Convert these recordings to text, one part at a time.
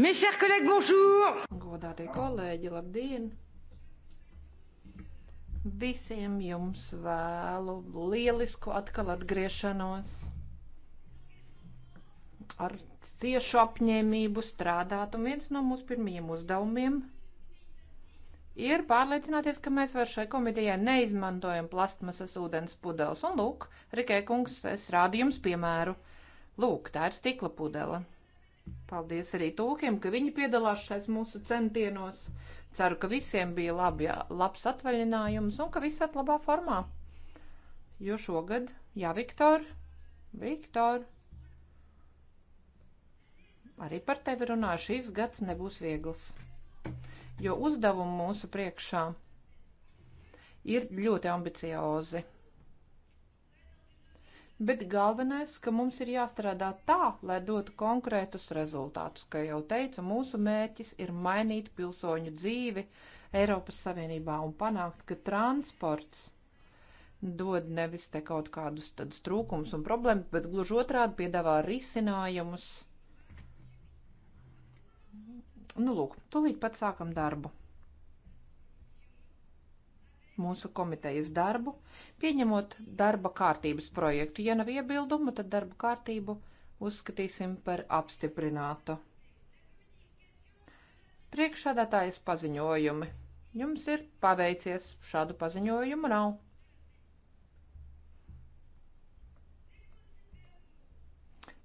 Mes chers collègues, bonjour! Godātie kolēģi, labdien! Visiem jums vēlu lielisku atkal atgriešanos. Ar ciešu apņēmību strādāt, un viens no mūsu pirmajiem uzdevumiem ir pārliecināties, ka mēs vairs šai komitejai neizmantojam plastmasas ūdens pudeles. Un lūk, Rikē kungs, es rādu jums piemēru. Lūk, tā ir stikla pudele. Paldies arī tūkiem, ka viņi piedalās šais mūsu centienos. Ceru, ka visiem bija labi, jā, labs atvaļinājums un ka visi atlabā formā. Jo šogad, jā, Viktor, Viktor, arī par tevi runā, šis gads nebūs viegls. Jo uzdevumi mūsu priekšā ir ļoti ambiciozi bet galvenais, ka mums ir jāstrādā tā, lai dotu konkrētus rezultātus, kā jau teicu, mūsu mērķis ir mainīt pilsoņu dzīvi Eiropas Savienībā un panākt, ka transports dod nevis te kaut kādus tādus trūkumus un problēmas, bet gluži otrādi piedāvā risinājumus. Nu, lūk, tūlīt pat sākam darbu mūsu komitejas darbu, pieņemot darba kārtības projektu. Ja nav iebildumu, tad darba kārtību uzskatīsim par apstiprinātu. Priekšādātājas paziņojumi. Jums ir paveicies, šādu paziņojumu nav.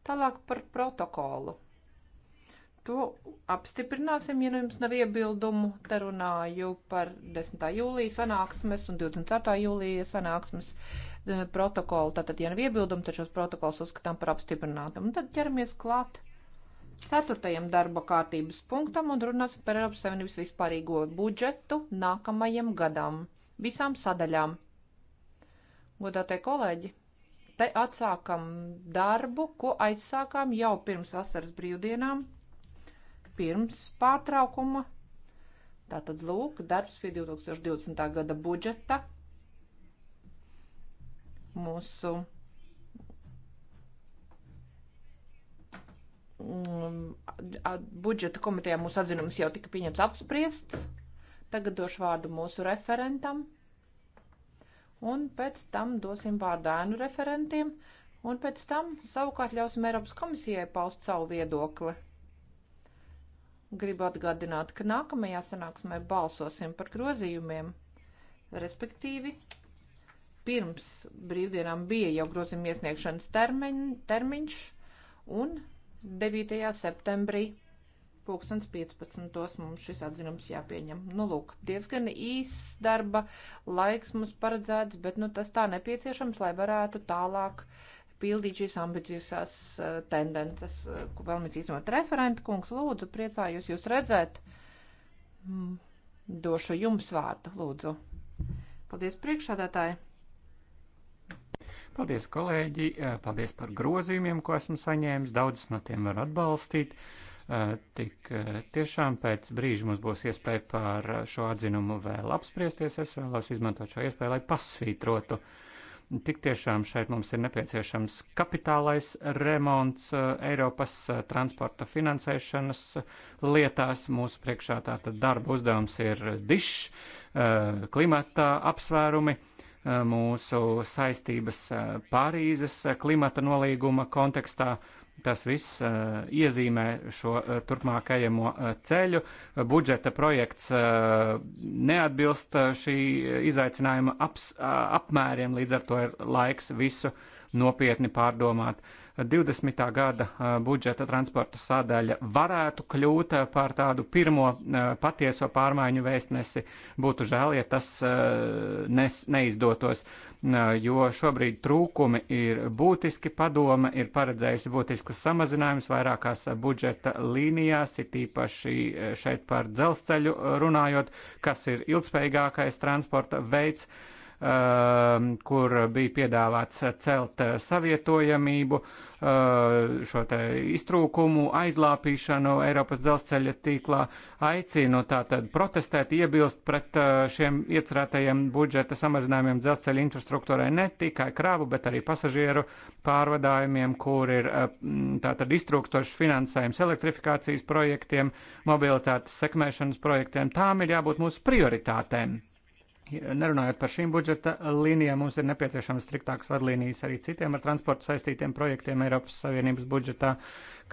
Tālāk par protokolu to apstiprināsim, ja nu jums nav iebildumu. Te runāju par 10. jūlijas sanāksmes un 24. jūlijas sanāksmes eh, protokolu. Tātad, ja nav iebildumu, tad šos protokols uzskatām par apstiprinātam. Un tad ķeramies klāt ceturtajam darba kārtības punktam un runāsim par Eiropas Savienības vispārīgo budžetu nākamajam gadam, visām sadaļām. Godātie kolēģi, te atsākam darbu, ko aizsākām jau pirms vasaras brīvdienām pirms pārtraukuma. Tātad, lūk, darbs pie 2020. gada budžeta. Mūsu mm, budžeta komitejā mūsu atzinums jau tika pieņemts apspriests. Tagad došu vārdu mūsu referentam. Un pēc tam dosim vārdu ēnu referentiem. Un pēc tam savukārt ļausim Eiropas komisijai paust savu viedokli. Gribu atgādināt, ka nākamajā sanāksmē balsosim par grozījumiem, respektīvi pirms brīvdienām bija jau grozījuma iesniegšanas termiņ, termiņš un 9. septembrī 2015. mums šis atzinums jāpieņem. Nu, lūk, diezgan īss darba laiks mums paredzēts, bet nu, tas tā nepieciešams, lai varētu tālāk uh, pildīt šīs ambiciozās eh, tendences, eh, ko vēlamies iznot referentu. Kungs, lūdzu, priecājos jūs redzēt. Mm, došu jums vārdu, lūdzu. Paldies priekšādātāji. Paldies, kolēģi. Eh, paldies par grozījumiem, ko esmu saņēmis. Daudzus no tiem var atbalstīt. Tik tiešām pēc brīža mums būs iespēja par šo atzinumu vēl apspriesties. Es vēlos izmantot šo iespēju, lai pasvītrotu uh, Tik tiešām šeit mums ir nepieciešams kapitālais remonts eh, Eiropas eh, transporta finansēšanas eh, lietās. Mūsu priekšā tātad darba uzdevums ir dišs, klimata apsvērumi, mūsu saistības Pārīzes klimata nolīguma kontekstā. Tas viss uh, iezīmē šo uh, turpmākajamo uh, ceļu. Budžeta projekts uh, neatbilst uh, šī izaicinājuma aps, uh, apmēriem, līdz ar to ir laiks visu nopietni pārdomāt. 20. gada uh, budžeta transporta sadaļa varētu kļūt uh, par tādu pirmo uh, patieso pārmaiņu vēstnesi. Būtu žēl, ja tas nes, neizdotos. Uh, jo šobrīd trūkumi ir būtiski. Padoma ir paredzējusi būtiskus samazinājumus vairākās budžeta līnijās, it īpaši šeit par dzelzceļu runājot, kas ir ilgspējīgākais transporta veids. Uh, Um, kur bija piedāvāts celt savietojamību, uh, šo te iztrūkumu, aizlāpīšanu Eiropas dzelzceļa tīklā. Aicinu tātad protestēt, iebilst pret uh, šiem iecerētajiem budžeta samazinājumiem dzelzceļa infrastruktūrai ne tikai krāvu, bet arī pasažieru pārvadājumiem, kur ir uh, tātad iztrūkstošs finansējums elektrifikācijas projektiem, mobilitātes sekmēšanas projektiem. Tām ir jābūt mūsu prioritātēm. Nerunājot par šīm budžeta līnijām, mums ir nepieciešams striktāks vadlīnijas arī citiem ar transportu saistītiem projektiem Eiropas Savienības budžetā,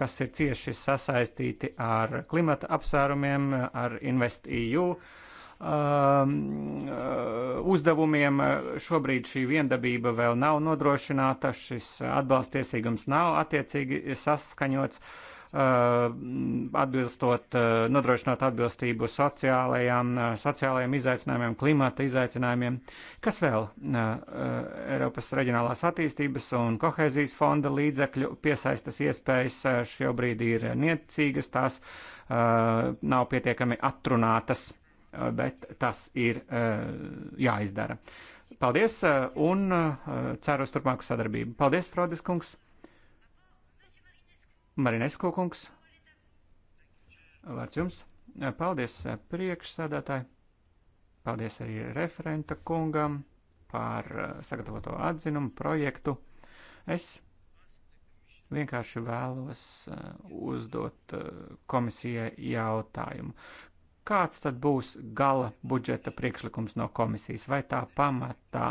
kas ir cieši sasaistīti ar klimata apsvērumiem, ar InvestEU um, uh, uzdevumiem. Šobrīd šī viendabība vēl nav nodrošināta, šis atbalstiesīgums nav attiecīgi saskaņots. Uh, atbilstot, nodrošinot atbilstību sociālajām, sociālajiem izaicinājumiem, klimata izaicinājumiem. Kas vēl? Eiropas reģionālās attīstības un kohēzijas fonda līdzekļu piesaistas iespējas šobrīd ir niecīgas, tās nav pietiekami atrunātas, bet tas ir jāizdara. Paldies un ceru uz turpmāku sadarbību. Paldies, Frodis kungs! Marinesko kungs. Vārds jums. Paldies eh, priekšsādātāji. Paldies arī referenta kungam par eh, sagatavoto atzinumu projektu. Es vienkārši vēlos eh, uzdot komisijai jautājumu. Kāds tad būs gala budžeta priekšlikums no komisijas? Vai tā pamatā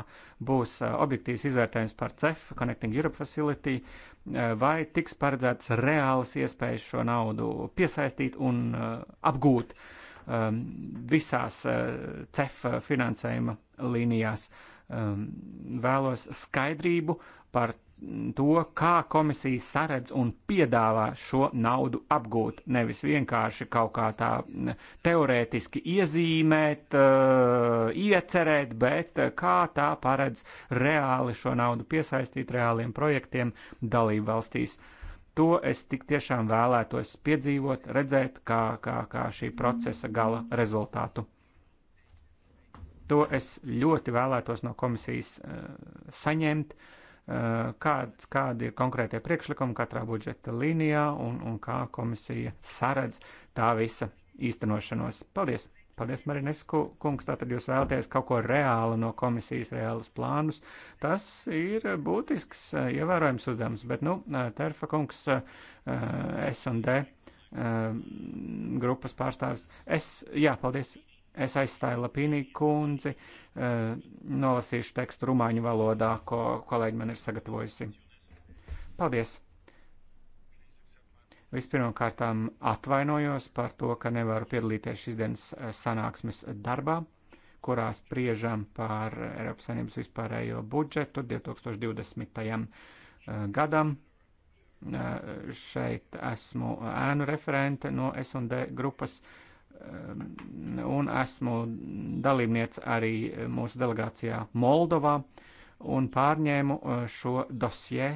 būs eh, objektīvs izvērtējums par CEF, Connecting Europe Facility, eh, vai tiks paredzēts reāls iespējas šo naudu piesaistīt un eh, apgūt ehm, visās CEF finansējuma līnijās? Ehm, vēlos skaidrību par to, kā komisija saredz un piedāvā šo naudu apgūt. Nevis vienkārši kaut kā tā mm, teorētiski iezīmēt, eh, iecerēt, bet eh, kā tā paredz reāli šo naudu piesaistīt reāliem projektiem dalību valstīs. To es tik tiešām vēlētos piedzīvot, redzēt kā, kā, kā šī procesa gala rezultātu. To es ļoti vēlētos no komisijas uh, saņemt. Uh, Eh, kād, kādi ir konkrētie priekšlikumi katrā budžeta līnijā un, un kā komisija saredz tā visa īstenošanos. Paldies! Paldies, Marines kungs, tātad jūs vēlaties kaut ko reālu no komisijas reālus plānus. Tas ir būtisks, eh, ievērojams uzdevums, bet, nu, eh, Terfa kungs, S&D grupas pārstāvis. Es, jā, paldies, Es aizstāju Lapīnī kundzi, eh, nolasīšu tekstu rumāņu valodā, ko kolēģi man ir sagatavojusi. Paldies! Vispirmkārtām atvainojos par to, ka nevaru piedalīties šīs dienas eh, sanāksmes darbā, kurā spriežam par Eiropas Savienības vispārējo budžetu 2020. Eh, gadam. Šeit esmu ēnu referente no S&D grupas. Uh, Ehm, un esmu dalībniec arī mūsu delegācijā Moldovā un pārņēmu e, šo dosie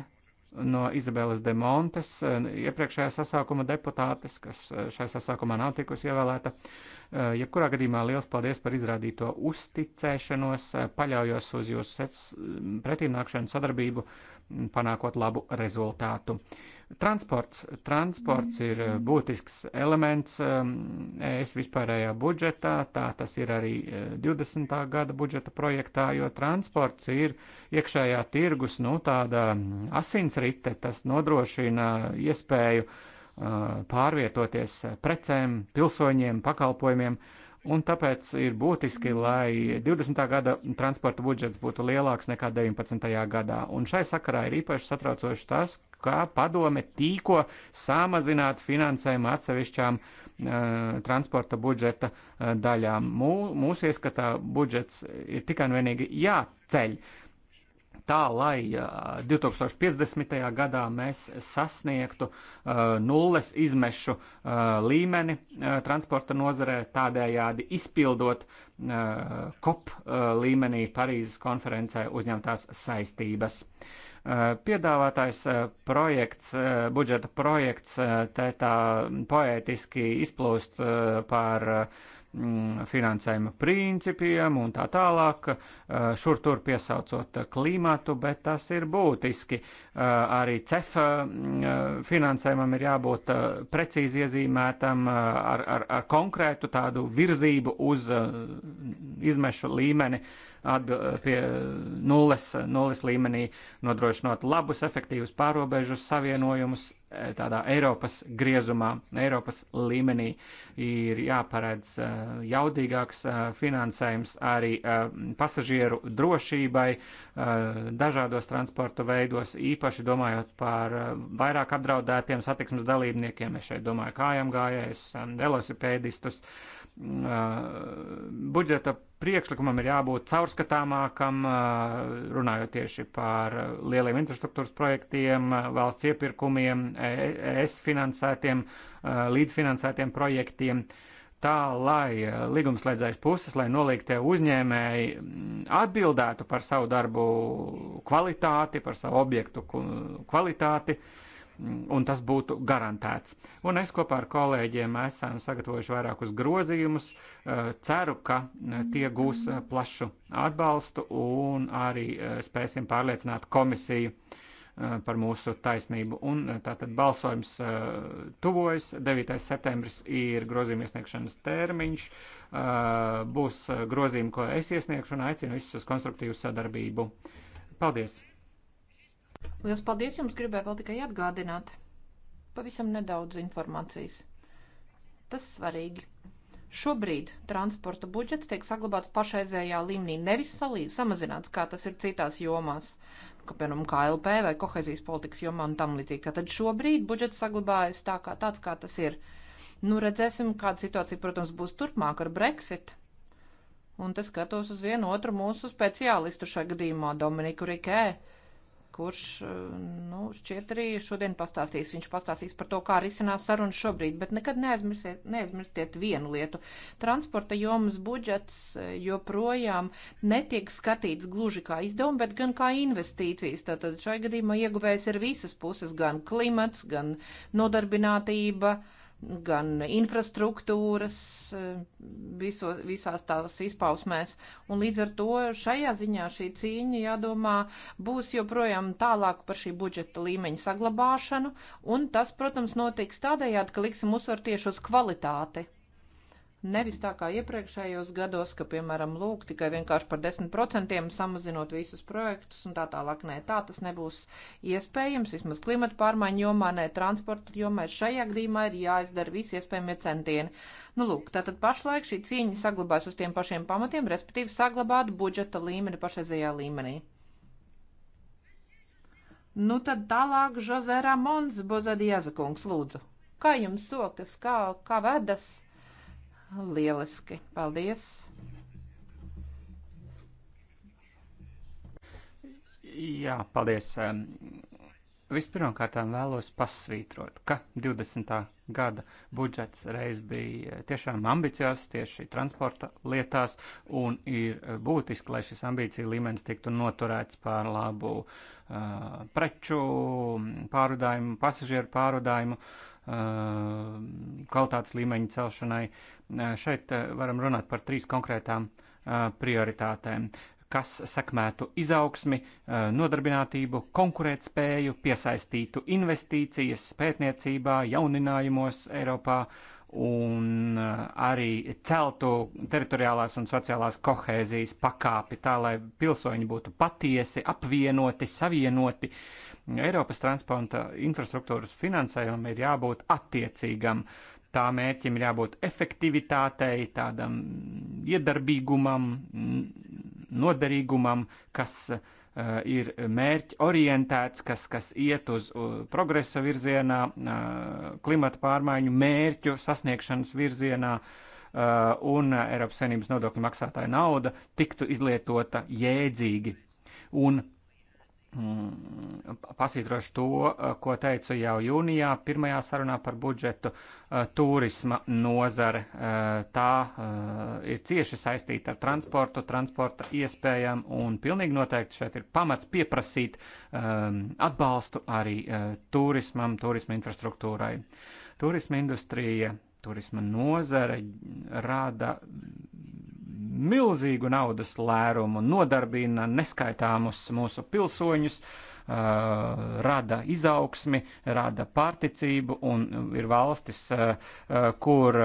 no Izabeles de Montes, e, iepriekšējā sasākuma deputātes, kas e, šajā sasākumā nav tikusi ievēlēta. Jebkurā gadījumā liels paldies par izrādīto uzticēšanos, paļaujos uz jūsu pretīmnākšanu sadarbību, panākot labu rezultātu. Uh, Transports. Transports ir eh, būtisks elements ES ehm, e vispārējā budžetā, tā tas ir arī 20. Eh, gada budžeta projektā, jo transports ir iekšējā tirgus, nu, tāda mm, asinsrite, tas nodrošina iespēju eh, pārvietoties precēm, pilsoņiem, pakalpojumiem. Uh, Un tāpēc ir būtiski, lai 20. gada transporta budžets būtu lielāks nekā 19. gadā. Un šai sakarā ir īpaši satraucoši tas, kā padome tīko samazināt finansējumu atsevišķām uh, transporta budžeta uh, daļām. Mū, mūsu ieskatā budžets ir tikai un vienīgi jāceļ. Uh, tā, lai 2050. gadā mēs sasniegtu nulles izmešu līmeni transporta nozarē, tādējādi izpildot COP līmenī Parīzes konferencē uzņemtās saistības. Piedāvātais projekts, budžeta projekts, te tā poētiski izplūst par Mm, finansējuma principiem un tā tālāk, eh, šur tur piesaucot eh, klimatu, bet tas ir būtiski. Eh, arī cefa mm, finansējumam ir jābūt precīzi iezīmētam ar, ar, ar konkrētu tādu virzību uz izmešu līmeni pie nulles, nulles līmenī, nodrošinot labus, efektīvus pārobežus savienojumus tādā Eiropas griezumā, Eiropas līmenī ir jāparedz eh, jaudīgāks eh, finansējums arī eh, pasažieru drošībai dažādos transporta veidos, īpaši domājot par vairāk apdraudētiem satiksmes dalībniekiem. Es šeit domāju kājām gājējus, velosipēdistus. Um, budžeta priekšlikumam ir jābūt caurskatāmākam, runājot tieši par lieliem infrastruktūras projektiem, valsts iepirkumiem, ES finansētiem, līdzfinansētiem projektiem. Tā, lai līgumslēdzējas puses, lai noliegtie uzņēmēji atbildētu par savu darbu kvalitāti, par savu objektu kvalitāti, uh, un tas būtu garantēts. Un es kopā ar kolēģiem esam sagatavojuši vairākus grozījumus, eh, ceru, ka eh, tie gūs eh, plašu atbalstu un arī spēsim pārliecināt komisiju par mūsu taisnību. Un tātad balsojums tuvojas, 9. septembris ir grozījuma iesniegšanas termiņš, būs grozījumi, ko es iesniegšu un aicinu visus uz konstruktīvu sadarbību. Paldies! Lielas paldies jums, gribēju vēl tikai atgādināt pavisam nedaudz informācijas. Tas svarīgi. Šobrīd transporta budžets tiek saglabāts pašreizējā līmenī, nevis salī, samazināts, kā tas ir citās jomās, kā piemēram KLP vai kohezijas politikas jomā un tam līdzīgi. Tātad šobrīd budžets saglabājas tā kā tāds, kā tas ir. Nu, redzēsim, kāda situācija, protams, būs turpmāk ar Brexit. Un te skatos uz vienu otru mūsu speciālistu šajā gadījumā, Dominiku Rikē kurš, eh, nu, šķiet arī šodien pastāstīs. Viņš pastāstīs par to, kā risinās saruna šobrīd, bet nekad neaizmirstiet, neaizmirstiet vienu lietu. Transporta jomas budžets eh, joprojām netiek skatīts gluži kā izdevumi, bet gan kā investīcijas. Tātad šai gadījumā ieguvējs ir visas puses - gan klimats, gan nodarbinātība. Uh, gan infrastruktūras eh, viso, visās tās izpausmēs. Un līdz ar to šajā ziņā šī cīņa, jādomā, būs joprojām tālāk par šī budžeta līmeņa saglabāšanu, un tas, protams, notiks tādējādi, ka liksim uzsver tieši uz kvalitāti Nevis tā kā iepriekšējos gados, ka, piemēram, lūk, tikai vienkārši par 10% samazinot visus projektus un tā tālāk. Nē, tā tas nebūs iespējams. Vismaz klimata pārmaiņu jomā, nē, transporta jomā šajā gadījumā ir jāizdara visi iespējamie centieni. Nu, lūk, tātad pašlaik šī cīņa saglabājas uz tiem pašiem pamatiem, respektīvi saglabāt budžeta līmeni pašreizējā līmenī. Nu, tad tālāk Žozē Ramons Bozadi Jazakungs lūdzu. Kā jums sokas, kā, kā vedas? Lieliski. Paldies! Jā, paldies. Vispirmkārt, vēlos pasvītrot, ka 20. gada budžets reiz bija tiešām ambiciozs tieši transporta lietās, un ir būtiski, lai šis ambīcija līmenis tiktu noturēts pār labu uh, preču pārvadājumu, pasažieru pārvadājumu. Uh, Eh, kvalitātes līmeņa celšanai. Eh, šeit eh, varam runāt par trīs konkrētām prioritātēm kas sekmētu izaugsmi, nodarbinātību, konkurētspēju, piesaistītu investīcijas pētniecībā, jauninājumos Eiropā un arī celtu teritoriālās un sociālās kohēzijas pakāpi tā, lai pilsoņi būtu patiesi apvienoti, savienoti. Uh, Eiropas transporta infrastruktūras finansējumam ir jābūt attiecīgam. Tā mērķim ir jābūt efektivitātei, tādam iedarbīgumam, noderīgumam, kas eh, ir mērķi orientēts, kas, kas iet uz progresa virzienā, eh, klimata pārmaiņu mērķu sasniegšanas virzienā eh, un Eiropas Savienības nodokļu maksātāja nauda tiktu izlietota jēdzīgi. Un Mm, pasvītrošu to, eh, ko teicu jau jūnijā, pirmajā sarunā par budžetu. Eh, turisma nozare eh, tā ir cieši saistīta ar transportu, transporta iespējām, un pilnīgi noteikti šeit ir pamats pieprasīt ehm, atbalstu arī turismam, turisma infrastruktūrai. Turisma industrija, turisma nozare rada milzīgu naudas lērumu, nodarbina neskaitāmus mūsu pilsoņus, uh, rada izaugsmi, rada pārticību, un ir valstis, uh, uh, kur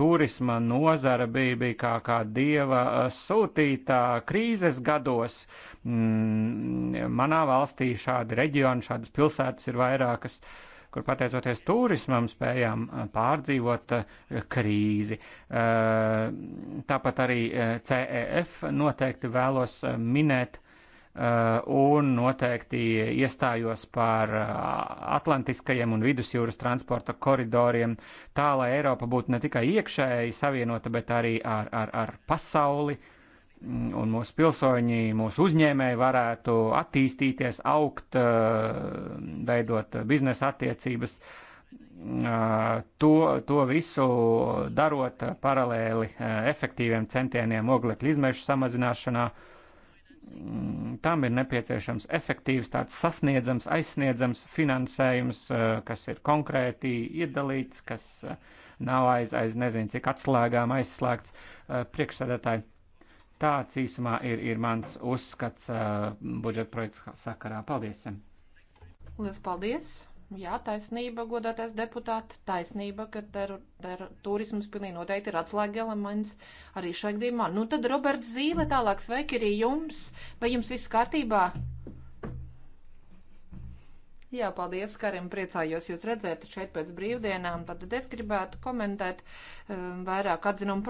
turisma nozara bija, bija kā, kā dieva sūtītā krīzes gados. Mm, manā valstī šādi reģioni, šādas pilsētas ir vairākas. Uh, kur pateicoties turismam spējām eh, pārdzīvot eh, krīzi. Eh, tāpat arī CEF noteikti vēlos minēt un noteikti iestājos par atlantiskajiem un vidusjūras transporta koridoriem, tā lai Eiropa būtu ne tikai iekšēji savienota, bet arī ar, ar, ar pasauli. Uh, un mūsu pilsoņi, mūsu uzņēmēji varētu attīstīties, augt, eh, veidot biznesa attiecības. Eh, to, to visu darot paralēli eh, efektīviem centieniem oglekļa izmešu samazināšanā. Mm, tam ir nepieciešams efektīvs, tāds sasniedzams, aizsniedzams finansējums, kas ir konkrēti iedalīts, kas nav aiz, aiz nezinu cik atslēgām aizslēgts priekšsēdētāji Tāds īsumā ir, ir mans uzskats uh, budžeta projekta sakarā. Paldies! Lielas paldies! Jā, taisnība, godātais deputāti, taisnība, ka ter, ter, turismas pilnīgi noteikti ir atslēga elements arī šajā gadījumā. Nu tad, Roberts Zīle, tālāk sveiki arī jums. Vai jums viss kārtībā? Jā, paldies, Karim, priecājos jūs redzēt šeit pēc brīvdienām. Tad es gribētu komentēt um, vairāk atzinumu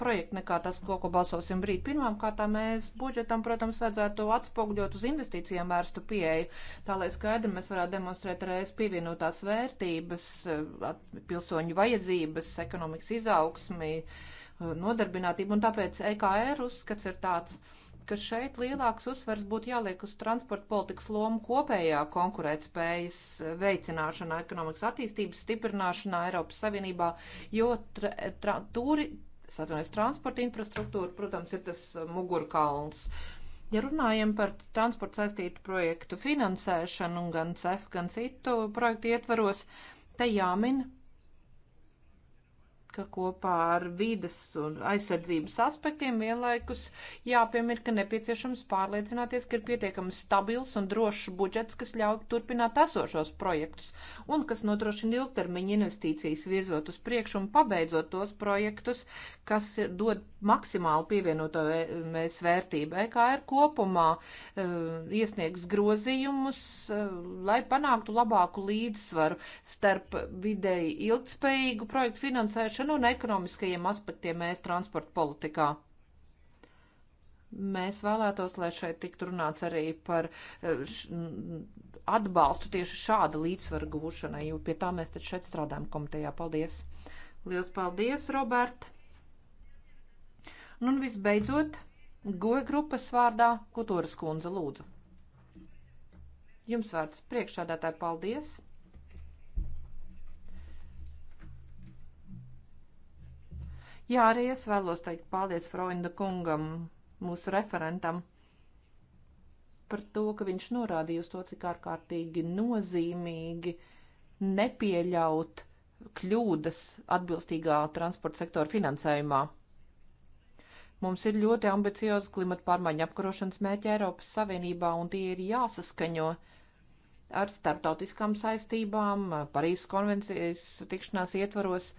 projektu nekā tas, ko, ko balsosim brīt. Pirmām kārtām mēs budžetam, protams, vajadzētu atspogļot uz investīcijām vērstu pieeju, tā lai skaidri mēs varētu demonstrēt reiz pievienotās vērtības, uh, pilsoņu vajadzības, ekonomikas izaugsmi, uh, nodarbinātību. Un tāpēc EKR uzskats ir tāds ka šeit lielāks uzsvers būtu jāliek uz transporta politikas lomu kopējā konkurētspējas veicināšanā, ekonomikas attīstības stiprināšanā Eiropas Savienībā, jo tra, tra, tūri, satunies, transporta infrastruktūra, protams, ir tas mugurkalns. Ja runājam par transporta saistītu projektu finansēšanu gan CEF, gan citu projektu ietvaros, te jāmin ka kopā ar vidas un aizsardzības aspektiem vienlaikus jāpiemir, ka nepieciešams pārliecināties, ka ir pietiekami stabils un drošs budžets, kas ļauj turpināt esošos projektus un kas nodrošina ilgtermiņa investīcijas virzot uz priekšu un pabeidzot tos projektus, kas dod maksimālu pievienoto mēs vērtību. EKR kopumā e, iesniegs grozījumus, e, lai panāktu labāku līdzsvaru starp vidēji ilgspējīgu projektu finansēšanu un ekonomiskajiem aspektiem mēs transporta politikā. Mēs vēlētos, lai šeit tiktu runāts arī par e, atbalstu tieši šāda līdzsvara gūšanai, jo pie tā mēs taču šeit strādājam komitejā. Paldies! Lielas paldies, Roberta! Nu, un visbeidzot, goja grupas vārdā Kutoras kundze lūdzu. Jums vārds priekšādātāji paldies! Jā, arī es vēlos teikt paldies Freunda kungam, mūsu referentam, par to, ka viņš norādīja uz to, cik ārkārtīgi nozīmīgi nepieļaut kļūdas atbilstīgā transporta sektora finansējumā. Mums ir ļoti ambiciozi klimata pārmaiņu apkarošanas mērķi Eiropas Savienībā, un tie ir jāsaskaņo ar starptautiskām saistībām, Parīzes konvencijas tikšanās ietvaros.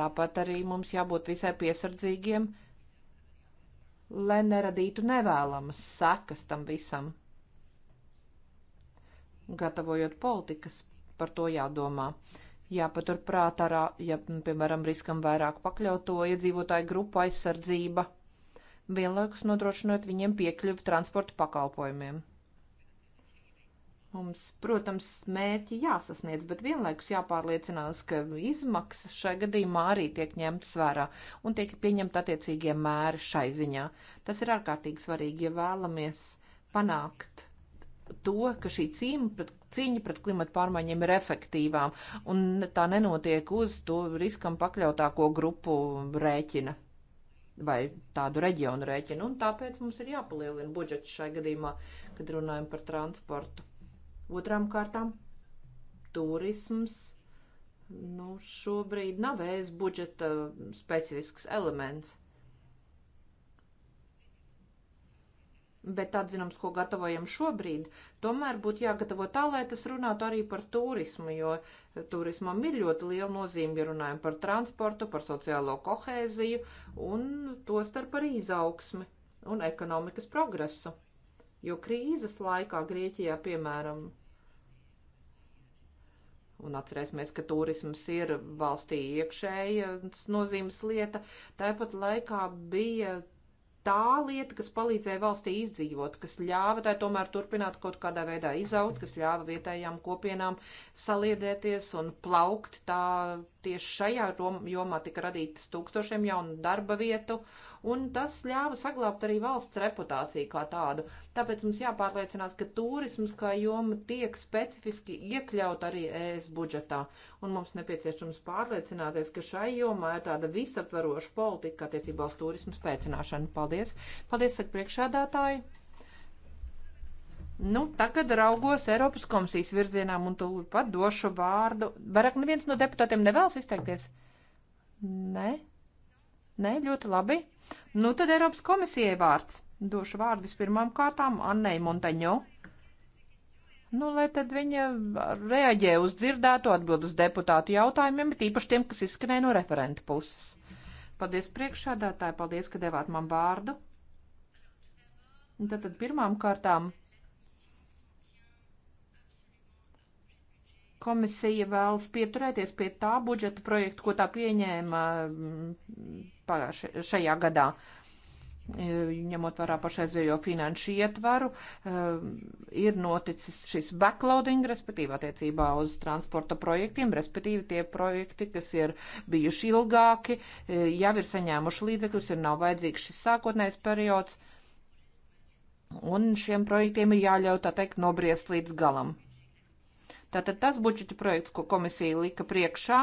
Tāpat arī mums jābūt visai piesardzīgiem, lai neradītu nevēlamas sekas tam visam. Gatavojot politikas, par to jādomā jāpaturprāt arā, ja, nu, piemēram, riskam vairāk pakļauto iedzīvotāju grupu aizsardzība, vienlaikus nodrošinot viņiem piekļuvi transporta pakalpojumiem. Mums, protams, mērķi jāsasniedz, bet vienlaikus jāpārliecinās, ka izmaksas šai gadījumā arī tiek ņemtas vērā un tiek pieņemta attiecīgie mēri šai ziņā. Tas ir ārkārtīgi svarīgi, ja vēlamies panākt to, ka šī cīņa pret, cīņa pret klimatu pārmaiņiem ir efektīvām un tā nenotiek uz to riskam pakļautāko grupu rēķina vai tādu reģionu rēķinu. Un tāpēc mums ir jāpalielina budžets šai gadījumā, kad runājam par transportu. Otrām kārtām - turisms. Nu, šobrīd nav ēs budžeta specifisks elements bet atzinums, ko gatavojam šobrīd, tomēr būtu jāgatavo tā, lai tas runātu arī par turismu, jo turismam ir ļoti liela nozīme, ja runājam par transportu, par sociālo kohēziju un to starp arī izaugsmi un ekonomikas progresu. Jo krīzes laikā Grieķijā, piemēram, un atcerēsimies, ka turisms ir valstī iekšējas nozīmes lieta, tāpat laikā bija tā lieta, kas palīdzēja valstī izdzīvot, kas ļāva tai tomēr turpināt kaut kādā veidā izaugt, kas ļāva vietējām kopienām saliedēties un plaukt. Tā tieši šajā jomā tika radītas tūkstošiem jaunu darba vietu un tas ļāva saglabāt arī valsts reputāciju kā tādu. Tāpēc mums jāpārliecinās, ka turisms kā joma tiek specifiski iekļaut arī ES budžetā, un mums nepieciešams pārliecināties, ka šai jomā ir tāda visaptvaroša politika attiecībā uz turismu spēcināšanu. Paldies! Paldies, saka priekšādātāji! Nu, tagad raugos Eiropas komisijas virzienām un tūlīt pat došu vārdu. Vairāk neviens no deputātiem nevēlas izteikties? Nē? Nē, ļoti labi. Nu, tad Eiropas komisijai vārds. Došu vārdu vispirmām kārtām Annei Montaņo. Nu, lai tad viņa reaģē uz dzirdēto, atbild uz deputātu jautājumiem, bet īpaši tiem, kas izskanēja no referenta puses. Paldies priekšādātāji, paldies, ka devāt man vārdu. Tātad pirmām kārtām Komisija vēlas pieturēties pie tā budžeta projekta, ko tā pieņēma mm, šajā gadā e, ņemot vērā pašreizējo finanšu ietvaru, e, ir noticis šis backloading, respektīvi attiecībā uz transporta projektiem, respektīvi tie projekti, kas ir bijuši ilgāki, e, jau ir saņēmuši līdzekļus, ir nav vajadzīgs šis sākotnējs periods, un šiem projektiem ir jāļauj, tā teikt, nobriest līdz galam. Tātad tas budžeta projekts, ko komisija lika priekšā,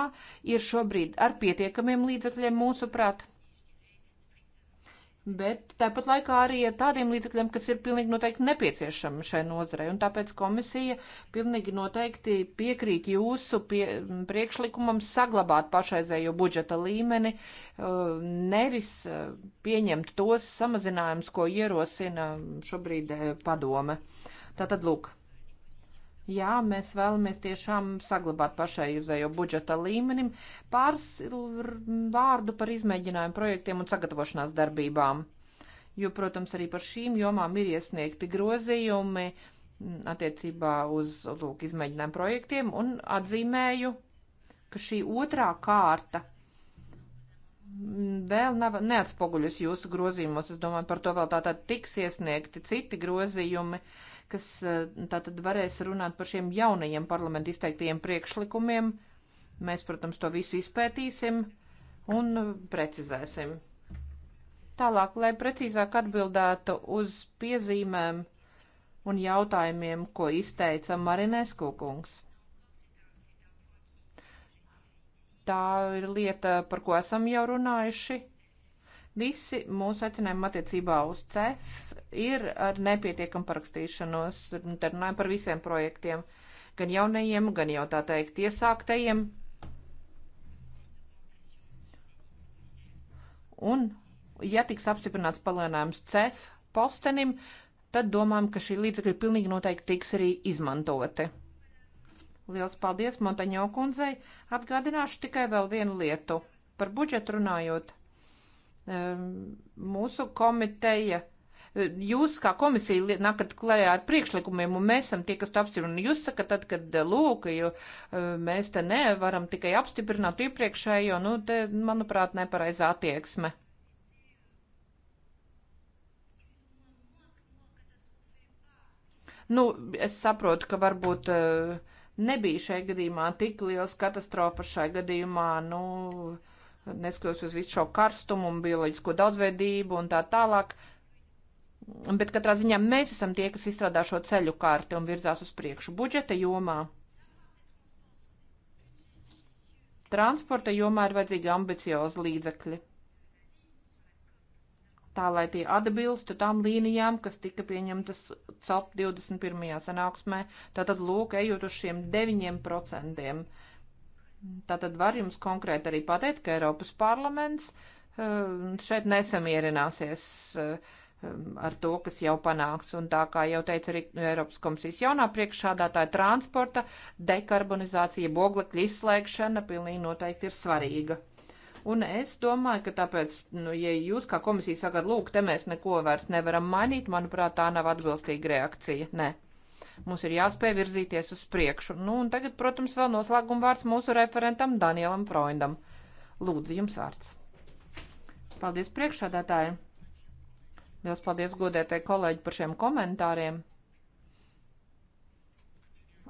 ir šobrīd ar pietiekamiem līdzekļiem mūsuprāt. Bet tāpat laikā arī ar tādiem līdzekļiem, kas ir pilnīgi noteikti nepieciešami šai nozarei. Un tāpēc komisija pilnīgi noteikti piekrīt jūsu pie, priekšlikumam saglabāt pašreizējo budžeta līmeni, uh, nevis uh, pieņemt tos samazinājumus, ko ierosina šobrīd uh, padome. Tātad lūk. Jā, mēs vēlamies tiešām saglabāt pašreizējo budžeta līmenim pāris vārdu par izmēģinājumu projektiem un sagatavošanās darbībām. Jo, protams, arī par šīm jomām ir iesniegti grozījumi attiecībā uz lūk, izmēģinājumu projektiem un atzīmēju, ka šī otrā kārta vēl nav neatspoguļus jūsu grozījumos. Es domāju, par to vēl tātad tiks iesniegti citi grozījumi. Uh, kas eh, tātad varēs runāt par šiem jaunajiem parlamentu izteiktajiem priekšlikumiem. Mēs, protams, to visu izpētīsim un precizēsim. Tālāk, lai precīzāk atbildētu uz piezīmēm un jautājumiem, ko izteica Marinēs Kukungs. Tā ir lieta, par ko esam jau runājuši. Visi mūsu aicinājumi attiecībā uz CEF ir ar nepietiekam parakstīšanos, tad runājam par visiem projektiem, gan jaunajiem, gan jau tā teikt iesāktajiem. Un, ja tiks apstiprināts palēnājums CEF postenim, tad domājam, ka šī līdzekļa pilnīgi noteikti tiks arī izmantoti. Liels paldies Montaņo kundzei. Atgādināšu tikai vēl vienu lietu. Par budžetu runājot, ehm, mūsu komiteja Jūs kā komisija nākat klējā ar priekšlikumiem, un mēs esam tie, kas to apstiprina. Jūs sakat, tad, kad eh, lūk, jo eh, mēs te nevaram tikai apstiprināt iepriekšējo, nu, te, manuprāt, nepareizā attieksme. Nu, es saprotu, ka varbūt uh, nebija šajā gadījumā tik liels katastrofa šajā gadījumā, nu, neskatoties uz visu šo karstumu un bioloģisko daudzveidību un tā tālāk. Uh, Bet katrā ziņā mēs esam tie, kas izstrādā šo ceļu kārti un virzās uz priekšu budžeta jomā. Transporta jomā ir vajadzīgi ambiciozi līdzekļi. Tā, lai tie atbilstu tām līnijām, kas tika pieņemtas COP 21. sanāksmē, tātad lūk, ejot uz šiem 9%. Tātad var jums konkrēti arī pateikt, ka Eiropas parlaments eh, šeit nesamierināsies. Uh, Um, ar to, kas jau panākts. Un tā kā jau teica arī Eiropas komisijas jaunā priekšādātāja transporta, dekarbonizācija, boglekļa izslēgšana pilnīgi noteikti ir svarīga. Un es domāju, ka tāpēc, nu, ja jūs kā komisija sakat, lūk, te mēs neko vairs nevaram mainīt, manuprāt, tā nav atbilstīga reakcija. Nē. Mums ir jāspēj virzīties uz priekšu. Nu, un tagad, protams, vēl noslēguma vārds mūsu referentam Danielam Freundam. Lūdzu, jums vārds. Paldies priekšādātājiem! Liels paldies, godētie kolēģi, par šiem komentāriem.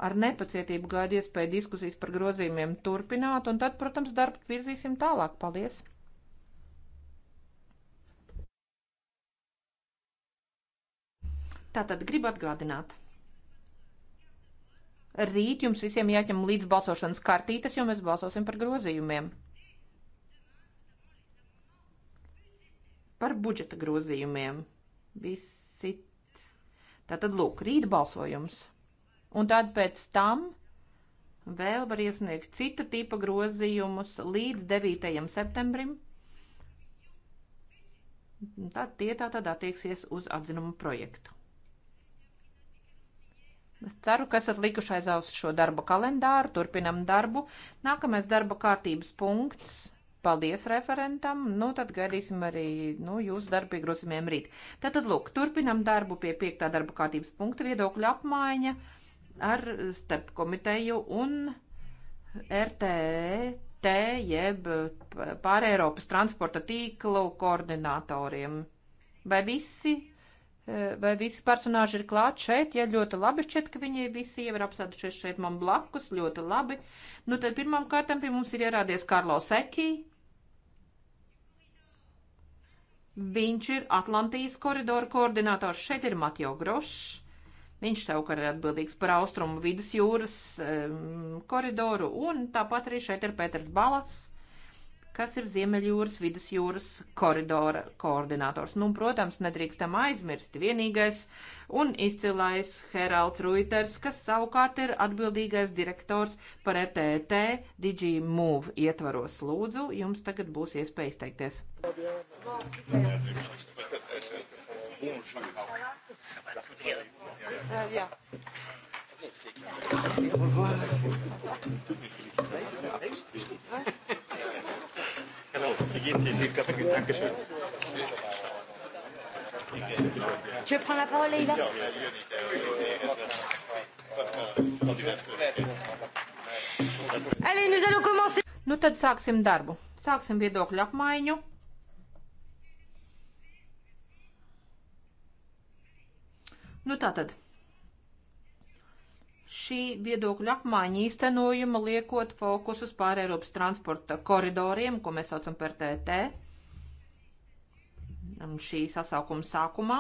Ar nepacietību gaidu iespēju diskusijas par grozījumiem turpināt, un tad, protams, darbu virzīsim tālāk. Paldies! Tātad gribu atgādināt. Rīt jums visiem jāķem līdz balsošanas kartītes, jo mēs balsosim par grozījumiem. par budžeta grozījumiem. Visi. Tātad, lūk, rīt balsojums. Un tad pēc tam vēl var iesniegt cita tipa grozījumus līdz 9. septembrim. Tad tie tā tad attieksies uz atzinumu projektu. Es ceru, ka esat likuši aiz ausu šo darba kalendāru, turpinam darbu. Nākamais darba kārtības punkts Paldies referentam, nu tad gaidīsim arī nu, jūsu darbu piegrozījumiem rīt. Tātad, lūk, turpinam darbu pie piektā darba kārtības punkta viedokļa apmaiņa ar starp komiteju un RTT, jeb pārēropas transporta tīklu koordinatoriem. Vai visi Vai visi personāļi ir klāt šeit? Jā, ja, ļoti labi. Šķiet, ka viņi visi jau ir apsēdušies šeit man blakus. Ļoti labi. Nu, tad pirmām kārtām pie mums ir ierādies Karlo Sekī. Viņš ir Atlantijas koridora koordinators. Šeit ir Matjo Grošs. Viņš savukārt ir atbildīgs par austrumu vidus jūras um, koridoru, un tāpat arī šeit ir Pēters Balas, kas ir Ziemeļjūras vidusjūras koridora koordinators. Nu, protams, nedrīkstam aizmirst vienīgais un izcilais Heralds Ruiters, kas savukārt ir atbildīgais direktors par RTT e DigiMove ietvaros. Lūdzu, jums tagad būs iespēja izteikties. Bonjour. Au revoir. Genau, wie geht's Ihnen? Ich habe Dankeschön. Tu veux prendre la parole, Leïla Allez, nous allons commencer. Nu tad sāksim darbu. Sāksim viedokļu apmaiņu. Nu tā tad šī viedokļa apmaiņa īstenojuma liekot fokus uz pārēropas transporta koridoriem, ko mēs saucam par TT, šī sasaukuma sākumā.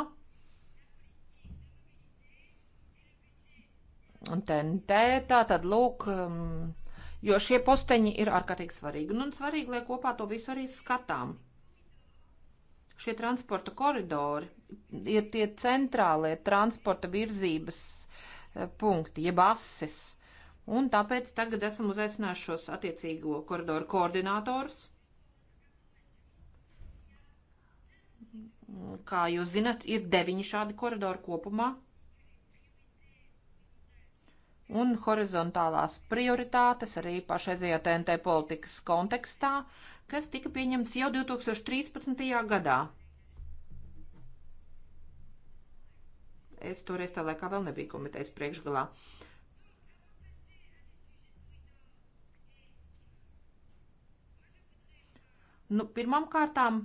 Un TNT, tā tad lūk, um, jo šie posteņi ir ārkārtīgi svarīgi. Un, nu, un svarīgi, lai kopā to visu arī skatām šie transporta koridori ir tie centrālie transporta virzības punkti, jeb ases. Un tāpēc tagad esam uzaicinājuši šos attiecīgo koridoru koordinātors. Kā jūs zinat, ir deviņi šādi koridori kopumā. Un horizontālās prioritātes arī pašreizajā TNT politikas kontekstā, kas tika pieņemts jau 2013. gadā. Es toreiz tā laikā vēl nebiju komitejas priekšgalā. Nu, pirmām kārtām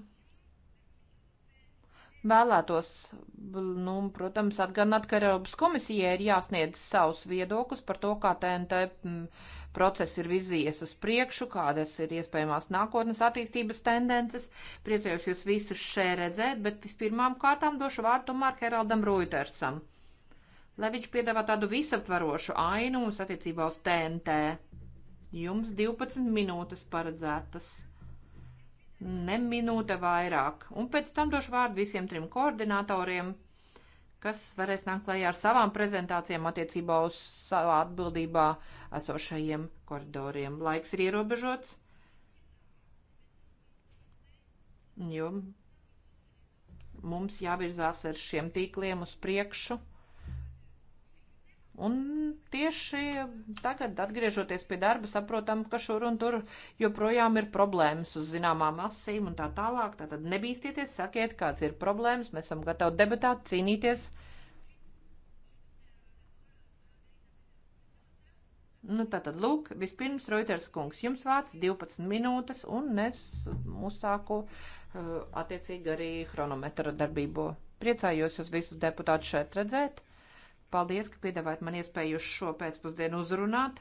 vēlētos, nu, protams, atgādināt, ka Eiropas komisijai ir jāsniedz savus viedokļus par to, kā TNT process ir vizies uz priekšu, kādas ir iespējamās nākotnes attīstības tendences. Priecājos jūs visus šeit redzēt, bet vispirmām kārtām došu vārdu tomēr Heraldam Reutersam, lai viņš piedāvā tādu visaptvarošu ainu mums attiecībā uz TNT. Jums 12 minūtes paredzētas. Ne minūte vairāk, un pēc tam došu vārdu visiem trim koordinatoriem kas varēs nākt klajā ar savām prezentācijām attiecībā uz savā atbildībā esošajiem koridoriem. Laiks ir ierobežots. Jo mums jāvirzās ar šiem tīkliem uz priekšu. Un tieši tagad, atgriežoties pie darba, saprotam, ka šur un tur joprojām ir problēmas uz zināmām asīm un tā tālāk. Tātad nebīsties, sakiet, kāds ir problēmas, mēs esam gatavi debatēt, cīnīties. Nu, tātad, lūk, vispirms Reuters kungs, jums vārds 12 minūtes, un es uzsāku uh, attiecīgi arī chronometra darbību. Priecājos jūs visus deputātus šeit redzēt. Paldies, ka piedāvājat man iespēju jūs šo pēcpusdienu uzrunāt.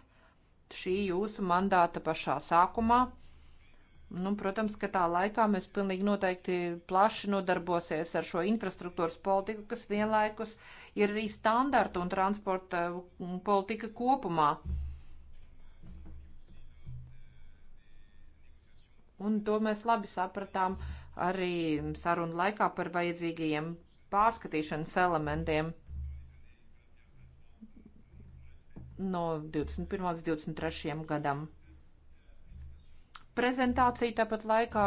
Šī jūsu mandāta pašā sākumā. Nu, protams, ka tā laikā mēs pilnīgi noteikti plaši nodarbosies ar šo infrastruktūras politiku, kas vienlaikus ir arī standarta un transporta uh, politika kopumā. Un to mēs labi sapratām arī sarunu laikā par vajadzīgajiem pārskatīšanas elementiem. no 21. līdz 23. gadam prezentāciju, tāpat laikā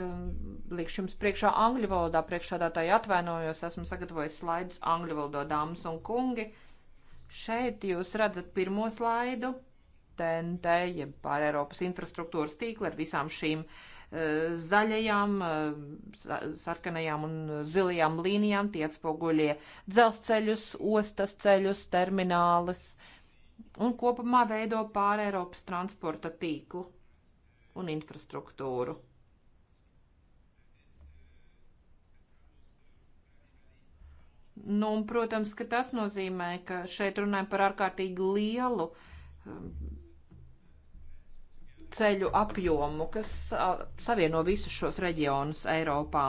um, likšu jums priekšā angļu valodā, priekšādātāji atvainojos, esmu sagatavojis slaidus angļu valodā, dāmas un kungi. Šeit jūs redzat pirmo slaidu, TNT, jeb pār Eiropas infrastruktūras tīkli ar visām šīm uh, zaļajām, uh, sarkanajām un zilajām līnijām, tie atspoguļie dzelzceļus, ostas ceļus, terminālis, uh, un kopumā veido pāri Eiropas transporta tīklu un infrastruktūru. Nu, un, protams, ka tas nozīmē, ka šeit runājam par ārkārtīgi lielu um, ceļu apjomu, kas savieno visus šos reģionus Eiropā.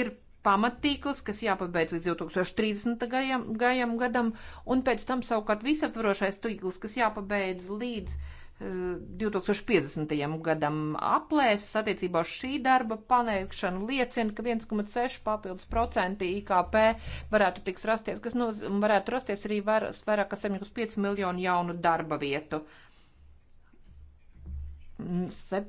Ir pamattīkls, kas jāpabeidz līdz 2030. Gajam, gajam gadam, un pēc tam savukārt visaptvarošais tīkls, kas jāpabeidz līdz uh, eh, 2050. gadam aplēses attiecībā uz šī darba paneikšanu liecina, ka 1,6 papildus procenti IKP varētu tiks rasties, kas nu, varētu rasties arī vairāk kā 7,5 miljonu jaunu darba vietu. Uh,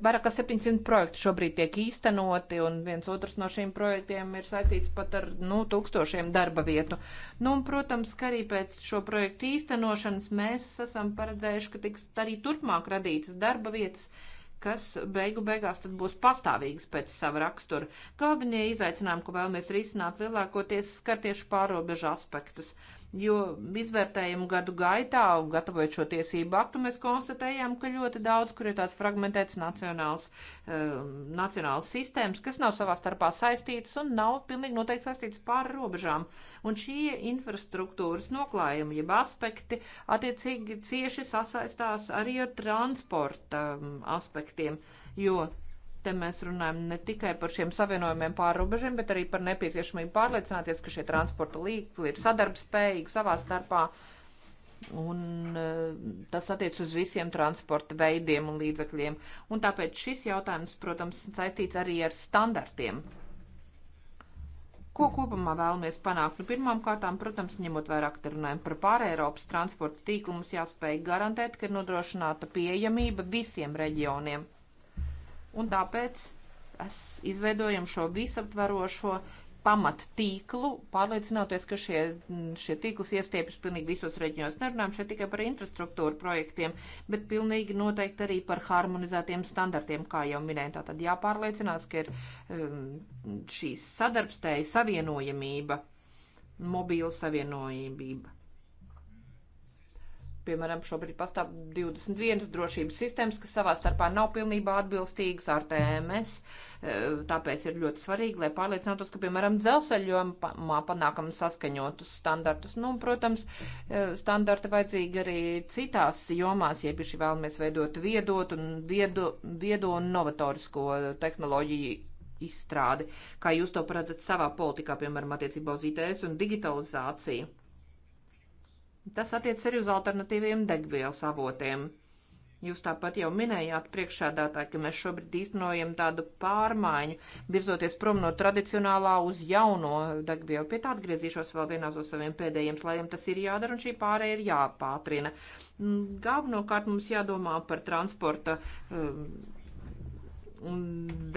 Vairāk kā 700 projektu šobrīd tiek īstenoti, un viens otrs no šiem projektiem ir saistīts pat ar nu, tūkstošiem darba vietu. Nu, un, protams, ka arī pēc šo projektu īstenošanas mēs esam paredzējuši, ka tiks arī turpmāk radītas darba vietas, kas beigu beigās tad būs pastāvīgas pēc sava rakstura. Galvenie izaicinājumi, ko vēlamies risināt, lielākoties skar tieši pārobežu aspektus jo izvērtējumu gadu gaitā, gatavojot šo tiesību aktu, mēs konstatējām, ka ļoti daudz, kur ir tās fragmentētas nacionāls, uh, nacionāls sistēmas, kas nav savā starpā saistītas un nav pilnīgi noteikti saistītas pāri robežām. Un šie infrastruktūras noklājumi, jeb aspekti, attiecīgi cieši sasaistās arī ar transporta um, aspektiem, jo Te mēs runājam ne tikai par šiem savienojumiem pāri robežiem, bet arī par nepieciešamību pārliecināties, ka šie transporta līdzekļi ir sadarbspējīgi savā starpā. Un eh, tas attiec uz visiem transporta veidiem un līdzekļiem. Un tāpēc šis jautājums, protams, saistīts arī ar standartiem. Ko kopumā vēlamies panākt? Nu, pirmām kārtām, protams, ņemot vairāk te runājumu par pārēropas transporta tīklu, mums jāspēj garantēt, ka ir nodrošināta pieejamība visiem reģioniem un tāpēc es izveidojam šo visaptverošo pamattīklu, pārliecinoties, ka šie, šie tīkls iestiepjas pilnīgi visos reģionos. Nerunājam šeit tikai par infrastruktūru projektiem, bet pilnīgi noteikti arī par harmonizētiem standartiem, kā jau minēju. Tātad jāpārliecinās, ka ir um, šīs sadarbstēja savienojamība, mobīla savienojamība. Piemēram, šobrīd pastāv 21 drošības sistēmas, kas savā starpā nav pilnībā atbilstīgas ar TMS, e, tāpēc ir ļoti svarīgi, lai pārliecinātos, ka, piemēram, dzelzceļojumā panākam saskaņotus standartus. Nu, un, protams, e, standarti vajadzīgi arī citās jomās, ja bieži vēlamies veidot viedot un viedo, viedo un novatorisko tehnoloģiju izstrādi, kā jūs to paredzat savā politikā, piemēram, attiecībā uz ITS un digitalizāciju. Tas attiec arī uz alternatīviem degvielas avotiem. Jūs tāpat jau minējāt priekšsēdētāji, ka mēs šobrīd īstenojam tādu pārmaiņu, virzoties prom no tradicionālā uz jauno degvielu. Pie tā atgriezīšos vēl vienā no saviem pēdējiem slēdiem. Tas ir jādara un šī pārēja ir jāpātrina. Mm, galvenokārt mums jādomā par transporta um,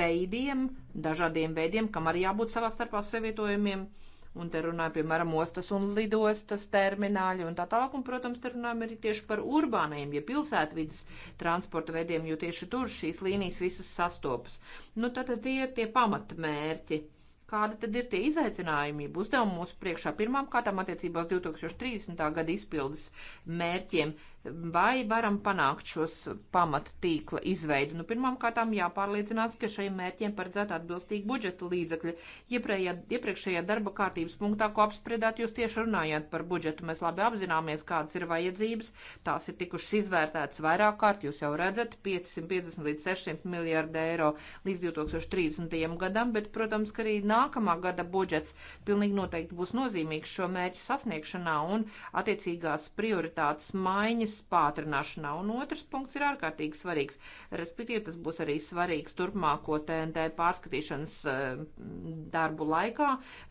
veidiem, dažādiem veidiem, kam arī jābūt savā starpā savietojumiem. Uh, Un te runājam, piemēram, ostas un lidostas termināļi un tā tālāk. Un, protams, te runājam arī tieši par urbāniem, ja pilsētvidas transporta veidiem, jo tieši tur šīs līnijas visas sastopas. Nu, tad tie ir tie pamatmērķi. Kādi tad ir tie izaicinājumi? Uzdevumi mūsu priekšā pirmām kārtām attiecībā uz 2030. gada izpildes mērķiem vai varam panākt šos pamattīkla izveidu. Nu, pirmkārtām jāpārliecinās, ka šiem mērķiem paredzēta atbilstīga budžeta līdzekļa. Ieprējā, iepriekšējā darba kārtības punktā, ko apspriedāt, jūs tieši runājāt par budžetu. Mēs labi apzināmies, kādas ir vajadzības. Tās ir tikušas izvērtētas vairāk kārt. Jūs jau redzat 550 līdz 600 miljārdu eiro līdz 2030. gadam, bet, protams, ka arī nākamā gada budžets pilnīgi noteikti būs nozīmīgs šo mērķu sasniegšanā un attiecīgās prioritātes maiņas procesa pātrināšanā. Un otrs punkts ir ārkārtīgi svarīgs. Respektīvi, tas būs arī svarīgs turpmāko TNT pārskatīšanas eh, darbu laikā.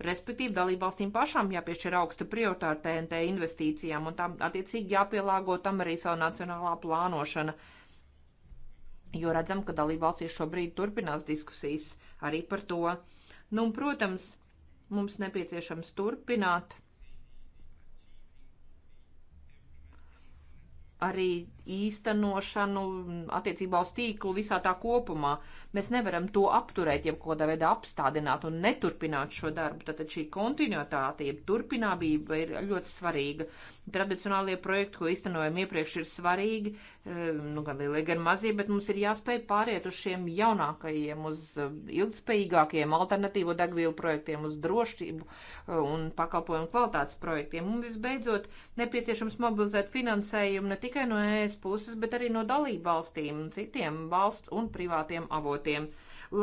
Respektīvi, dalībvalstīm pašām jāpiešķir augsta prioritāra TNT investīcijām un tam attiecīgi jāpielāgo tam arī savu nacionālā plānošana. Jo redzam, ka dalībvalstīs šobrīd turpinās diskusijas arī par to. Nu, un, protams, mums nepieciešams turpināt arī īstenošanu attiecībā uz tīklu visā tā kopumā. Mēs nevaram to apturēt, jeb kādā veidā apstādināt un neturpināt šo darbu. Tātad šī kontinuitāte, jeb turpinābība ir ļoti svarīga. Tradicionālie projekti, ko īstenojam iepriekš, ir svarīgi, eh, nu, gan lielie, gan mazie, bet mums ir jāspēj pāriet uz šiem jaunākajiem, uz eh, ilgspējīgākiem alternatīvo degvielu projektiem, uz drošību eh, un pakalpojumu kvalitātes projektiem. Un visbeidzot, nepieciešams mobilizēt finansējumu ne tikai no ES vienas puses, bet arī no dalību valstīm un citiem valsts un privātiem avotiem,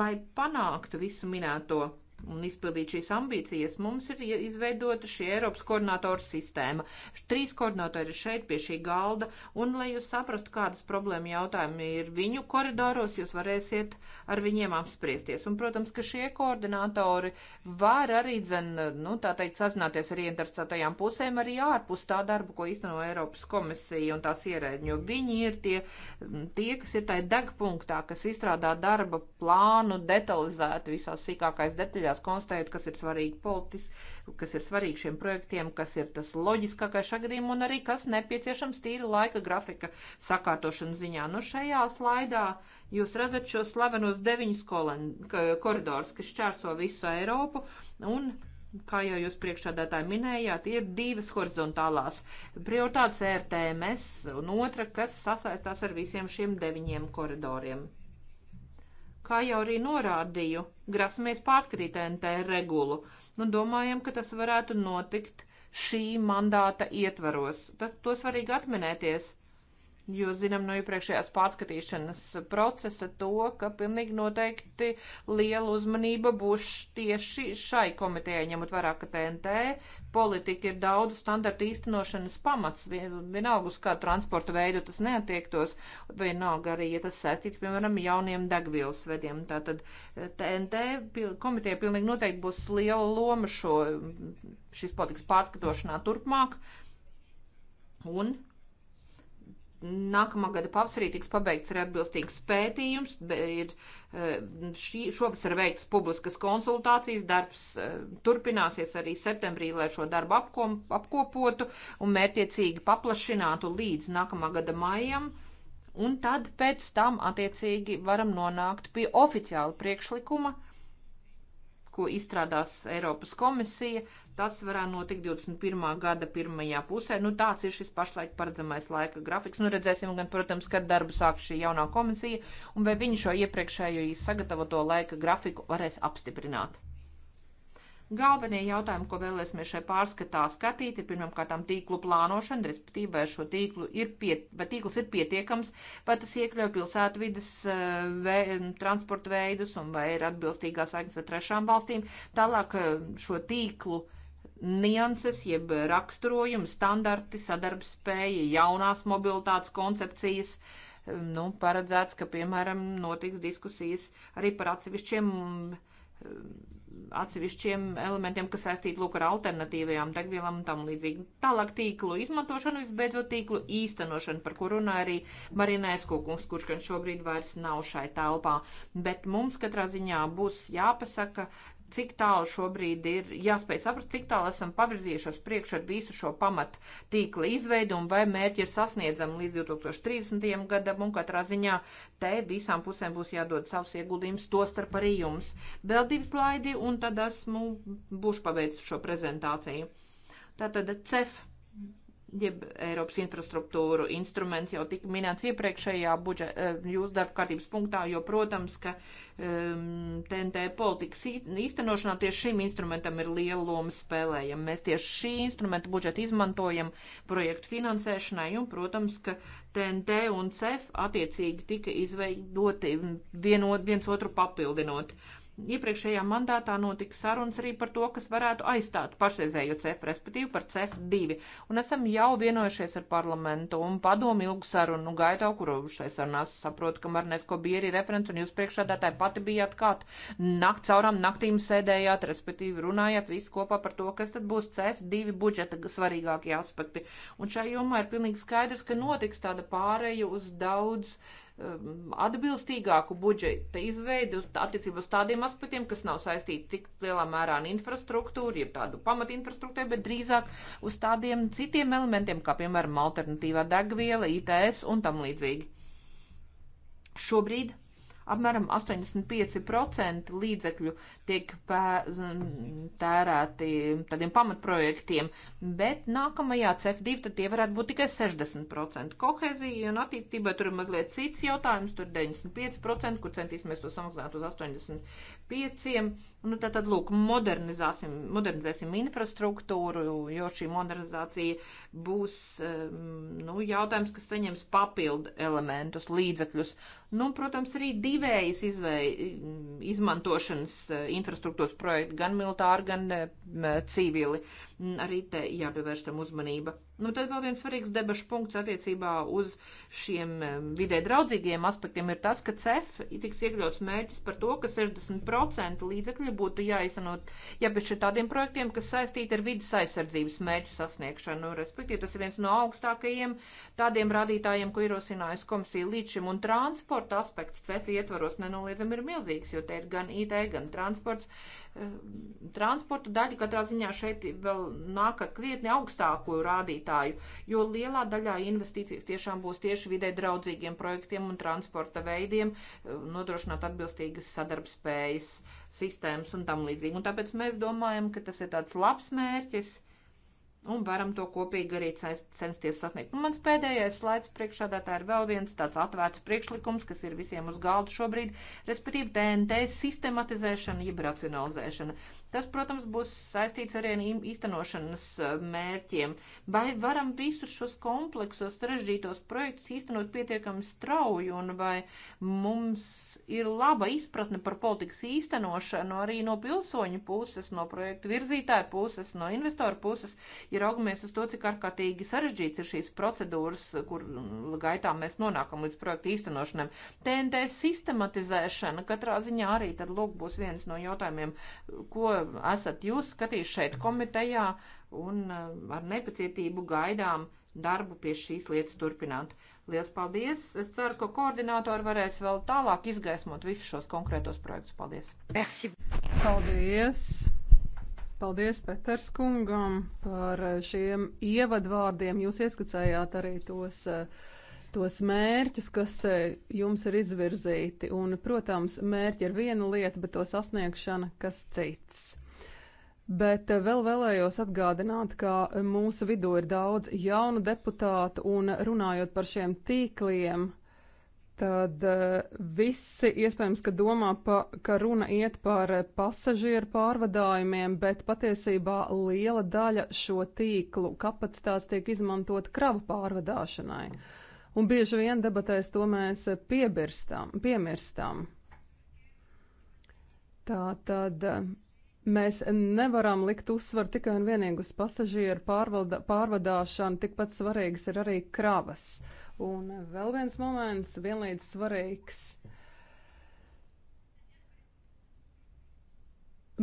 lai panāktu visu minēto un izpildīt šīs ambīcijas, mums ir izveidota šī Eiropas koordinātoru sistēma. Trīs koordinātori ir šeit pie šī galda, un, lai jūs saprastu, kādas problēma jautājumi ir viņu koridoros, jūs varēsiet ar viņiem apspriesties. Un, protams, ka šie koordinātori var arī, dzen, nu, tā teikt, sazināties ar ieinteresētajām pusēm arī ārpus tā darba, ko īsteno Eiropas komisija un tās ierēģi, jo viņi ir tie, tie kas ir tajā degpunktā, kas izstrādā darba plānu detalizēti visās sīkākais detaļās detaļās konstatējot, kas ir svarīgi politis, kas ir svarīgi šiem projektiem, kas ir tas loģiskākais šagrim un arī kas nepieciešams tīri laika grafika sakārtošanas ziņā. Nu, šajā slaidā jūs redzat šos slavenos deviņus koridors, kas šķērso visu Eiropu un kā jau jūs priekšādātāji minējāt, ir divas horizontālās prioritātes RTMS un otra, kas sasaistās ar visiem šiem deviņiem koridoriem. Kā jau arī norādīju, grasamies pārskatīt NT regulu un nu, domājam, ka tas varētu notikt šī mandāta ietvaros. Tas to svarīgi atminēties jo zinām no iepriekšējās pārskatīšanas procesa to, ka pilnīgi noteikti liela uzmanība būs tieši šai komitejai, ņemot vērā, ka TNT politika ir daudzu standartu īstenošanas pamats, vienalga uz kādu transporta veidu tas neatiektos, vienalga arī, ja tas saistīts, piemēram, jauniem degvielas vediem. Tātad TNT eh, komiteja pilnīgi noteikti būs liela loma šo, šīs politikas pārskatošanā turpmāk. Un nākamā gada pavasarī tiks pabeigts arī atbilstīgs pētījums, ir eh, šī, šovasar veikts publiskas konsultācijas, darbs eh, turpināsies arī septembrī, lai šo darbu apkom, apkopotu un mērtiecīgi paplašinātu līdz nākamā gada maijam. Un tad pēc tam attiecīgi varam nonākt pie oficiāla priekšlikuma, uh, ko izstrādās Eiropas komisija. Tas varētu notikt 21. gada pirmajā pusē. Nu, tāds ir šis pašlaik paredzamais laika grafiks. Nu, redzēsim, gan, protams, kad darbu sāks šī jaunā komisija un vai viņi šo iepriekšējo sagatavoto laika grafiku varēs apstiprināt. Galvenie jautājumi, ko vēlēsimies šai pārskatā skatīt, ir pirmkārt tīklu plānošana, respektīvi, vai šo tīklu ir, piet, vai tīkls ir pietiekams, vai tas iekļauj pilsētvidas eh, vē, transporta veidus un vai ir atbilstīgā saiknes ar trešām valstīm. Tālāk eh, šo tīklu nianses, jeb raksturojumu, standarti, sadarbspēja, jaunās mobilitātes koncepcijas eh, nu, paredzēts, ka, piemēram, notiks diskusijas arī par atsevišķiem atsevišķiem elementiem, kas saistīti lūk ar alternatīvajām degvielām un tam līdzīgi. Tālāk tīklu izmantošanu, visbeidzot tīklu īstenošanu, par ko runā arī Marinēs Kukungs, kurš gan šobrīd vairs nav šai telpā. Bet mums katrā ziņā būs jāpasaka cik tālu šobrīd ir jāspēj saprast, cik tālu esam pavirzījušos priekš ar visu šo pamatu tīkla izveidu un vai mērķi ir sasniedzami līdz 2030. gadam, un katrā ziņā te visām pusēm būs jādod savs ieguldījums, to starp arī jums. Vēl divi slaidi, un tad esmu, būšu pabeidzis šo prezentāciju. Tātad CEF jeb Eiropas infrastruktūru instruments jau tika minēts iepriekšējā budžeta eh, jūsu darba kārtības punktā, jo, protams, ka um, ehm, TNT politikas īstenošanā tieši šim instrumentam ir liela loma spēlējama. Mēs tieši šī instrumenta budžetu izmantojam projektu finansēšanai un, protams, ka TNT un CEF attiecīgi tika izveidoti vienot, viens otru papildinot. Uh, Iepriekšējā mandātā notika sarunas arī par to, kas varētu aizstāt pašreizējo CEF, respektīvi par CEF 2. Un esam jau vienojušies ar parlamentu un padomu ilgu sarunu gaitā, kuru šai sarunās saprotu, ka Marnesko bija arī referents un jūs priekšādātāji pati bijāt kaut nakts caurām naktīm sēdējāt, respektīvi runājāt visi kopā par to, kas tad būs CEF 2 budžeta svarīgākie aspekti. Un šai jomā ir pilnīgi skaidrs, ka notiks tāda pāreja uz daudz uh, Um, atbilstīgāku budžeta izveidi attiecībā uz tādiem aspektiem, kas nav saistīti tik lielā mērā ar infrastruktūru, jeb tādu pamatinfrastruktūru, bet drīzāk uz tādiem citiem elementiem, kā piemēram alternatīvā degviela, ITS un tam līdzīgi. Šobrīd apmēram 85% līdzekļu tiek tērēti tādiem pamatprojektiem, bet nākamajā CF2 tad tie varētu būt tikai 60%. Kohezija un attīstībai tur ir mazliet cits jautājums, tur 95%, kur centīsimies to samazināt uz 85%. Nu, tad, tad lūk, modernizēsim infrastruktūru, jo šī modernizācija būs ehm, nu, jautājums, kas saņems papildu elementus, līdzekļus. Nu, protams, arī divējas izvēj, izmantošanas eh, infrastruktūras projekti, gan militāri, gan eh, civili arī te jāpievērš tam uzmanība. Nu, tad vēl viens svarīgs debašu punkts attiecībā uz šiem vidē draudzīgiem aspektiem ir tas, ka CEF tiks iekļauts mērķis par to, ka 60% līdzekļu būtu jāizsanot, jāpiešķir tādiem projektiem, kas saistīti ar vidas aizsardzības mērķu sasniegšanu. Respektīvi, tas ir viens no augstākajiem tādiem rādītājiem, ko ierosinājusi komisija līdz šim, un transporta aspekts CEF ietvaros nenoliedzami ir milzīgs, jo te ir gan IT, gan transports transporta daļa katrā ziņā šeit vēl nāk ar krietni augstāko rādītāju, jo lielā daļā investīcijas tiešām būs tieši vidē draudzīgiem projektiem un transporta veidiem, nodrošināt atbilstīgas sadarbspējas sistēmas un tam līdzīgi. Un tāpēc mēs domājam, ka tas ir tāds labs mērķis un varam to kopīgi arī censties sasniegt. Un mans pēdējais slaids priekšādātā ir vēl viens tāds atvērts priekšlikums, kas ir visiem uz galda šobrīd, respektīvi TNT sistematizēšana, jeb racionalizēšana. Tas, protams, būs saistīts arī ar īstenošanas eh, mērķiem. Vai varam visus šos kompleksos, sarežģītos projektus īstenot pietiekami strauji, un vai mums ir laba izpratne par politikas īstenošanu arī no pilsoņu puses, no projektu virzītāju puses, no investoru puses, ja raugamies uz to, cik ārkārtīgi sarežģīts ir šīs procedūras, kur mm, gaitā mēs nonākam līdz projektu īstenošanai. TNT sistematizēšana katrā ziņā arī tad lūk būs viens no jautājumiem, ko esat jūs skatījuši šeit komitejā un eh, ar nepacietību gaidām darbu pie šīs lietas turpināt. Lielas paldies! Es ceru, ka koordinātori varēs vēl tālāk izgaismot visus šos konkrētos projektus. Paldies! Merci. Paldies! Paldies Peters kungam par eh, šiem ievadvārdiem. Jūs ieskicējāt arī tos uh, tos mērķus, kas e, jums ir izvirzīti. Un, protams, mērķi ir viena lieta, bet to sasniegšana kas cits. Bet e, vēl vēlējos atgādināt, ka mūsu vidū ir daudz jaunu deputātu un runājot par šiem tīkliem, tad e, visi iespējams, ka domā, pa, ka runa iet par pasažieru pārvadājumiem, bet patiesībā liela daļa šo tīklu kapacitātes tiek izmantot kravu pārvadāšanai. Mm un bieži vien debatēs to mēs piebirstam, piemirstam. Tā tad eh, mēs nevaram likt uzsvaru tikai un vienīgi uz pasažieru pārvalda, pārvadāšanu, tikpat svarīgs ir arī kravas. Un vēl viens moments, vienlīdz svarīgs.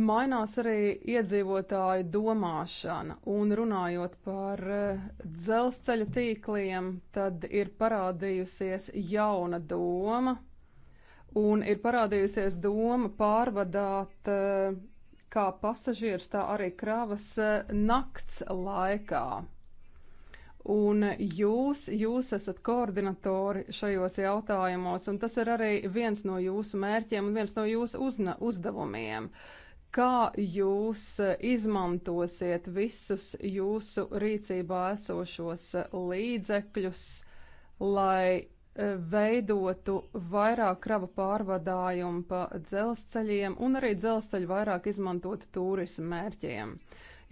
Mainās arī iedzīvotāju domāšana, un runājot par eh, dzelzceļa tīkliem, tad ir parādījusies jauna doma, un ir parādījusies doma pārvadāt eh, kā pasažieris, tā arī kravas eh, nakts laikā. Un jūs, jūs esat koordinatori šajos jautājumos, un tas ir arī viens no jūsu mērķiem un viens no jūsu uzdevumiem. Uh, kā jūs eh, izmantosiet visus jūsu rīcībā esošos eh, līdzekļus, lai eh, veidotu vairāk kravu pārvadājumu pa dzelzceļiem un arī dzelzceļu vairāk izmantotu turismu mērķiem.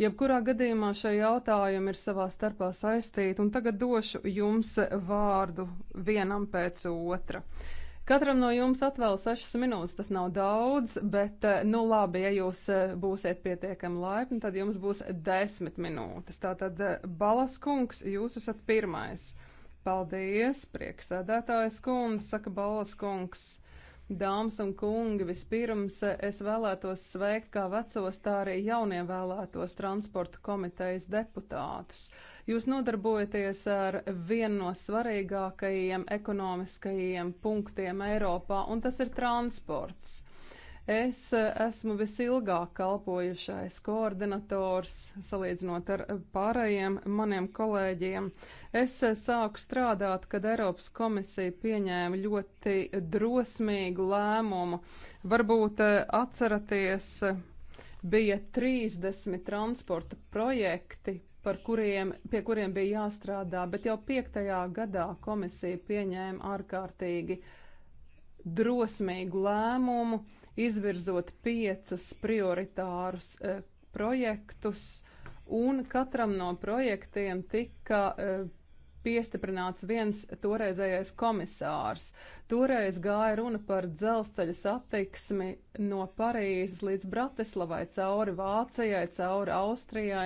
Jebkurā gadījumā šie jautājumi ir savā starpā saistīti, un tagad došu jums vārdu vienam pēc otra. Uh, Katram no jums atvēl 6 minūtes, tas nav daudz, bet, eh, nu labi, ja jūs eh, būsiet pietiekami laipni, tad jums būs 10 minūtes. Tātad, eh, Balas kungs, jūs esat pirmais. Paldies, prieksēdētājs kundze, saka Balas kungs. Dāmas un kungi, vispirms es vēlētos sveikt kā vecos, tā arī jaunievēlētos transporta komitejas deputātus. Jūs nodarbojaties ar vienu no svarīgākajiem ekonomiskajiem punktiem Eiropā, un tas ir transports. Es eh, esmu visilgāk kalpojušais koordinators, salīdzinot ar eh, pārējiem maniem kolēģiem. Es eh, sāku strādāt, kad Eiropas komisija pieņēma ļoti drosmīgu lēmumu. Varbūt atceraties, bija 30 transporta projekti, kuriem, pie kuriem bija jāstrādā, bet jau piektajā gadā komisija pieņēma ārkārtīgi drosmīgu lēmumu izvirzot piecus prioritārus e, projektus, un katram no projektiem tika e, piestiprināts viens toreizējais komisārs. Toreiz gāja runa par dzelzceļa satiksmi no Parīzes līdz Bratislavai, cauri Vācijai, cauri Austrijai.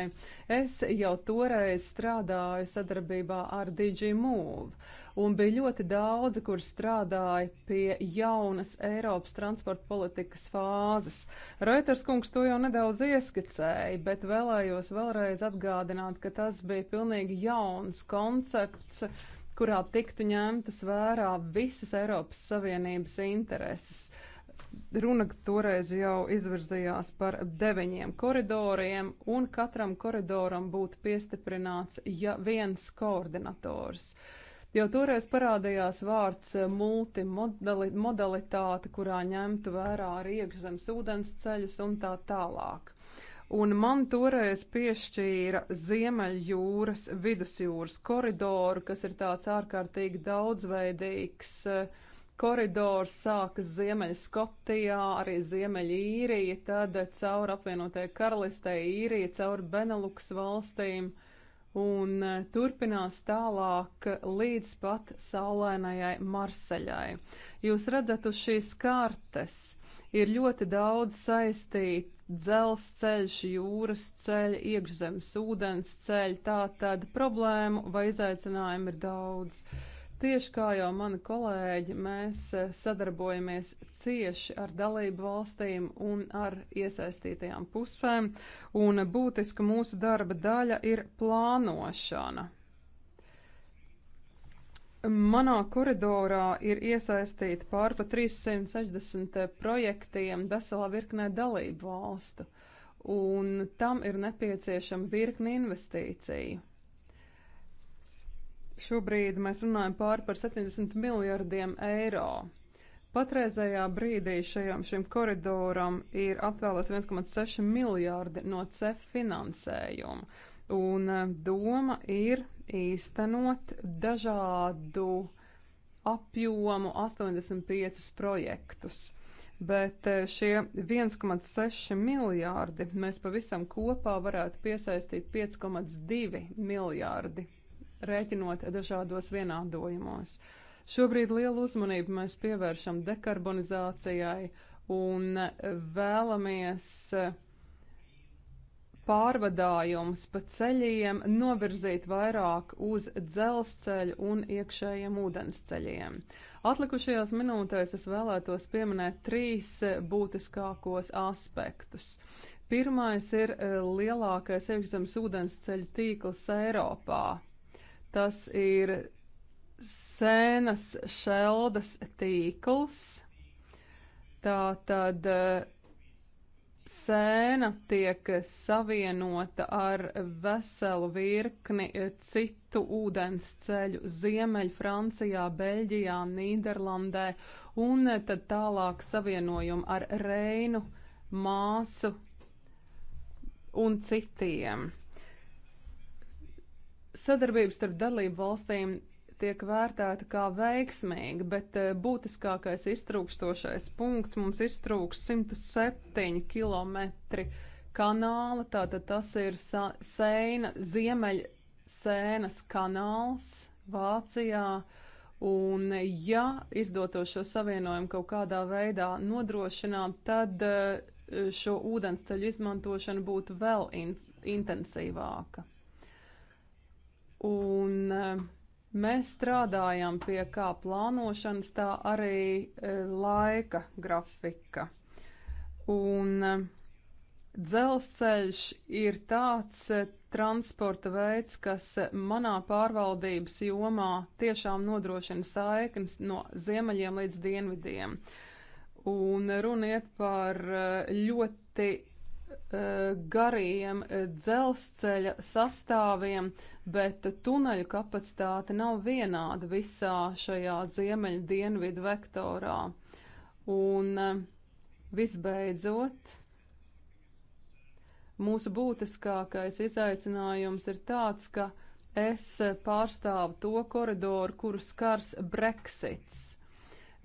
Es jau toreiz strādāju sadarbībā ar DG Move, un bija ļoti daudzi, kur strādāja pie jaunas Eiropas transporta politikas fāzes. Reuters kungs to jau nedaudz ieskicēja, bet vēlējos vēlreiz atgādināt, ka tas bija pilnīgi jauns koncepts kurā tiktu ņemtas vērā visas Eiropas Savienības intereses. Runa toreiz jau izvirzījās par deviņiem koridoriem, un katram koridoram būtu piestiprināts ja viens koordinators. Jau toreiz parādījās vārds multimodalitāte, kurā ņemtu vērā arī iekšzemes ūdens ceļus un tā tālāk un man toreiz piešķīra Ziemeļjūras vidusjūras koridoru, kas ir tāds ārkārtīgi daudzveidīgs eh, koridors, sākas Ziemeļskotijā, arī Ziemeļīrija, tad cauri apvienotajai karalistē īrija, cauri Beneluks valstīm un eh, turpinās tālāk līdz pat saulainajai Marseļai. Jūs redzat uz šīs kartes, ir ļoti daudz saistīti dzelzceļš, jūras ceļi, iekšzemes ūdens ceļi, tā tad problēmu vai izaicinājumu ir daudz. Tieši kā jau mani kolēģi, mēs eh, sadarbojamies cieši ar dalību valstīm un ar iesaistītajām pusēm, un būtiska mūsu darba daļa ir plānošana. Manā koridorā ir iesaistīti pārpa 360 projektiem veselā virknē dalību valstu, un tam ir nepieciešama virkni investīciju. Šobrīd mēs runājam pār par 70 miljardiem eiro. Patreizējā brīdī šajam šim koridoram ir atvēlēts 1,6 miljārdi no CEF finansējuma. Un eh, doma ir īstenot dažādu apjomu 85 projektus. Bet eh, šie 1,6 miljārdi mēs pavisam kopā varētu piesaistīt 5,2 miljārdi, rēķinot dažādos vienādojumos. Šobrīd lielu uzmanību mēs pievēršam dekarbonizācijai un eh, vēlamies uh, pārvadājumus pa ceļiem novirzīt vairāk uz dzelzceļu un iekšējiem ūdensceļiem. Atlikušajās minūtēs es vēlētos pieminēt trīs būtiskākos aspektus. Pirmais ir e, lielākais iekšzemes ūdensceļu tīkls Eiropā. Tas ir sēnas šeldas tīkls. Tā tad e, sēna tiek savienota ar veselu virkni eh, citu ūdens ceļu Ziemeļfrancijā, Beļģijā, Nīderlandē un eh, tad tālāk savienojumu ar Reinu, Māsu un citiem. Sadarbības starp dalību valstīm tiek vērtēta kā veiksmīga, bet eh, būtiskākais iztrūkstošais punkts mums iztrūks 107 km kanāla, tātad tas ir sēna, ziemeļ sēnas kanāls Vācijā. Un, ja izdotos šo savienojumu kaut kādā veidā nodrošināt, tad eh, šo ūdensceļu izmantošana būtu vēl in intensīvāka. Un eh, Mēs strādājam pie kā plānošanas, tā arī e, laika grafika. Un e, dzelzceļš ir tāds e, transporta veids, kas manā pārvaldības jomā tiešām nodrošina saiknes no ziemeļiem līdz dienvidiem. Un runiet par ļoti Eh, gariem eh, dzelzceļa sastāviem, bet tuneļu kapacitāte nav vienāda visā šajā ziemeļdienvidu vektorā. Un eh, visbeidzot, mūsu būtiskākais izaicinājums ir tāds, ka es pārstāvu to koridoru, kuru skars Brexits.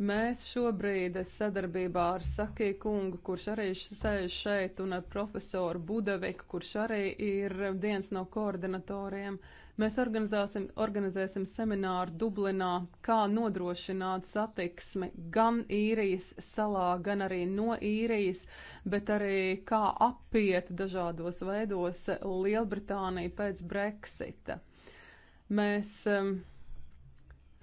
Mēs šobrīd sadarbībā ar Sakiju kungu, kurš arī sēž šeit, un ar profesoru Budaviku, kurš arī ir viens no koordinatoriem, mēs organizēsim, organizēsim semināru Dublinā, kā nodrošināt satiksmi gan īrijas salā, gan arī no īrijas, bet arī kā apiet dažādos veidos Lielbritāniju pēc Brexita. Mēs um,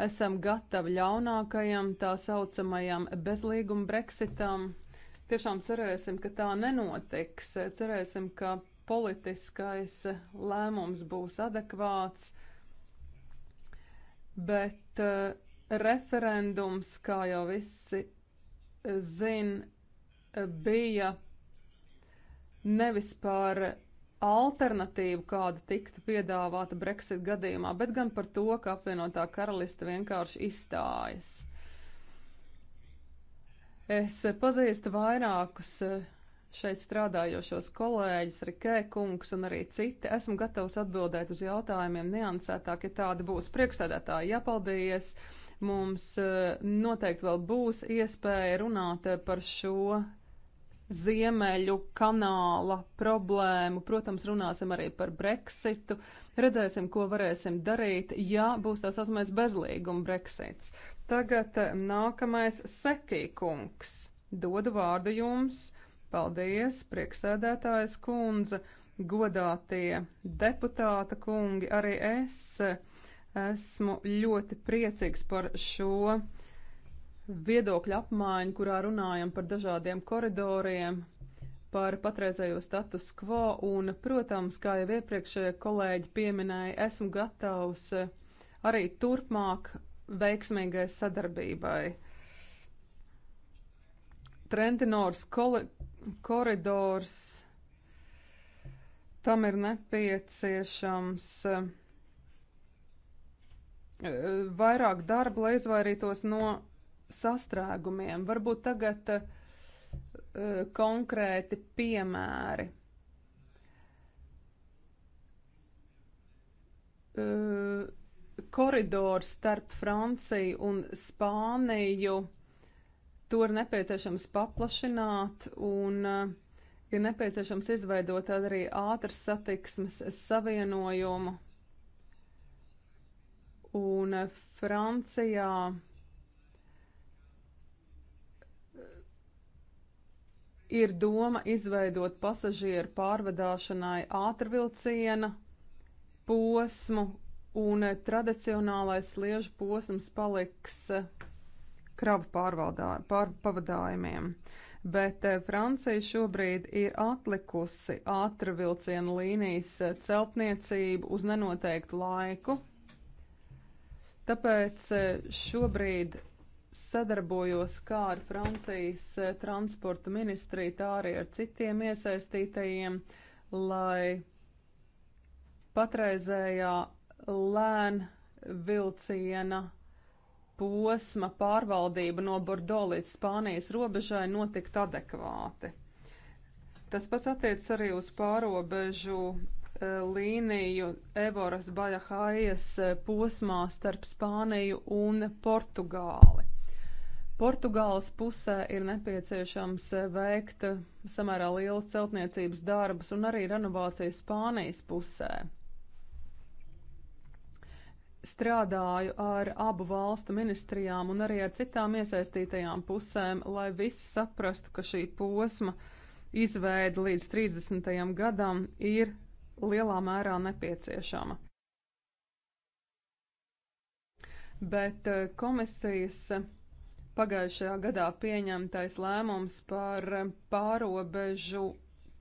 esam gatavi ļaunākajam, tā saucamajam bezlīguma Brexitam. Tiešām cerēsim, ka tā nenotiks. Cerēsim, ka politiskais lēmums būs adekvāts, bet uh, referendums, kā jau visi zin, eh, bija nevis par alternatīvu, kāda tiktu piedāvāta Brexit gadījumā, bet gan par to, ka apvienotā karaliste vienkārši izstājas. Es pazīstu vairākus eh, šeit strādājošos kolēģis, Rikē kungs un arī citi. Esmu gatavs atbildēt uz jautājumiem niansētāk, ja tāda būs priekšsēdētāja. Jāpaldies! Mums eh, noteikti vēl būs iespēja runāt eh, par šo Ziemeļu kanāla problēmu. Protams, runāsim arī par Brexitu. Redzēsim, ko varēsim darīt, ja būs tās osmais bezlīguma Brexits. Tagad eh, nākamais sekīkungs. Dodu vārdu jums. Paldies, prieksēdētājs kundze, godātie deputāta kungi, arī es eh, esmu ļoti priecīgs par šo viedokļu apmaiņu, kurā runājam par dažādiem koridoriem, par patreizējo status quo, un, protams, kā jau iepriekšējie kolēģi pieminēja, esmu gatavs eh, arī turpmāk veiksmīgai sadarbībai. Trentinors koridors, tam ir nepieciešams eh, vairāk darba, lai izvairītos no sastrēgumiem. Varbūt tagad uh, konkrēti piemēri. Uh, koridors starp Franciju un Spāniju. To ir nepieciešams paplašināt un uh, ir nepieciešams izveidot arī ātras satiksmes savienojumu. Un Francijā ir doma izveidot pasažieru pārvadāšanai ātrvilciena posmu, un tradicionālais liežu posms paliks eh, kravu pār, pavadājumiem. Bet eh, Francija šobrīd ir atlikusi ātrvilciena līnijas eh, celtniecību uz nenoteiktu laiku. Tāpēc šobrīd sadarbojos kā ar Francijas eh, transporta ministriju, tā arī ar citiem iesaistītajiem, lai patreizējā lēna vilciena posma pārvaldība no Bordo līdz Spānijas robežai notikt adekvāti. Tas pats attiecas arī uz pārobežu eh, līniju Evoras Baļahājas eh, posmā starp Spāniju un Portugāli. Portugāles pusē ir nepieciešams eh, veikt eh, samērā liels celtniecības darbus un arī renovācija Spānijas pusē. Strādāju ar abu valstu ministrijām un arī ar citām iesaistītajām pusēm, lai viss saprastu, ka šī posma izveida līdz 30. gadam ir lielā mērā nepieciešama. Bet eh, komisijas pagājušajā gadā pieņemtais lēmums par pārobežu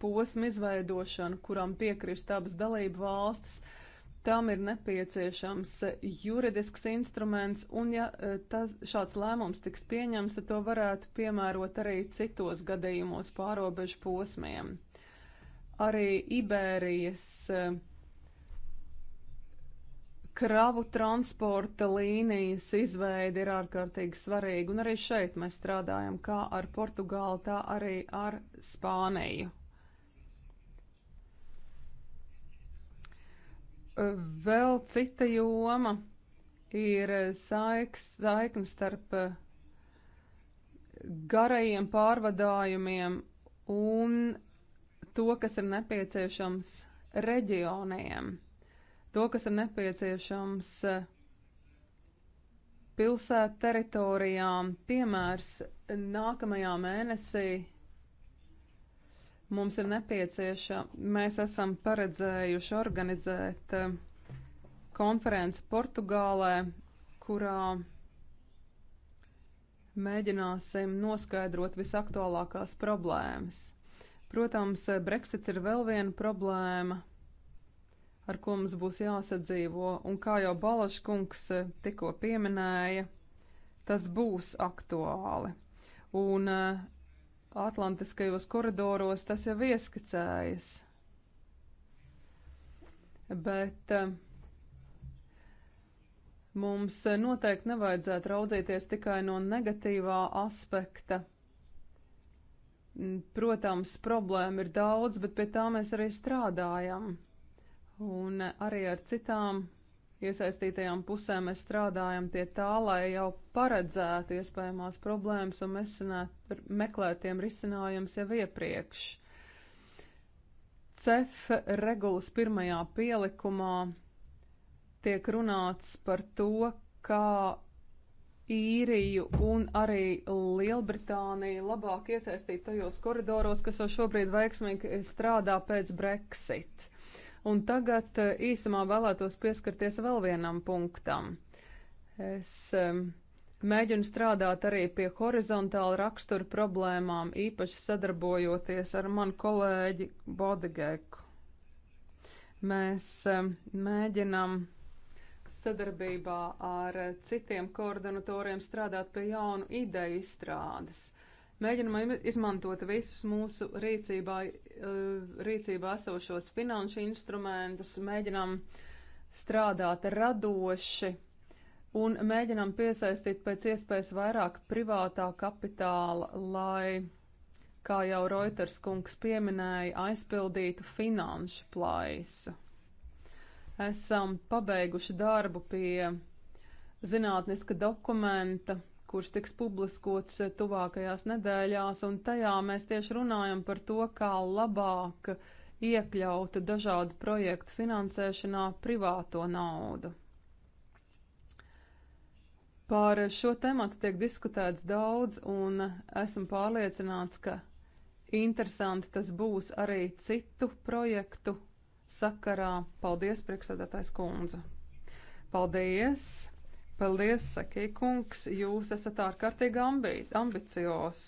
posmu izveidošanu, kuram piekrist abas dalību valstis. Tam ir nepieciešams juridisks instruments, un ja e, tas, šāds lēmums tiks pieņemts, tad to varētu piemērot arī citos gadījumos pārobežu posmiem. Arī Ibērijas uh, kravu transporta līnijas izveide ir ārkārtīgi svarīga, un arī šeit mēs strādājam kā ar Portugālu, tā arī ar Spāniju. Vēl cita joma ir saiks, saikne starp eh, garajiem pārvadājumiem un to, kas ir nepieciešams reģioniem to, kas ir nepieciešams eh, pilsētu teritorijām. Piemērs nākamajā mēnesī mums ir nepieciešama, mēs esam paredzējuši organizēt eh, konferenci Portugālē, kurā mēģināsim noskaidrot visaktuālākās problēmas. Protams, Brexits ir vēl viena problēma, ar ko mums būs jāsadzīvo, un kā jau Balaškungs eh, tikko pieminēja, tas būs aktuāli. Un eh, Atlantiskajos koridoros tas jau ieskicējas. Bet eh, mums noteikti nevajadzētu raudzīties tikai no negatīvā aspekta. Protams, problēma ir daudz, bet pie tā mēs arī strādājam. Un arī ar citām iesaistītajām pusēm mēs strādājam pie tā, lai jau paredzētu iespējamās problēmas un mēs meklētiem risinājums jau iepriekš. CEF regulas pirmajā pielikumā tiek runāts par to, kā īriju un arī Lielbritāniju labāk iesaistīt tajos koridoros, kas jau šobrīd veiksmīgi strādā pēc Brexit. Un tagad eh, īsumā vēlētos pieskarties vēl vienam punktam. Es mēģinu strādāt arī pie horizontāla rakstura problēmām, īpaši sadarbojoties ar manu kolēģi Bodegeku. Mēs mēģinam sadarbībā ar eh, citiem koordinatoriem strādāt pie jaunu ideju izstrādes. Mēģinām izmantot visus mūsu rīcībā, eh, rīcībā esošos finanšu instrumentus, mēģinām strādāt radoši un mēģinām piesaistīt pēc iespējas vairāk privātā kapitāla, lai, kā jau Reuters kungs pieminēja, aizpildītu finanšu plaisu. Esam pabeiguši darbu pie zinātniska dokumenta, kurš tiks publiskots eh, tuvākajās nedēļās, un tajā mēs tieši runājam par to, kā labāk iekļaut dažādu projektu finansēšanā privāto naudu. Par šo tematu tiek diskutēts daudz, un esmu pārliecināts, ka interesanti tas būs arī citu projektu sakarā. Paldies, priekšsēdētājs kundze! Paldies! Paldies, Sakī kungs, jūs esat ārkārtīgi ambi ambiciozs.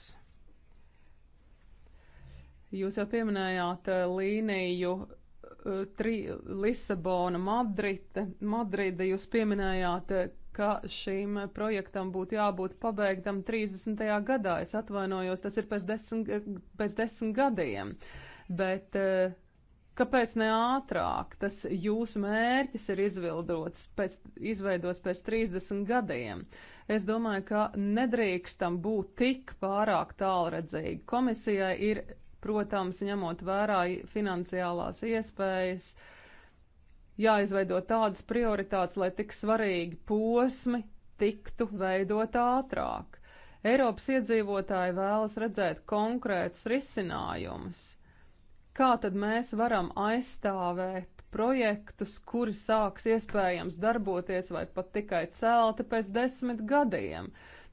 Jūs jau pieminējāt eh, līniju eh, tri, Lisabona, Madrita, Madrida, jūs pieminējāt, eh, ka šīm projektam būtu jābūt pabeigtam 30. gadā. Es atvainojos, tas ir pēc desmit, pēc desmit gadiem. Bet uh, Kāpēc ne ātrāk? Tas jūsu mērķis ir pēc, izveidots pēc 30 gadiem. Es domāju, ka nedrīkstam būt tik pārāk tālredzīgi. Komisijai ir, protams, ņemot vērā finansiālās iespējas, jāizveido tādas prioritātes, lai tik svarīgi posmi tiktu veidot ātrāk. Eiropas iedzīvotāji vēlas redzēt konkrētus risinājumus kā tad mēs varam aizstāvēt projektus, kuri sāks iespējams darboties vai pat tikai celti pēc desmit gadiem.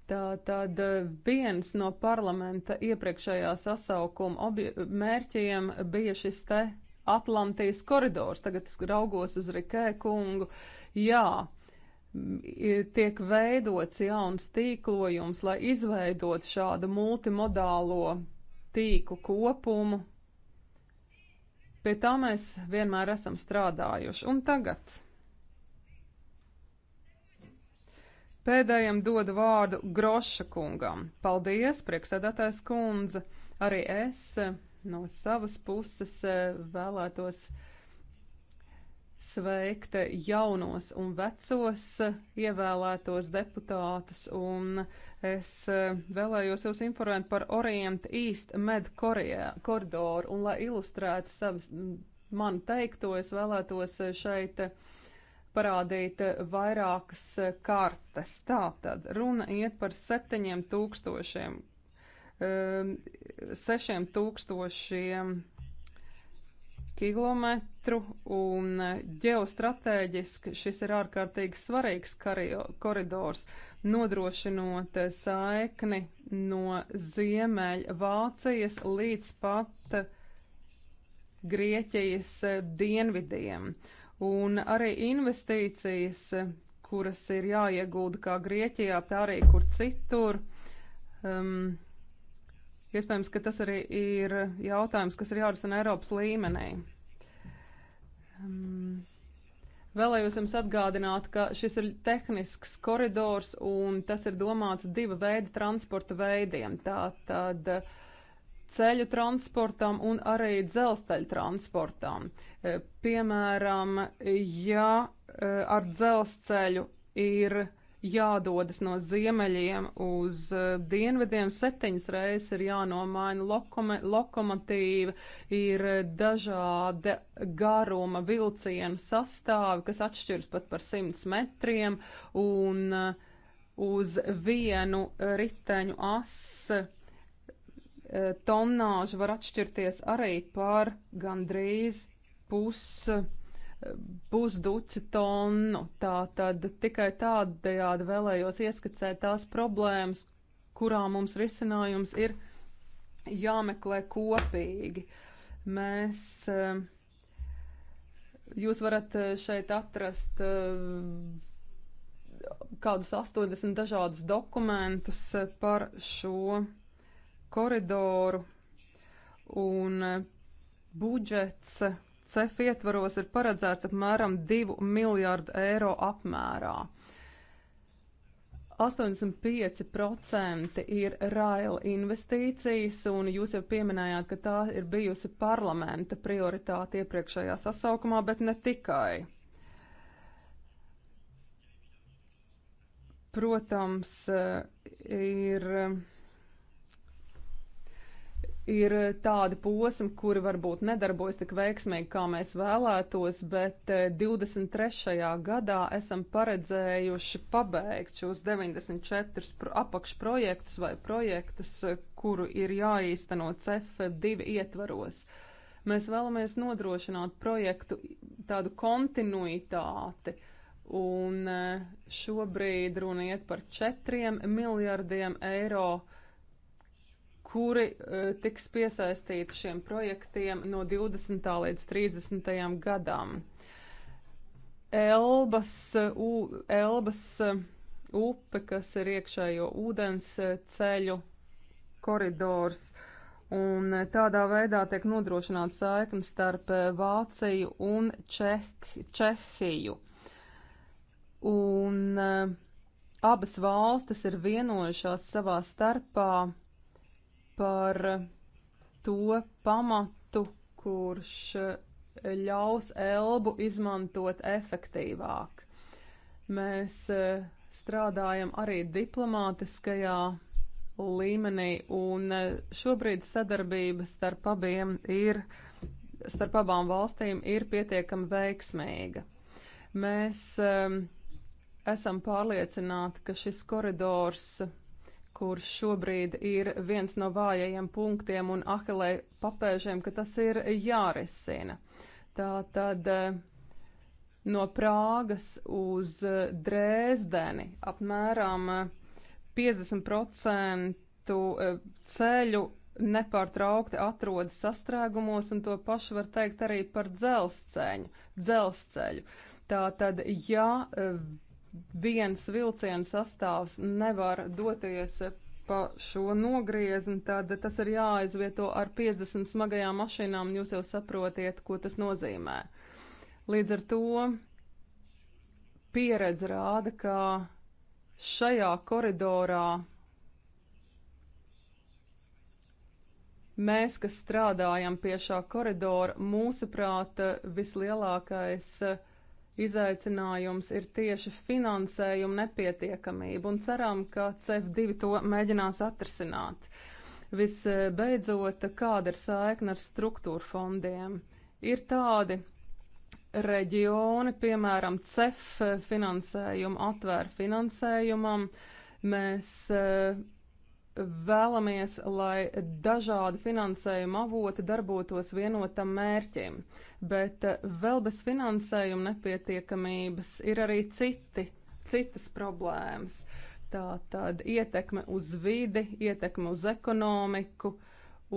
Tātad eh, viens no parlamenta iepriekšējā sasaukuma mērķiem bija šis te Atlantijas koridors. Tagad es raugos uz Rikē kungu. Jā, tiek veidots jauns tīklojums, lai izveidot šādu multimodālo tīklu kopumu, Pie tā mēs vienmēr esam strādājuši. Un tagad pēdējiem dodu vārdu Groša kungam. Paldies, prieksēdētājs kundze. Arī es eh, no savas puses eh, vēlētos sveikt jaunos un vecos ievēlētos deputātus, un es eh, vēlējos jūs informēt par Orient East Med koridoru, un lai ilustrētu savas manu teikto, es vēlētos eh, šeit eh, parādīt vairākas kartes. Tātad runa iet par septiņiem tūkstošiem, sešiem tūkstošiem kilometru, un eh, ģeostrateģiski šis ir ārkārtīgi svarīgs koridors, nodrošinot eh, saikni no Ziemeļa Vācijas līdz pat Grieķijas eh, dienvidiem. Un arī investīcijas, kuras ir jāiegūda kā Grieķijā, tā arī kur citur. Um, Iespējams, ka tas arī ir jautājums, kas ir jārisina Eiropas līmenī. Um, Vēlējos jums atgādināt, ka šis ir tehnisks koridors un tas ir domāts divu veidu transporta veidiem. Tātad ceļu transportam un arī dzelzceļu transportam. E, piemēram, ja e, ar dzelzceļu ir jādodas no ziemeļiem uz eh, dienvidiem, septiņas reizes ir jānomaina lokome, lokomotīva, ir eh, dažāda garuma vilcienu sastāvi, kas atšķiras pat par simts metriem, un eh, uz vienu riteņu asu tonnāža var atšķirties arī par gandrīz pusi pusduci tonu. Tā tad tikai tādējādi vēlējos ieskicēt tās problēmas, kurā mums risinājums ir jāmeklē kopīgi. Mēs, eh, jūs varat eh, šeit atrast eh, kādus 80 dažādus dokumentus par šo koridoru un budžets CEF ietvaros ir paredzēts apmēram 2 miljārdu eiro apmērā. 85% ir RAIL investīcijas, un jūs jau pieminējāt, ka tā ir bijusi parlamenta prioritāte iepriekšējā sasaukumā, bet ne tikai. Protams, ir ir eh, tādi posmi, kuri varbūt nedarbojas tik veiksmīgi, kā mēs vēlētos, bet 23. Eh, gadā esam paredzējuši pabeigt šos 94 apakšprojektus vai projektus, eh, kuru ir jāīsteno CEF2 ietvaros. Mēs vēlamies nodrošināt projektu tādu kontinuitāti. Un šobrīd runa iet par 4 miljardiem eiro uh, kuri uh, tiks piesaistīti šiem projektiem no 20. līdz 30. gadam. Elbas, uh, Elbas uh, upe, kas ir iekšējo ūdens ceļu koridors, un tādā veidā tiek nodrošināta saikne starp Vāciju un Čeh, Čehiju. Un uh, abas valstis ir vienojušās savā starpā par to pamatu, kurš ļaus elbu izmantot efektīvāk. Mēs e, strādājam arī diplomātiskajā līmenī, un e, šobrīd sadarbība starp, abiem ir, starp abām valstīm ir pietiekami veiksmīga. Mēs e, esam pārliecināti, ka šis koridors kurš šobrīd ir viens no vājajiem punktiem un ahilē papēžiem, ka tas ir jārisina. Tā tad eh, no Prāgas uz eh, Drēzdeni apmēram 50% eh, ceļu nepārtraukti atrodas sastrēgumos, un to pašu var teikt arī par dzelzceļu. dzelzceļu. Tā tad, ja viens vilciena sastāvs nevar doties pa šo nogriezni, tad tas ir jāaizvieto ar 50 smagajām mašīnām, jūs jau saprotiet, ko tas nozīmē. Līdz ar to pieredze rāda, ka šajā koridorā mēs, kas strādājam pie šā koridora, mūsuprāt, vislielākais uh, Izaicinājums ir tieši finansējuma nepietiekamība un ceram, ka CEF2 to mēģinās atrisināt. Visbeidzot, kāda ir saikna ar struktūra fondiem? Ir tādi reģioni, piemēram, CEF finansējumu atvēra finansējumam. Mēs uh, vēlamies, lai dažādi finansējuma avoti darbotos vienotam mērķim, bet eh, vēl bez finansējuma nepietiekamības ir arī citi, citas problēmas. Tā tad ietekme uz vidi, ietekme uz ekonomiku,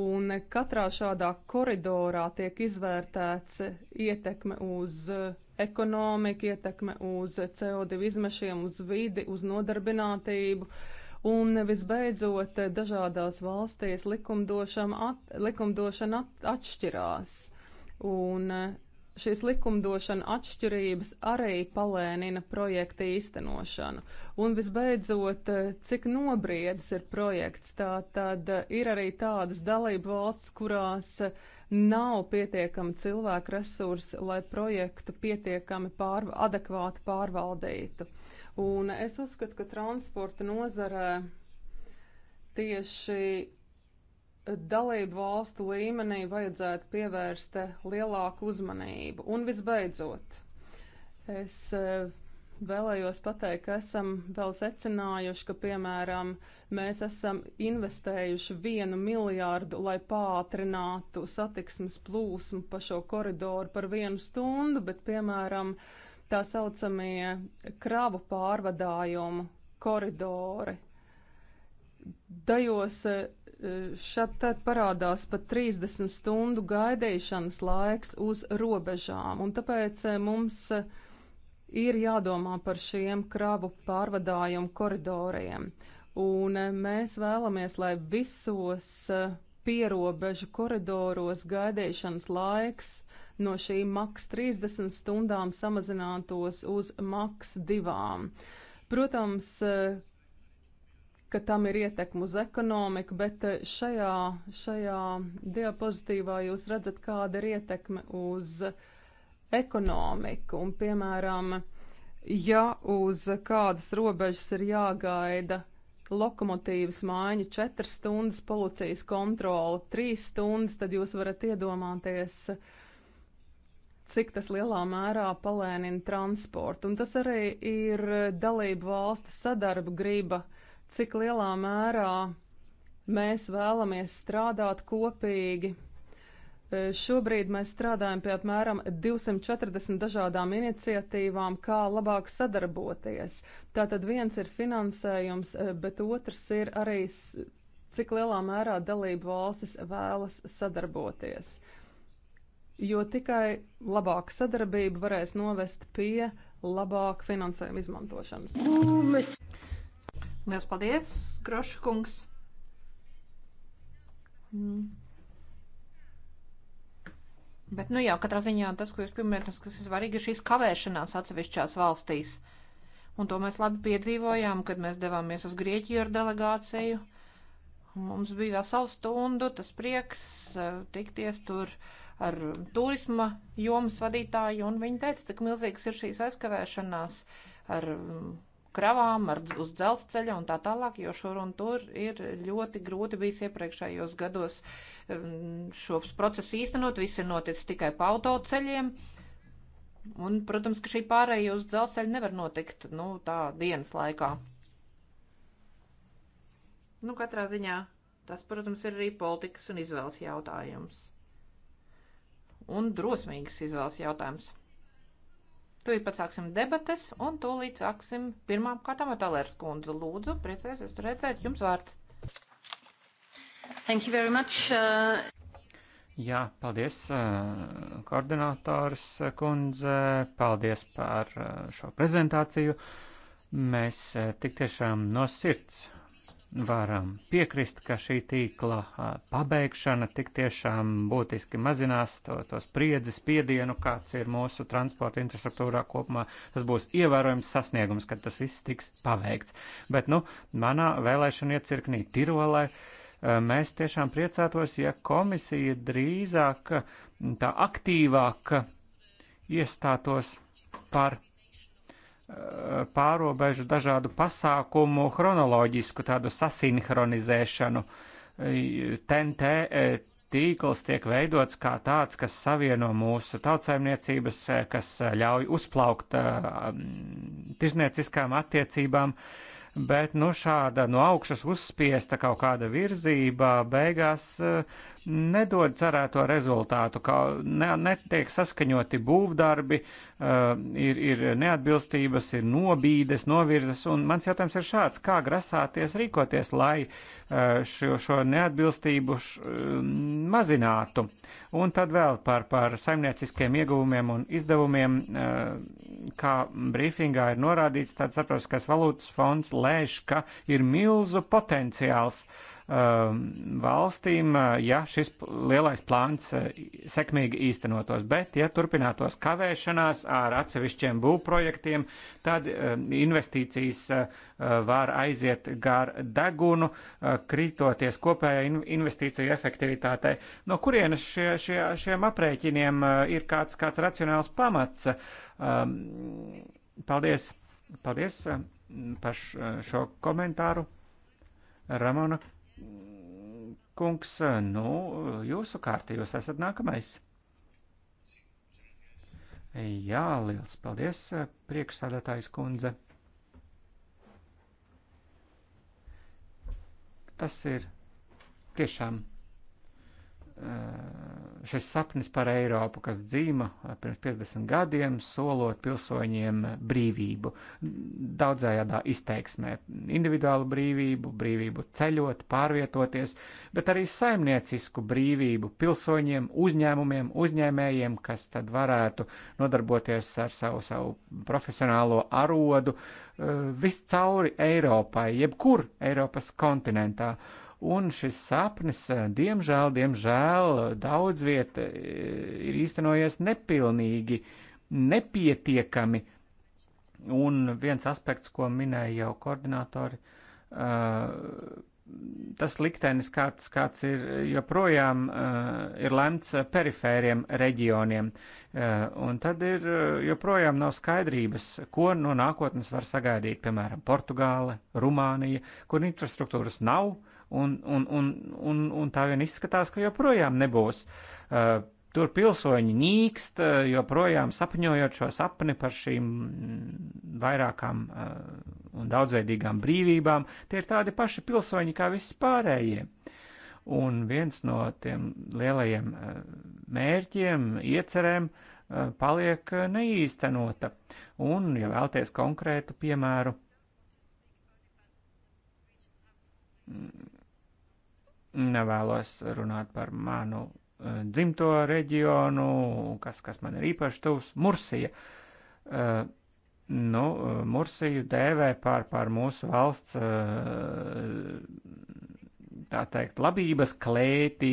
un katrā šādā koridorā tiek izvērtēts ietekme uz eh, ekonomiku, ietekme uz CO2 izmešiem, uz vidi, uz nodarbinātību. Uh, Un visbeidzot, dažādās valstīs at, likumdošana at, atšķirās. Un eh, šīs likumdošana atšķirības arī palēnina projekta īstenošanu. Un visbeidzot, eh, cik nobriedis ir projekts, tā tad eh, ir arī tādas dalību valsts, kurās nav pietiekami cilvēku resursi, lai projektu pietiekami pār, adekvāti pārvaldītu. Un es uzskatu, ka transporta nozarē tieši dalību valstu līmenī vajadzētu pievērst lielāku uzmanību. Un visbeidzot, es e, vēlējos pateikt, ka esam vēl secinājuši, ka, piemēram, mēs esam investējuši vienu miljārdu, lai pātrinātu satiksmes plūsmu pa šo koridoru par vienu stundu, bet, piemēram, uh, tā saucamie kravu pārvadājumu koridori. Dajos e, e, šad tad parādās pat 30 stundu gaidīšanas laiks uz robežām, un tāpēc e, mums ir jādomā par šiem kravu pārvadājumu koridoriem. Un mēs vēlamies, lai visos uh, pierobežu koridoros gaidīšanas laiks no šīm maks 30 stundām samazinātos uz maks 2. Protams, eh, ka tam ir ietekme uz ekonomiku, bet eh, šajā, šajā diapozitīvā jūs redzat, kāda ir ietekme uz ekonomiku. Un, piemēram, ja uz kādas robežas ir jāgaida lokomotīvas mājiņa, 4 stundas policijas kontrole, 3 stundas, tad jūs varat iedomāties, cik tas lielā mērā palēnina transportu. Un tas arī ir dalību valstu sadarba griba, cik lielā mērā mēs vēlamies strādāt kopīgi E, šobrīd mēs strādājam pie apmēram 240 dažādām iniciatīvām, kā labāk sadarboties. Tātad viens ir finansējums, e, bet otrs ir arī cik lielā mērā dalību valstis vēlas sadarboties. Jo tikai labāka sadarbība varēs novest pie labāka finansējuma izmantošanas. Lielas paldies, Groškungs! Mm. Bet, nu jā, katrā ziņā tas, ko jūs pieminējat, un kas ir svarīgi, ir šīs kavēšanās atsevišķās valstīs. Un to mēs labi piedzīvojām, kad mēs devāmies uz Grieķiju ar delegāciju. Mums bija vesela stundu, tas prieks eh, tikties tur ar turisma jomas vadītāju, un viņi teica, cik milzīgs ir šīs aizkavēšanās ar mm, kravām, ar, uz dzelzceļa un tā tālāk, jo šur un tur ir ļoti grūti bijis iepriekšējos gados um, šos procesus īstenot. Viss ir noticis tikai pa autoceļiem. Un, protams, ka šī pārējai uz dzelzceļa nevar notikt nu, tā dienas laikā. Nu, katrā ziņā tas, protams, ir arī politikas un izvēles jautājums. Un drosmīgs izvēles jautājums. Tūlīt pat sāksim debates un tūlīt sāksim pirmām kārtām ar Talērs kundzu. Lūdzu, priecājos jūs redzēt, jums vārds. Thank you very much. Uh... Jā, paldies, uh, koordinātors kundze, paldies par uh, šo prezentāciju. Mēs uh, tik tiešām no sirds varam piekrist, ka šī tīkla pabeigšana tik tiešām būtiski mazinās to, to spriedzi, spiedienu, kāds ir mūsu transporta infrastruktūrā kopumā. Tas būs ievērojams sasniegums, kad tas viss tiks paveikts. Bet, nu, manā vēlēšana iecirknī Tirolē mēs tiešām priecātos, ja komisija drīzāk tā aktīvāk iestātos par Uh, pārobežu dažādu pasākumu chronoloģisku tādu sasinhronizēšanu. TNT uh, uh, tīkls tiek veidots kā tāds, kas savieno mūsu tautsaimniecības, kas ļauj uzplaukt um, tirznieciskām attiecībām, uh, bet nu, šāda no augšas uzspiesta kaut kāda virzība beigās eh, nedod cerēto rezultātu, ka ne, netiek saskaņoti būvdarbi, eh, ir, ir neatbilstības, ir nobīdes, novirzes, un mans jautājums ir šāds, kā grasāties rīkoties, lai eh, šo, šo neatbilstību š, mazinātu. Uh, Un tad vēl par, par saimnieciskiem ieguvumiem un izdevumiem, eh, kā brīfingā ir norādīts, tāds starptautiskais valūtas fonds lēš, ka ir milzu potenciāls uh, Um, valstīm, uh, ja šis lielais plāns uh, sekmīgi īstenotos. Bet, ja turpinātos kavēšanās ar atsevišķiem būvprojektiem, tad um, investīcijas uh, var aiziet gar degunu, krītoties kopējai investīciju efektivitātei. No kurienes šie, šie, šiem aprēķiniem ir kāds, kāds racionāls pamats? Um, paldies, paldies par šo komentāru. Ramona kungs, nu, jūsu kārta, jūs esat nākamais. Jā, liels paldies, priekšsādātājs kundze. Tas ir tiešām Eh, šis sapnis par Eiropu, kas dzīva eh, pirms 50 gadiem, solot pilsoņiem brīvību daudzējādā izteiksmē - individuālu brīvību, brīvību ceļot, pārvietoties, bet arī saimniecisku brīvību pilsoņiem, uzņēmumiem, uzņēmējiem, kas tad varētu nodarboties ar savu, savu profesionālo arodu eh, viscauri Eiropai, jebkur Eiropas kontinentā Un šis sapnis, eh, diemžēl, diemžēl, daudz vieta eh, ir īstenojies nepilnīgi, nepietiekami. Un viens aspekts, ko minēja jau koordinatori, eh, tas liktenis, kāds, kāds ir joprojām ir lemts perifēriem reģioniem. Un tad ir joprojām nav skaidrības, ko no nākotnes var sagaidīt, piemēram, Portugāle, Rumānija, kur infrastruktūras nav un, un, un, un, un tā vien izskatās, ka joprojām nebūs. Uh, tur pilsoņi nīkst, uh, joprojām sapņojot šo sapni par šīm vairākām uh, un daudzveidīgām brīvībām. Tie ir tādi paši pilsoņi kā visi pārējie. Un viens no tiem lielajiem uh, mērķiem, iecerēm uh, paliek uh, neīstenota. Un, ja vēlties konkrētu piemēru, mm, nevēlos runāt par manu eh, dzimto reģionu, kas, kas man ir īpaši tuvs, Mursija. Eh, nu, Mursiju dēvē par, par mūsu valsts, eh, tā teikt, labības klētī,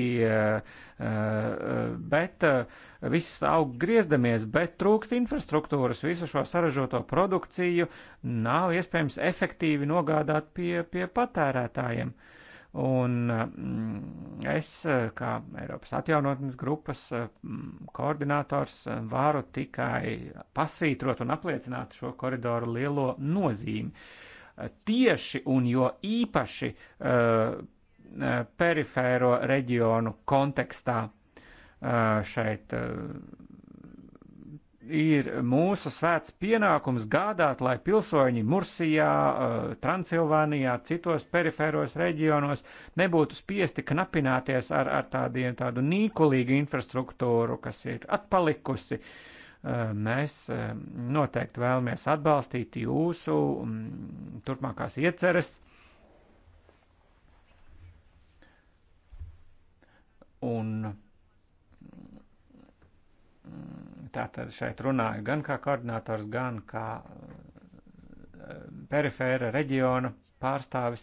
bet viss aug griezdamies, bet trūkst infrastruktūras, visu šo saražoto produkciju nav iespējams efektīvi nogādāt pie, pie patērētājiem. Uh, Un mm, es, kā Eiropas atjaunotnes grupas mm, koordinators, varu tikai pasvītrot un apliecināt šo koridoru lielo nozīmi. Tieši un jo īpaši uh, perifēro reģionu kontekstā uh, šeit uh, ir mūsu svēts pienākums gādāt, lai pilsoņi Mursijā, eh, Transilvānijā, citos perifēros reģionos nebūtu spiesti knapināties ar, ar tādiem, tādu nīkulīgu infrastruktūru, kas ir atpalikusi. Eh, mēs eh, noteikti vēlamies atbalstīt jūsu mm, turpmākās ieceres. Un mm, Tātad šeit runāju gan kā koordinators, gan kā eh, perifēra reģiona pārstāvis.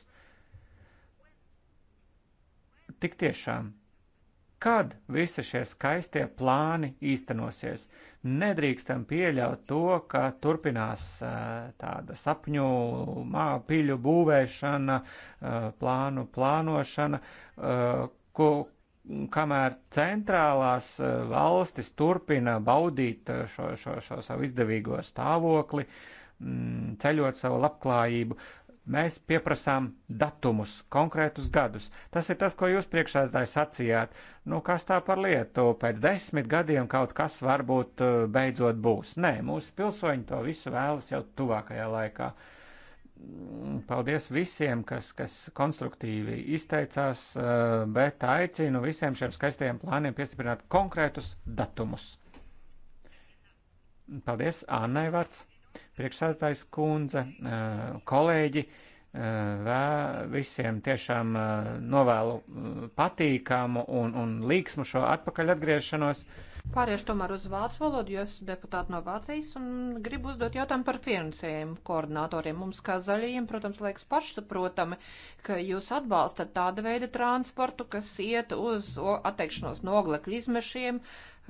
Tik tiešām, kad visi šie skaistie plāni īstenosies, nedrīkstam pieļaut to, ka turpinās eh, tāda sapņu māpiļu būvēšana, eh, plānu plānošana, ko, kamēr centrālās eh, valstis turpina baudīt eh, šo, šo, šo savu izdevīgo stāvokli, mm, ceļot savu labklājību, mēs pieprasām datumus, konkrētus gadus. Tas ir tas, ko jūs priekšādātāji sacījāt. Nu, kas tā par lietu? Pēc desmit gadiem kaut kas varbūt eh, beidzot būs. Nē, mūsu pilsoņi to visu vēlas jau tuvākajā laikā. Uh, Mm, paldies visiem, kas, kas konstruktīvi izteicās, eh, bet aicinu visiem šiem skaistajiem plāniem piestiprināt konkrētus datumus. Paldies, Annai Vārts, priekšsēdētājs kundze, eh, kolēģi. Eh, vē, visiem tiešām novēlu patīkamu un, un līksmu šo atpakaļ atgriešanos. Pāriešu tomēr uz vācu valodu, jo esmu deputāti no Vācijas un gribu uzdot jautājumu par finansējumu koordinatoriem. Mums, kā zaļajiem, protams, liekas pašsaprotami, ka jūs atbalstat tāda veida transportu, kas iet uz atteikšanos no oglekļa izmešiem,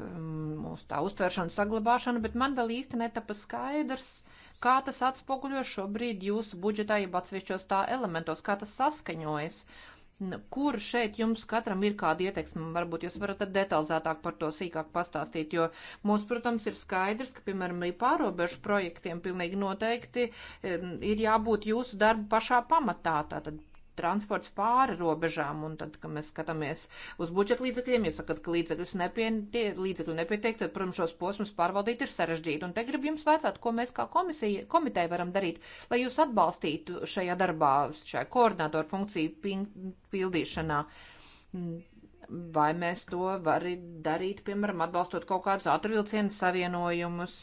um, mūsu tā uztvēršana, saglabāšana, bet man vēl īsti netapa skaidrs, kā tas atspoguļo šobrīd jūsu budžetā, jeb atsevišķos tā elementos, kā tas saskaņojas Nu, kur šeit jums katram ir kāda ieteiksme? Varbūt jūs varat detalizētāk par to sīkāk pastāstīt, jo mums, protams, ir skaidrs, ka, piemēram, pārobežu projektiem pilnīgi noteikti ir jābūt jūsu darbu pašā pamatā. Tātad transports pāri robežām, un tad, kad mēs skatāmies uz budžeta līdzekļiem, ja sakat, ka līdzekļus nepietie, līdzekļu nepietiek, tad, protams, šos posmus pārvaldīt ir sarežģīti. Un te gribu jums vecāt, ko mēs kā komisija, komiteja varam darīt, lai jūs atbalstītu šajā darbā, šajā koordinātoru funkciju pildīšanā vai mēs to varam darīt, piemēram, atbalstot kaut kādus ātrvilcienu savienojumus,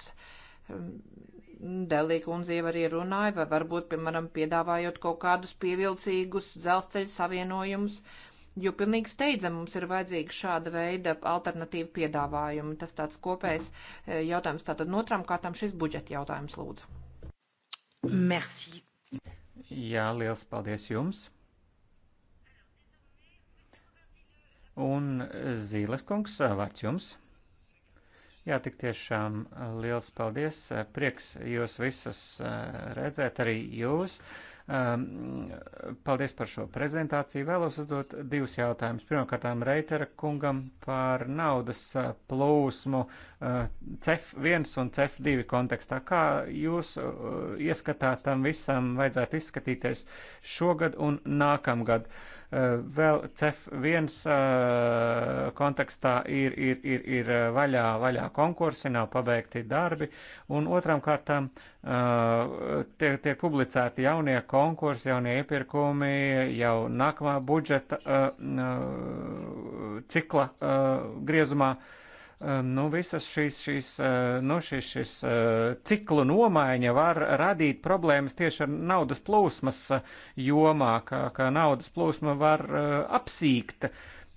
Delīka un Zieva arī runāja, vai varbūt, piemēram, piedāvājot kaut kādus pievilcīgus dzelzceļa savienojumus, jo pilnīgi steidzam mums ir vajadzīga šāda veida alternatīva piedāvājuma. Tas tāds kopējs e, jautājums. Tātad notram kārtām šis budžeta jautājums lūdzu. Merci. Jā, liels paldies jums. Un Zīles kungs, vārds jums. Jā, tik tiešām eh, liels paldies. Eh, prieks jūs visus eh, redzēt, arī jūs. Ehm, paldies par šo prezentāciju. Vēlos uzdot divus jautājumus. Pirmkārt, Reitera kungam par naudas plūsmu CEF1 un CEF2 kontekstā. Kā jūs ieskatā tam visam vajadzētu izskatīties šogad un nākamgad? Uh, Eh, vēl CEF 1 eh, kontekstā ir, ir, ir, ir eh, vaļā, vaļā konkursi, nav pabeigti darbi, un otram kārtām tiek, tiek publicēti jaunie konkursi, jaunie iepirkumi jau nākamā budžeta cikla griezumā. Uh, Ehm, nu, visas šīs, šīs, eh, nu, šis, šis eh, ciklu nomaiņa var radīt problēmas tieši ar naudas plūsmas eh, jomā, ka, ka naudas plūsma var apsīkt.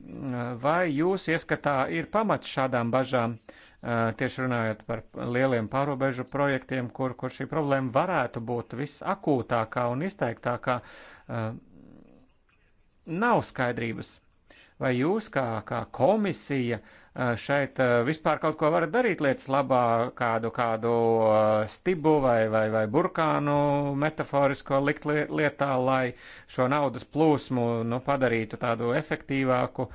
Mm, vai jūs ieskatā ir pamats šādām bažām, tieši runājot par lieliem pārobežu projektiem, kur, kur šī problēma varētu būt visakūtākā un izteiktākā? Nav skaidrības. Vai jūs kā, kā komisija uh, Eh, šeit eh, vispār kaut ko varat darīt lietas labā, kādu, kādu eh, stibu vai, vai, vai burkānu metaforisko likt lietā, lai šo naudas plūsmu nu, padarītu tādu efektīvāku,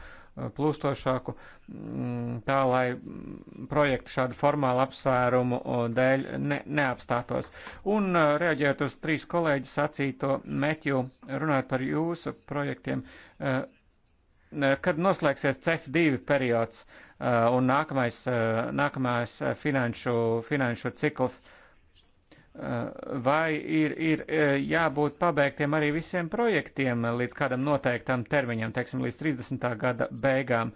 plūstošāku, mm, tā lai mm, projekti šādu formālu apsvērumu dēļ ne, neapstātos. Un reaģējot uz trīs kolēģu sacīto, Meķu, runājot par jūsu projektiem, kad noslēgsies CEF2 periods, uh, Eh, un nākamais, eh, nākamais eh, finanšu, finanšu cikls. Vai ir, ir jābūt pabeigtiem arī visiem projektiem līdz kādam noteiktam termiņam, teiksim, līdz 30. gada beigām?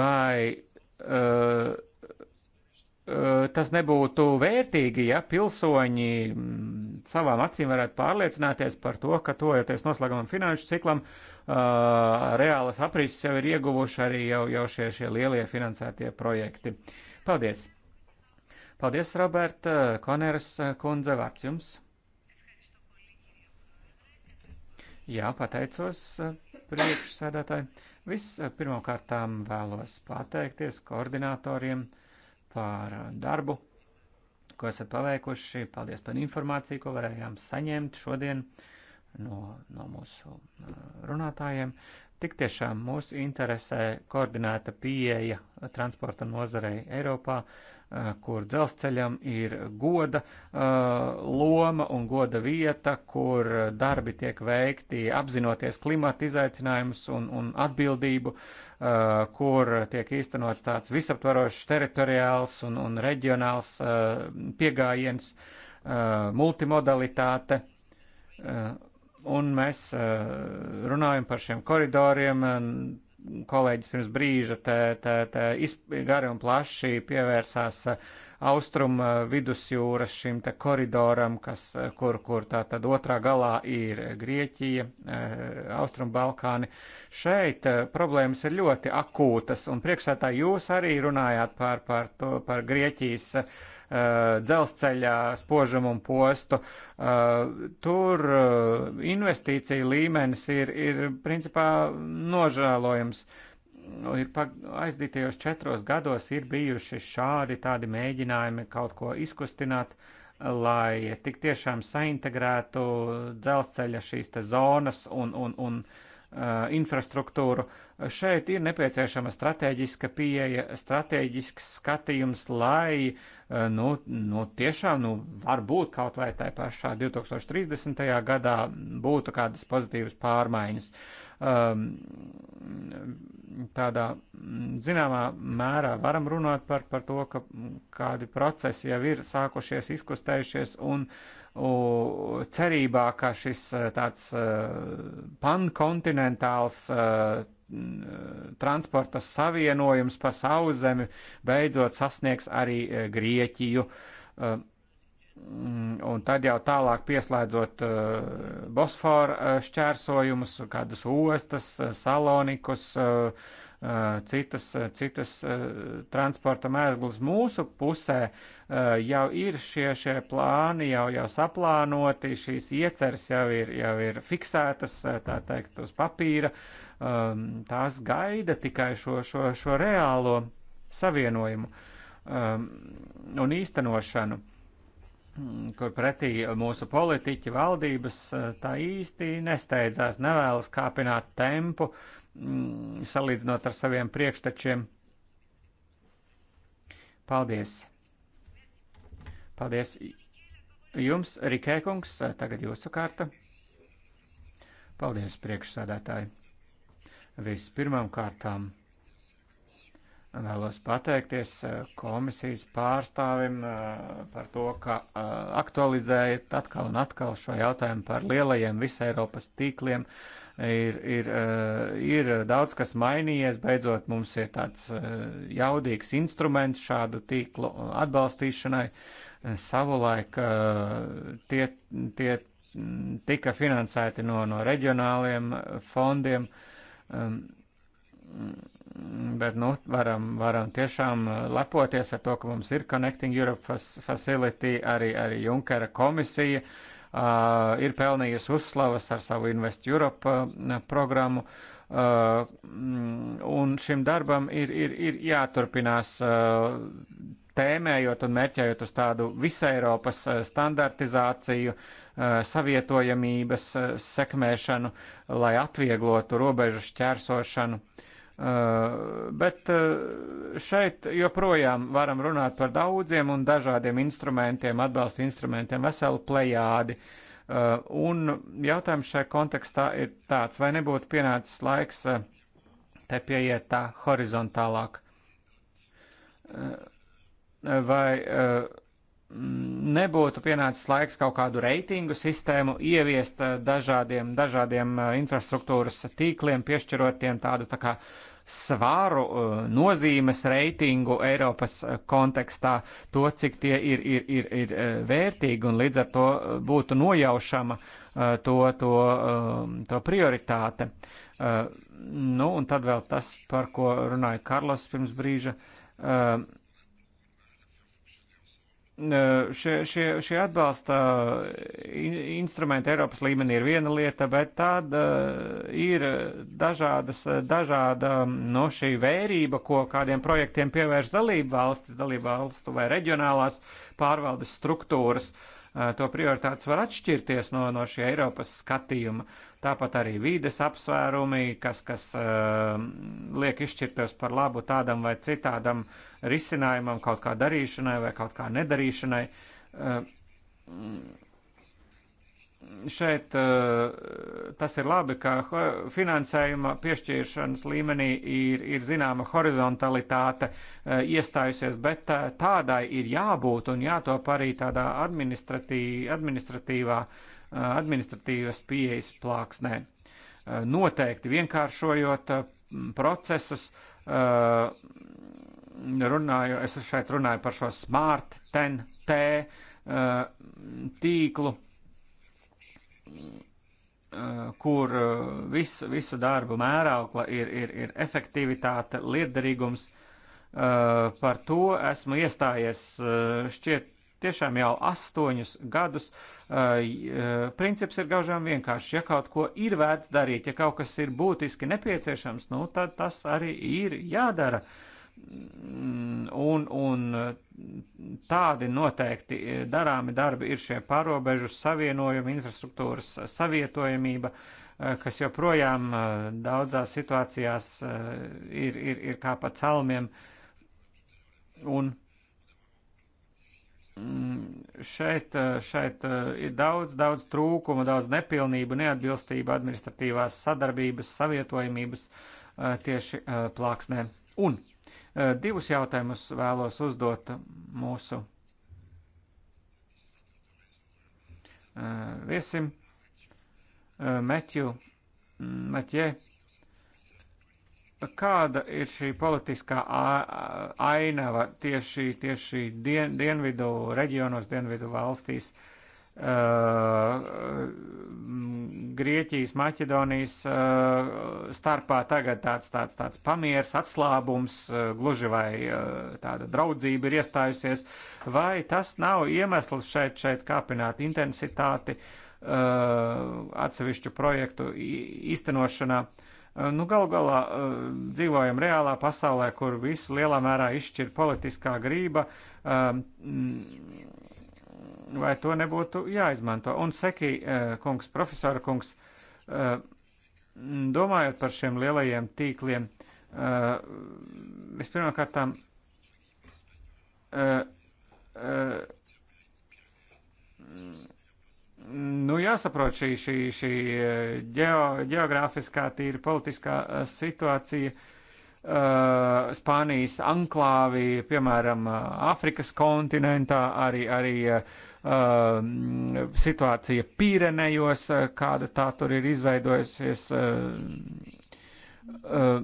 Vai tas nebūtu vērtīgi, ja pilsoņi mm, savām acīm varētu pārliecināties par to, ka tojoties noslēgumam finanšu ciklam, uh, Uh, reālas aprises jau ir ieguvuši arī jau, jau šie, šie lielie finansētie projekti. Paldies! Paldies, Roberta uh, Koners uh, kundze, vārds jums! Jā, pateicos priekšsēdētāji. Vispirmkārtām vēlos pateikties koordinatoriem par darbu, ko esat paveikuši. Paldies par informāciju, ko varējām saņemt šodien. Uh, no, no mūsu eh, runātājiem. Tik tiešām mūs interesē koordinēta pieeja transporta nozarei Eiropā, eh, kur dzelzceļam ir goda eh, loma un goda vieta, kur darbi tiek veikti apzinoties klimata izaicinājumus un, un atbildību, kur tiek īstenots tāds visaptvarošs teritoriāls un, un reģionāls pieejams, multimodalitāte Un mēs eh, runājam par šiem koridoriem. Kolēģis pirms brīža te, te, te gari un plaši pievērsās eh, austrumu eh, vidusjūras šim te koridoram, kas, kur, kur tā tad otrā galā ir Grieķija, austrumu Balkāni. Šeit problēmas ir ļoti akūtas, un priekšsētā jūs arī runājāt par, par, to, par Grieķijas uh, Eh, dzelzceļa spožumu un postu. Eh, tur eh, investīcija līmenis ir, ir principā nožēlojams ir aizdītajos četros gados ir bijuši šādi tādi mēģinājumi kaut ko izkustināt, lai tik tiešām saintegrētu dzelzceļa šīs te zonas un, un, un uh, Uh, infrastruktūru. Šeit ir nepieciešama strateģiska pieeja, strateģisks skatījums, lai, uh, nu, nu tiešām, nu, varbūt kaut vai tai pašā 2030. gadā būtu kādas pozitīvas pārmaiņas. Um, tādā zināmā mērā varam runāt par, par to, ka kādi procesi jau ir sākušies, izkustējušies un uh, cerībā, ka šis eh, tāds eh, pankontinentāls eh, transporta savienojums pa sauszemi beidzot sasniegs arī Grieķiju. Un tad jau tālāk pieslēdzot Bosfora šķērsojumus, kādas ostas, salonikus, citas, citas transporta mēzglus mūsu pusē, Eh, jau ir šie, šie plāni, jau, jau saplānoti, šīs ieceres jau ir, jau ir fiksētas, eh, tā teikt, uz papīra. Um, tās gaida tikai šo, šo, šo reālo savienojumu um, un īstenošanu mm, kur pretī mūsu politiķi, valdības eh, tā īsti nesteidzās, nevēlas kāpināt tempu, mm, salīdzinot ar saviem priekštečiem. Paldies! Paldies jums, Rikēkungs, tagad jūsu kārta. Paldies, priekšsādātāji. Vispirmām kārtām vēlos pateikties eh, komisijas pārstāvim eh, par to, ka eh, aktualizējat atkal un atkal šo jautājumu par lielajiem visai Eiropas tīkliem ir, ir, ir daudz kas mainījies. Beidzot, mums ir tāds jaudīgs instruments šādu tīklu atbalstīšanai. Uh, savulaik eh, tie, tie tika finansēti no, no reģionāliem fondiem. Um, bet, nu, varam, varam tiešām lepoties ar to, ka mums ir Connecting Europe Facility, arī, arī Junkera komisija uh, ir pelnījusi uzslavas ar savu Invest Europe programmu. Uh, un šim darbam ir, ir, ir jāturpinās uh, tēmējot un mērķējot uz tādu visai Eiropas eh, standartizāciju, eh, savietojamības eh, sekmēšanu, lai atvieglotu robežu šķērsošanu. Bet šeit joprojām varam runāt par daudziem un dažādiem instrumentiem, atbalsta instrumentiem, veselu plejādi. Un jautājums šajā kontekstā ir tāds, vai nebūtu pienācis laiks te pieiet tā horizontālāk vai eh, nebūtu pienācis laiks kaut kādu reitingu sistēmu ieviest eh, dažādiem, dažādiem eh, infrastruktūras tīkliem, piešķirot tiem tādu tā kā svāru, nozīmes reitingu Eiropas kontekstā, to, cik tie ir, ir, ir, ir vērtīgi un līdz ar to būtu nojaušama to, to, to prioritāte. Nu, un tad vēl tas, par ko runāja Karlos pirms brīža. Šie, šie, šie atbalsta instrumenti Eiropas līmenī ir viena lieta, bet tad e, ir dažādas, e, dažāda no šī vērība, ko kādiem projektiem pievērš dalību valstis, dalību valstu vai reģionālās pārvaldes struktūras. E, to prioritātes var atšķirties no, no šī Eiropas skatījuma. Uh, Tāpat arī vīdes apsvērumi, kas, kas uh, liek izšķirties par labu tādam vai citādam risinājumam, kaut kā darīšanai vai kaut kā nedarīšanai. Uh, šeit ehm, tas ir labi, ka finansējuma piešķiršanas līmenī ir, ir zināma horizontalitāte iestājusies, bet tādai ir jābūt un jātop arī tādā administratī, administratīvā uh, administratīvas pieejas plāksnē. Noteikti vienkāršojot procesus, runāju, es šeit runāju par šo smart TNT tīklu, kur vis, visu darbu mēraukla ir, ir, ir efektivitāte, liederīgums. Par to esmu iestājies šķiet Tiešām jau astoņus gadus uh, princips ir gaužām vienkāršs. Ja kaut ko ir vērts darīt, ja kaut kas ir būtiski nepieciešams, nu, tad tas arī ir jādara. Un, un tādi noteikti darāmi darbi ir šie pārobežu savienojumi, infrastruktūras savietojamība, kas joprojām daudzās situācijās ir, ir, ir kā pa celmiem. Un, uh, Mm, šeit, eh, šeit eh, ir daudz, daudz trūkumu, daudz nepilnību, neatbilstību administratīvās sadarbības, savietojamības eh, tieši plāksnē. Un divus jautājumus vēlos uzdot mūsu viesim. Metju, mm, Metjē Kāda ir šī politiskā ainava tieši, tieši dien, dienvidu reģionos, dienvidu valstīs, uh, Grieķijas, Maķedonijas uh, starpā tagad tāds, tāds, tāds pamieris, atslābums, uh, gluži vai uh, tāda draudzība ir iestājusies, vai tas nav iemesls šeit, šeit kāpināt intensitāti uh, atsevišķu projektu īstenošanā? Uh, Eh, nu, gal galā eh, dzīvojam reālā pasaulē, kur visu lielā mērā izšķir politiskā grība, eh, mm, vai to nebūtu jāizmanto. Un Seki, kungs, profesora kungs, domājot par šiem lielajiem tīkliem, vispirmkārt, Uh, uh, nu, jāsaprot šī, šī, šī geo, eh, geogrāfiskā, tīri politiskā eh, situācija. Uh, Spānijas anklāvi, piemēram, Āfrikas kontinentā, arī, arī uh, situācija Pīrenejos, kāda tā tur ir izveidojusies. Uh, uh,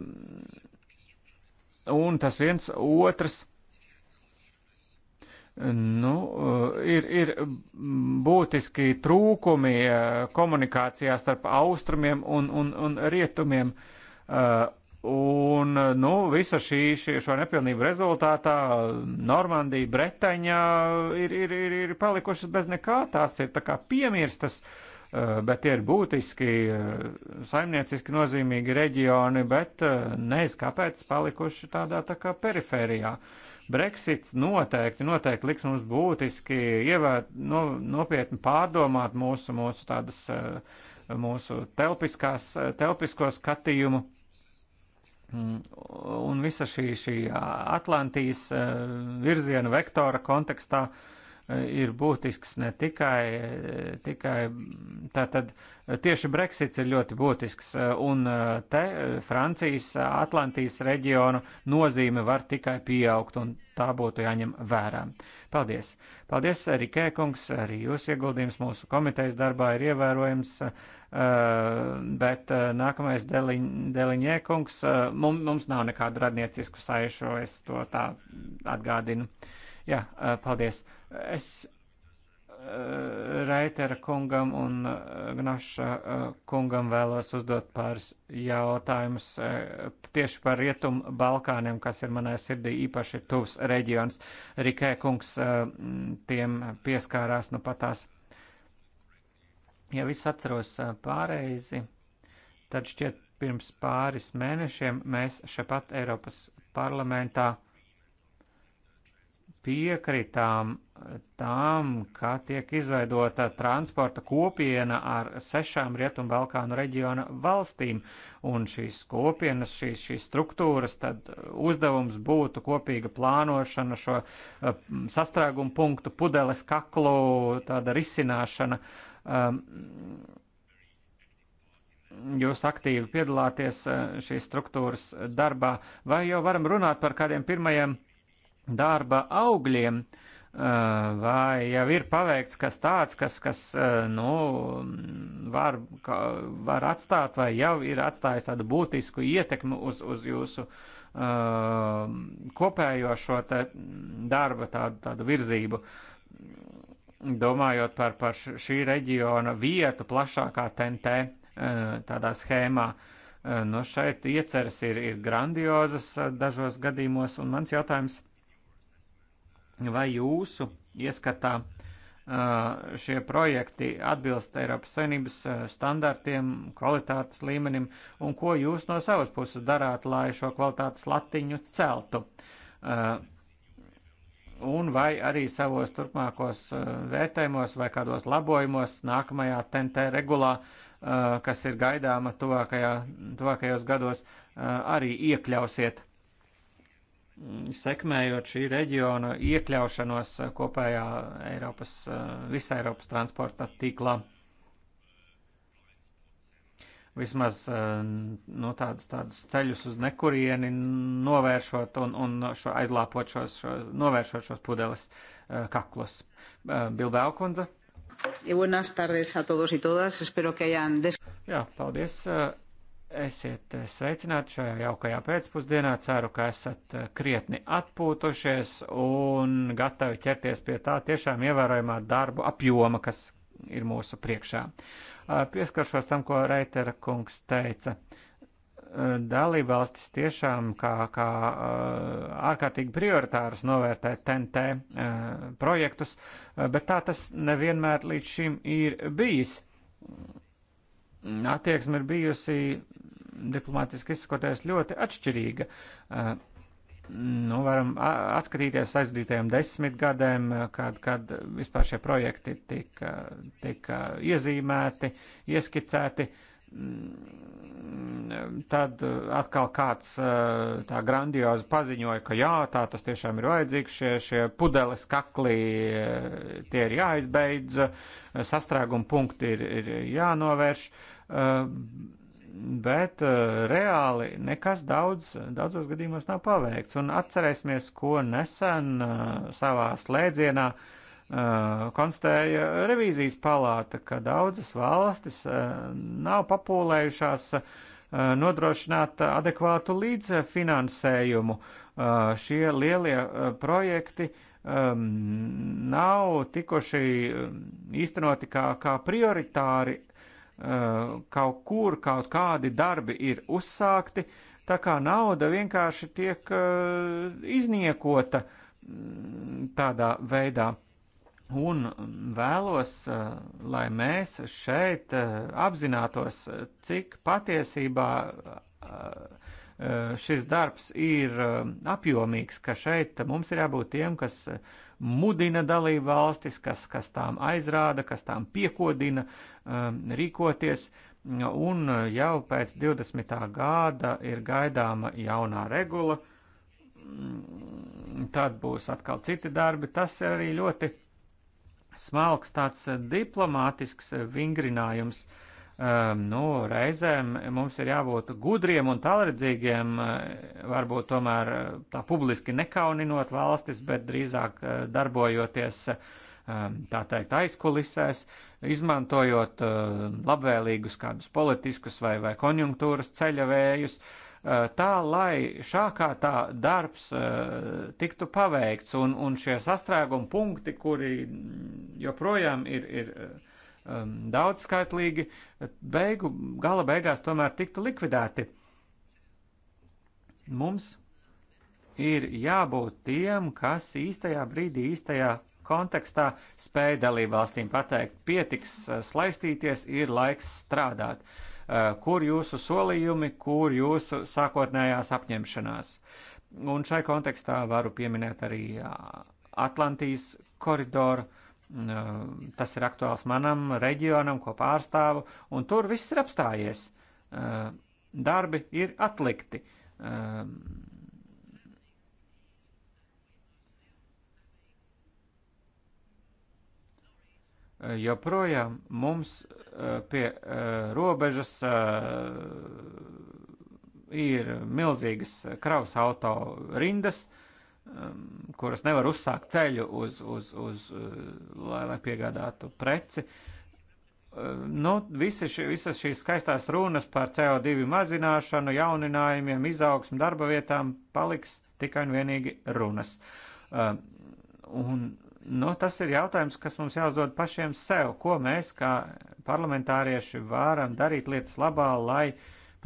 un tas viens otrs. Uh, Nu, ir, ir būtiski trūkumi eh, komunikācijā starp austrumiem un, un, un rietumiem. Eh, un nu, visa šī, šī šo nepilnību rezultātā Normandija, Bretaņa ir, ir, ir, ir palikušas bez nekā. Tās ir tā kā piemirstas eh, bet tie ir būtiski, saimnieciski nozīmīgi reģioni, bet neiz kāpēc palikuši tādā tā kā perifērijā. Uh, Brexits noteikti, noteikti liks mums būtiski ievērt, no, nopietni pārdomāt mūsu, mūsu tādas, eh, mūsu telpiskās, eh, telpisko skatījumu. Mm, un visa šī, šī Atlantijas eh, virziena vektora kontekstā uh, ir būtisks ne tikai, tikai tātad tieši Brexits ir ļoti būtisks, un te Francijas Atlantijas reģiona nozīme var tikai pieaugt, un tā būtu jāņem vērā. Paldies! Paldies, Rikē kungs, arī jūs ieguldījums mūsu komitejas darbā ir ievērojams, eh, bet eh, nākamais Deliņ, Deliņē kungs, eh, mums nav nekādu radniecisku saišu, es to tā atgādinu. Jā, paldies. Es Raitera kungam un Gnaša kungam vēlos uzdot pāris jautājumus tieši par rietumu Balkāniem, kas ir manai sirdī īpaši tuvs reģions. Rikē kungs tiem pieskārās nu patās. Ja viss atceros pāreizi, tad šķiet pirms pāris mēnešiem mēs šepat Eiropas parlamentā piekritām tām, ka tiek izveidota transporta kopiena ar sešām Rietumbalkānu reģiona valstīm, un šīs kopienas, šīs, šīs struktūras, tad uzdevums būtu kopīga plānošana, šo eh, sastrēgumu punktu, pudeles kaklu, tāda risināšana. Um, jūs aktīvi piedalāties eh, šīs struktūras darbā, vai jau varam runāt par kādiem pirmajiem darba augļiem, eh, vai jau ir paveikts kas tāds, kas, kas eh, nu, var, var atstāt vai jau ir atstājis tādu būtisku ietekmi uz, uz jūsu uh, kopējo šo darba tādu, tādu virzību. Domājot par, par šī reģiona vietu plašākā TNT tādā schēmā, nu šeit ieceres ir, ir grandiozas dažos gadījumos, un mans jautājums ir, vai jūsu ieskatā šie projekti atbilst Eiropas Savienības standartiem, kvalitātes līmenim, un ko jūs no savas puses darāt, lai šo kvalitātes latiņu celtu? Un vai arī savos turpmākos vērtējumos vai kādos labojumos nākamajā TNT regulā, kas ir gaidāma tuvākajā, tuvākajos gados, arī iekļausiet Mm, sekmējot šī reģiona iekļaušanos kopējā Eiropas, eh, visā Eiropas transporta tīklā. Vismaz eh, nu, tādus, tādus ceļus uz nekurieni novēršot un, un šo aizlāpot šos, šo, novēršot šos pudeles eh, kaklus. Bilbao kundze. Buenas tardes a todos y todas. Espero que hayan. Jā, paldies. Esiet eh, sveicināti šajā jaukajā pēcpusdienā. Ceru, ka esat eh, krietni atpūtušies un gatavi ķerties pie tā tiešām ievērojamā darbu apjoma, kas ir mūsu priekšā. Eh, pieskaršos tam, ko Reitera kungs teica. Dalībvalstis tiešām kā, kā ārkārtīgi prioritārus novērtē TNT projektus, bet tā tas nevienmēr līdz šim ir bijis Mm, attieksme ir bijusi diplomātiski izsakoties ļoti atšķirīga. Eh, nu, varam atskatīties aizdītajiem desmitgadēm, eh, kad, kad vispār šie projekti tika, tika iezīmēti, ieskicēti. Mm, eh, tad atkal kāds tā grandiozi paziņoja, ka jā, tā tas tiešām ir vajadzīgs, šie, šie pudeles kaklī tie ir jāizbeidz, sastrēguma punkti ir, ir jānovērš. Uh, Ehm, bet eh, reāli nekas daudz, daudzos gadījumos nav paveikts. Un atcerēsimies, ko nesen eh, savā slēdzienā eh, konstatēja revīzijas palāta, ka daudzas valstis nav papūlējušās nodrošināt adekvātu līdzfinansējumu. Šie lielie projekti um, nav tikuši ehm, īstenoti kā, kā prioritāri Eh, kaut kur kaut kādi darbi ir uzsākti, tā kā nauda vienkārši tiek eh, izniekota mm, tādā veidā. Un vēlos, eh, lai mēs šeit apzinātos, cik patiesībā šis darbs ir apjomīgs, ka šeit mums ir jābūt tiem, kas mudina dalību valstis, kas, kas tām aizrāda, kas tām piekodina um, rīkoties. Un jau pēc 20. gada ir gaidāma jaunā regula, mm, tad būs atkal citi darbi. Tas ir arī ļoti smalks tāds diplomātisks vingrinājums uh, um, nu, reizēm mums ir jābūt gudriem un tālredzīgiem, eh, varbūt tomēr eh, tā publiski nekauninot valstis, bet drīzāk eh, darbojoties um, tā teikt aizkulisēs, izmantojot um, labvēlīgus kādus politiskus vai, vai konjunktūras ceļavējus. Tā, lai šā kā tā darbs uh, tiktu paveikts, un, un šie sastrēguma punkti, kuri mm, joprojām ir, ir uh, um, daudzskaitlīgi, beigu, gala beigās tomēr tiktu likvidēti. Mums ir jābūt tiem, kas īstajā brīdī, īstajā kontekstā spēj dalībvalstīm pateikt, pietiks uh, slaistīties, ir laiks strādāt. Uh, kur jūsu solījumi, kur jūsu sākotnējās apņemšanās? Un šai kontekstā varu pieminēt arī uh, Atlantijas koridoru, uh, E, tas ir aktuāls manam reģionam, ko pārstāvu, un tur viss ir apstājies. E, darbi ir atlikti. E, joprojām mums pie robežas ir milzīgas kravas auto rindas, Um, kuras nevar uzsākt ceļu uz, uz, uz uh, lai, lai piegādātu preci. Uh, nu, visi ši, visas šīs skaistās runas par CO2 mazināšanu, jauninājumiem, izaugsmu, darba vietām paliks tikai un vienīgi runas. Um, un, nu, tas ir jautājums, kas mums jāuzdod pašiem sev, ko mēs kā parlamentārieši varam darīt lietas labā, lai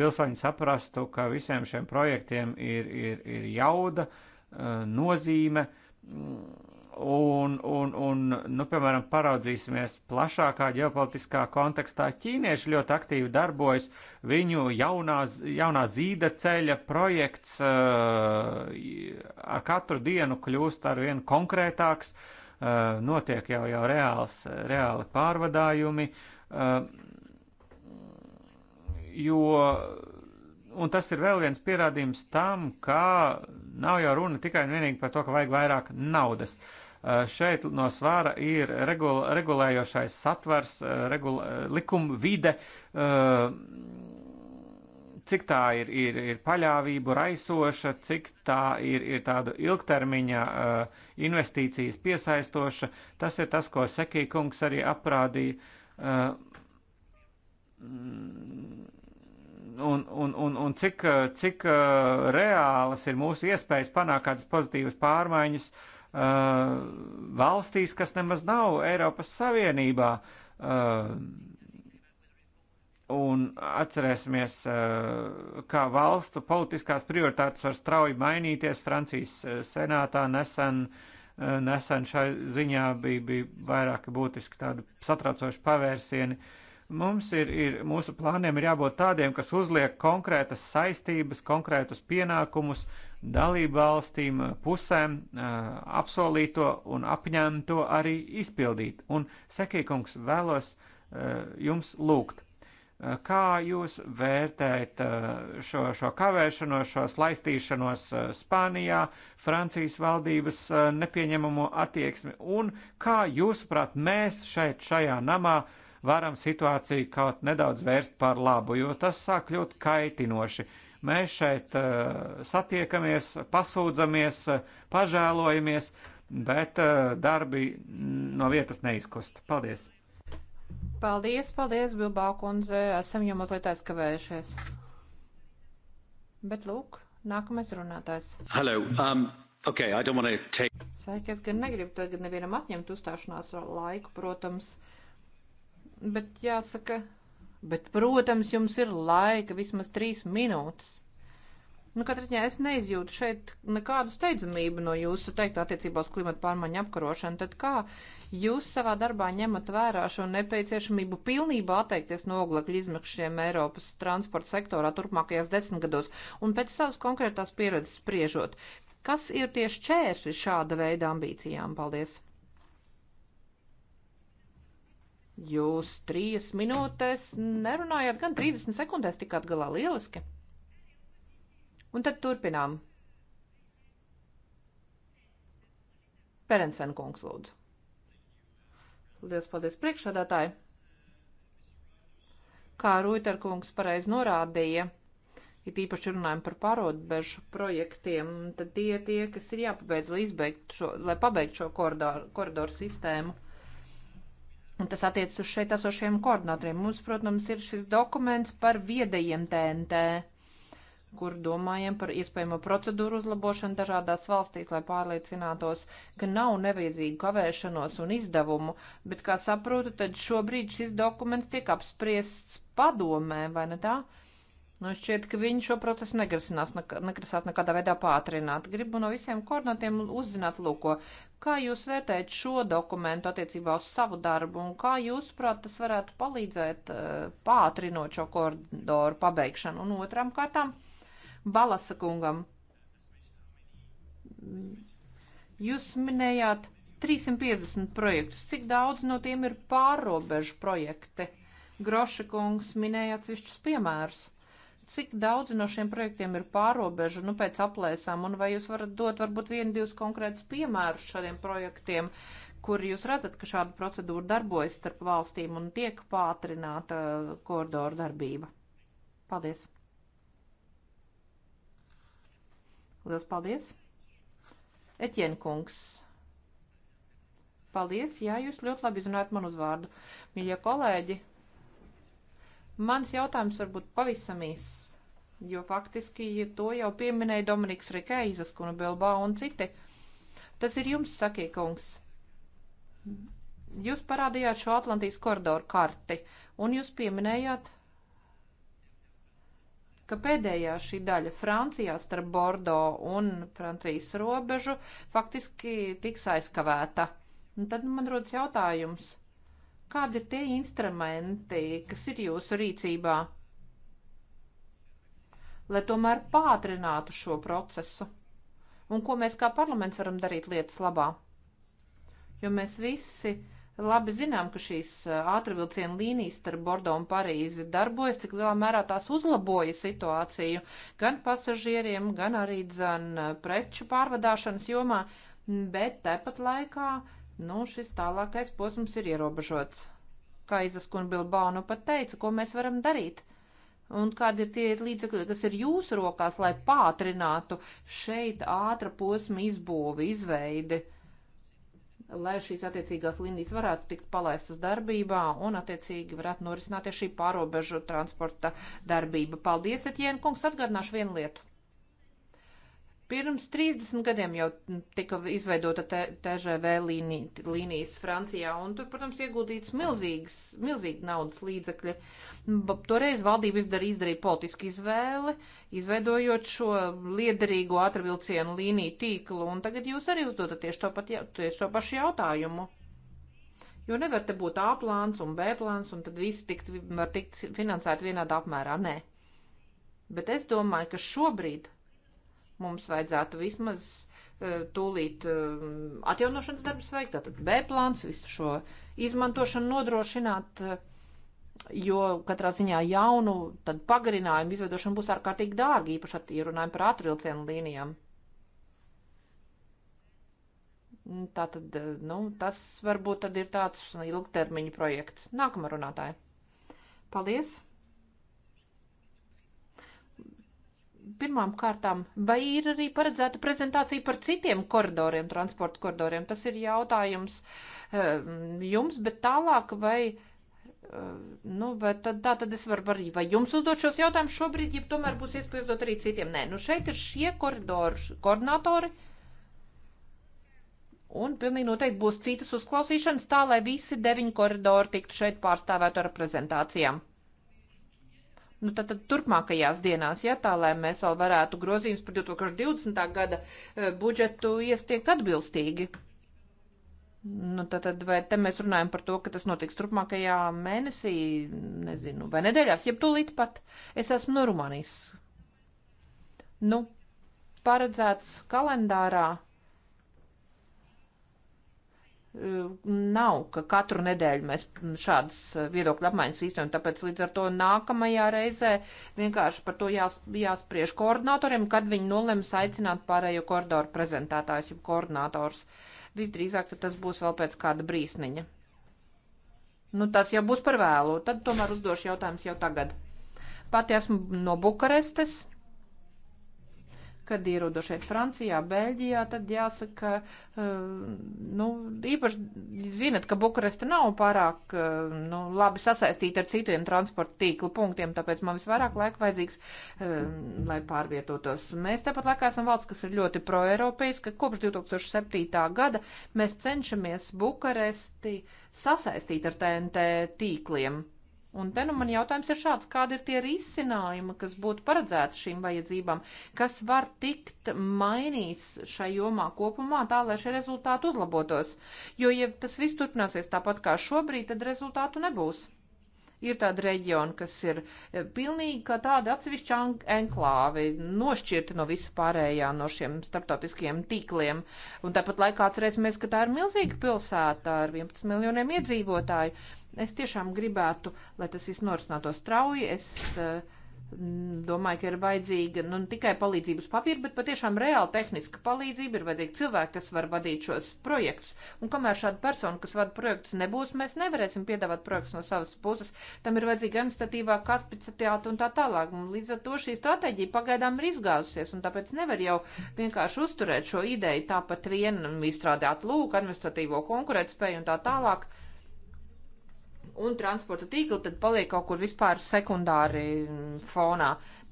pilsoņi saprastu, ka visiem šiem projektiem ir, ir, ir jauda, uh, nozīme. Un, un, un nu, piemēram, paraudzīsimies plašākā ģeopolitiskā kontekstā. Ķīnieši ļoti aktīvi darbojas. Viņu jaunā, jaunā zīda ceļa projekts uh, ar katru dienu kļūst ar vien konkrētāks. Uh, notiek jau, jau reāls, reāli pārvadājumi. Uh, jo, un tas ir vēl viens pierādījums tam, ka Nav jau runa tikai un vienīgi par to, ka vajag vairāk naudas. Eh, šeit no svāra ir regul, regulējošais satvers, eh, regul, eh, likuma vide, cik tā ir, ir, ir paļāvību raisoša, cik tā ir, ir tāda ilgtermiņa investīcijas piesaistoša. Tas ir tas, ko Sekī kungs arī aprādīja un, un, un, un cik, eh, cik eh, reālas ir mūsu iespējas panākt kādas pozitīvas pārmaiņas uh, valstīs, kas nemaz nav Eiropas Savienībā. Uh, un atcerēsimies, uh, kā valstu politiskās prioritātes var strauji mainīties. Francijas senātā nesen, nesen šai ziņā bija, bija vairāki būtiski tādi satraucoši pavērsieni. Uh, Mums ir, ir, mūsu plāniem ir jābūt tādiem, kas uzliek konkrētas saistības, konkrētus pienākumus dalību valstīm, eh, pusēm, eh, apsolīto un apņēmto arī izpildīt. Un, Sekīkungs, vēlos eh, jums lūgt, kā jūs vērtējat šo, šo kavēšanos, šo slaistīšanos Spānijā, Francijas valdības nepieņemamo attieksmi un kā jūsuprāt mēs šeit, šajā namā, uh, varam situāciju kaut nedaudz vērst par labu, jo tas sāk kļūt kaitinoši. Mēs šeit eh, satiekamies, pasūdzamies, pažēlojamies, bet eh, darbi no vietas neizkust. Paldies! Paldies, paldies, Bilbao kundze, esam jau mazliet aizkavējušies. Bet lūk, nākamais runātājs. Hello, um... Okay, I don't want to take. Saikies gan negribu tagad nevienam atņemt uzstāšanās laiku, protams. Uh, bet jāsaka, bet, protams, jums ir laika vismaz trīs minūtes. Nu, katrā ziņā es neizjūtu šeit nekādu steidzamību no jūsu teiktā attiecībā uz klimatu pārmaiņu apkarošanu. Tad kā jūs savā darbā ņemat vērā šo nepieciešamību pilnībā atteikties no oglekļa izmešiem Eiropas transporta sektorā turpmākajās desmitgados un pēc savas konkrētās pieredzes spriežot? Kas ir tieši čērsi šāda veida ambīcijām? Paldies! Jūs trīs minūtēs nerunājāt, gan 30 sekundēs tikāt galā lieliski. Un tad turpinām. Perensen kungs lūdzu. Lielas paldies priekšādātāji. Kā Rūterkungs pareiz norādīja, ja tīpaši runājam par parodbežu projektiem, tad tie tie, kas ir jāpabeidz, lai, izbeigt šo, lai pabeigtu šo koridoru, koridoru sistēmu. Un tas attiec uz šeit esošiem koordinatoriem. Mums, protams, ir šis dokuments par viedajiem TNT, kur domājam par iespējamo procedūru uzlabošanu dažādās valstīs, lai pārliecinātos, ka nav nevajadzīgu kavēšanos un izdevumu. Bet, kā saprotu, tad šobrīd šis dokuments tiek apspriests padomē, vai ne tā? Uh, Nu, šķiet, ka viņi šo procesu negrasinās, negrasās nekādā veidā pātrināt. Gribu no visiem koordinatiem uzzināt, lūko, kā jūs vērtējat šo dokumentu attiecībā uz savu darbu un kā jūs, prāt, tas varētu palīdzēt eh, pātrinot šo koridoru pabeigšanu. Un otram kārtām, Balasa kungam, jūs minējāt 350 projektus. Cik daudz no tiem ir pārrobežu projekti? Groša kungs minēja atsevišķus piemērus cik daudz no šiem projektiem ir pārobežu, nu, pēc aplēsām, un vai jūs varat dot varbūt vienu, divus konkrētus piemērus šādiem projektiem, kur jūs redzat, ka šāda procedūra darbojas starp valstīm un tiek pātrināta uh, koridoru darbība? Paldies! Lielas paldies! Etienne kungs! Paldies, jā, jūs ļoti labi zināt manu uzvārdu. Mīļie kolēģi, Mans jautājums varbūt pavisam īss, jo faktiski ja to jau pieminēja Dominiks Rikeizas, Kuna Bilbao un citi. Tas ir jums, sakie kungs. Jūs parādījāt šo Atlantijas koridoru karti, un jūs pieminējāt, ka pēdējā šī daļa Francijā starp Bordo un Francijas robežu faktiski tiks aizkavēta. Un tad man rodas jautājums Kādi ir tie instrumenti, kas ir jūsu rīcībā, lai tomēr pātrinātu šo procesu? Un ko mēs kā parlaments varam darīt lietas labā? Jo mēs visi labi zinām, ka šīs ātrvilcienu līnijas starp Bordo un Parīzi darbojas, cik lielā mērā tās uzlaboja situāciju gan pasažieriem, gan arī dzan preču pārvadāšanas jomā, bet tepat laikā uh, Nu, šis tālākais posms ir ierobežots. Kā Izaskuna Bilbao nu pat teica, ko mēs varam darīt? Un kādi ir tie līdzekļi, kas ir jūsu rokās, lai pātrinātu šeit ātra posma izbūvi, izveidi, lai šīs attiecīgās līnijas varētu tikt palaistas darbībā un attiecīgi varētu norisināties šī pārobežu transporta darbība. Paldies, Etiēna kungs, atgādināšu vienu lietu. Pirms 30 gadiem jau tika izveidota TŽV līnī, līnijas Francijā, un tur, protams, ieguldīts milzīgs, milzīgi naudas līdzekļi. Toreiz valdība izdarīja, izdarīja politisku izvēli, izveidojot šo liederīgo ātrvilcienu līniju tīklu, un tagad jūs arī uzdodat tieši to, pat, tieši to pašu jautājumu. Jo nevar te būt A plāns un B plāns, un tad visi tikt, var tikt finansēti vienādā apmērā. Nē. Bet es domāju, ka šobrīd Mums vajadzētu vismaz e, tūlīt e, atjaunošanas darbus veikt, tātad B plāns, visu šo izmantošanu nodrošināt, e, jo katrā ziņā jaunu tad pagarinājumu izveidošana būs ārkārtīgi dārgi, īpaši, ja runājam par atvilcienu līnijām. Tātad, nu, tas varbūt tad ir tāds ilgtermiņa projekts. Nākamā runātāja. Paldies! pirmām kārtām, vai ir arī paredzēta prezentācija par citiem koridoriem, transporta koridoriem? Tas ir jautājums eh, jums, bet tālāk vai. Eh, nu, vai tad, tā tad es varu arī, vai jums uzdot šos jautājumus šobrīd, ja tomēr būs iespējas uzdot arī citiem? Nē, nu šeit ir šie koridori, koordinatori, Un pilnīgi noteikti būs citas uzklausīšanas, tā lai visi deviņi koridori tiktu šeit pārstāvēt ar prezentācijām nu, tad, tad turpmākajās dienās, ja tā, lai mēs vēl varētu grozījums par 2020. gada e, budžetu iestiekt atbilstīgi. Nu, tad, tad vai te mēs runājam par to, ka tas notiks turpmākajā mēnesī, nezinu, vai nedēļās, jeb tūlīt pat. Es esmu no Rumānijas. Nu, paredzēts kalendārā nav, ka katru nedēļu mēs šādas viedokļu apmaiņas īstenam, tāpēc līdz ar to nākamajā reizē vienkārši par to jās, jāspriež koordinatoriem, kad viņi nolems aicināt pārējo koridoru prezentētājus, jau koordinators. Visdrīzāk tas būs vēl pēc kāda brīsniņa. Nu, tas jau būs par vēlu, tad tomēr uzdošu jautājumus jau tagad. Pati esmu no Bukarestes kad ierodu šeit Francijā, Beļģijā, tad jāsaka, eh, nu, īpaši zinat, ka Bukaresta nav pārāk, eh, nu, labi sasaistīta ar citiem transporta tīklu punktiem, tāpēc man visvairāk laika vajadzīgs, eh, lai pārvietotos. Mēs tāpat laikā esam valsts, kas ir ļoti proeiropeiska. Kopš 2007. gada mēs cenšamies Bukaresti sasaistīt ar TNT tīkliem. Un te nu man jautājums ir šāds, kādi ir tie risinājumi, kas būtu paredzēti šīm vajadzībām, kas var tikt mainīts šai jomā kopumā tā, lai šie rezultāti uzlabotos. Jo, ja tas viss turpināsies tāpat kā šobrīd, tad rezultātu nebūs. Ir tāda reģiona, kas ir e, pilnīgi kā tāda atsevišķa enklāvi, nošķirta no visa pārējā, no šiem starptautiskiem tīkliem. Un tāpat laikā atcerēsimies, ka tā ir milzīga pilsēta ar 11 miljoniem iedzīvotāju Es tiešām gribētu, lai tas viss norisinātos strauji. Es uh, domāju, ka ir vajadzīga nu, ne tikai palīdzības papīra, bet patiešām reāla tehniska palīdzība. Ir vajadzīgi cilvēki, kas var vadīt šos projektus. Un kamēr šāda persona, kas vada projektus, nebūs, mēs nevarēsim piedāvāt projektus no savas puses. Tam ir vajadzīga administratīvā kapacitāte un tā tālāk. Un līdz ar to šī stratēģija pagaidām ir izgāzusies, un tāpēc nevar jau vienkārši uzturēt šo ideju tāpat vien izstrādāt lūk, administratīvo konkurētspēju un tā tālāk un transporta tīkli tad paliek kaut kur vispār sekundāri mm, fonā.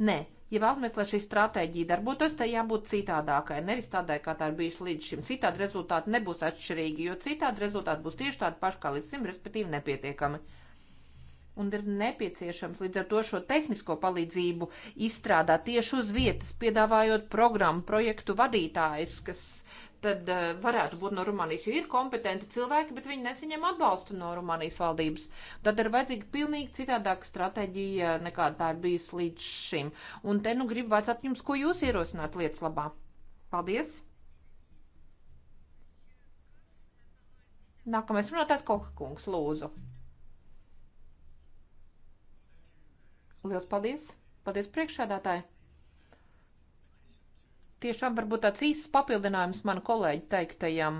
Nē, ja vēlamies, lai šī stratēģija darbotos, tai jābūt citādākai. Nevis tādai, kā tā ir bijusi līdz šim. Citādi rezultāti nebūs atšķirīgi, jo citādi rezultāti būs tieši tādi paši kā līdz šim, respektīvi nepietiekami. Un ir nepieciešams līdz ar to šo tehnisko palīdzību izstrādāt tieši uz vietas, piedāvājot programmu projektu vadītājus, kas uh, tad uh, varētu būt no Rumānijas, jo ir kompetenti cilvēki, bet viņi nesaņem atbalstu no Rumānijas valdības. Tad ir vajadzīga pilnīgi citādāka stratēģija eh, nekā tā ir bijusi līdz šim. Un te nu gribu vecāt jums, ko jūs ierosināt lietas labā. Paldies! Nākamais runātājs Koka kungs, lūdzu. Liels paldies! Paldies priekšādātāji! tiešām varbūt tāds īsts papildinājums man kolēģi teiktajam.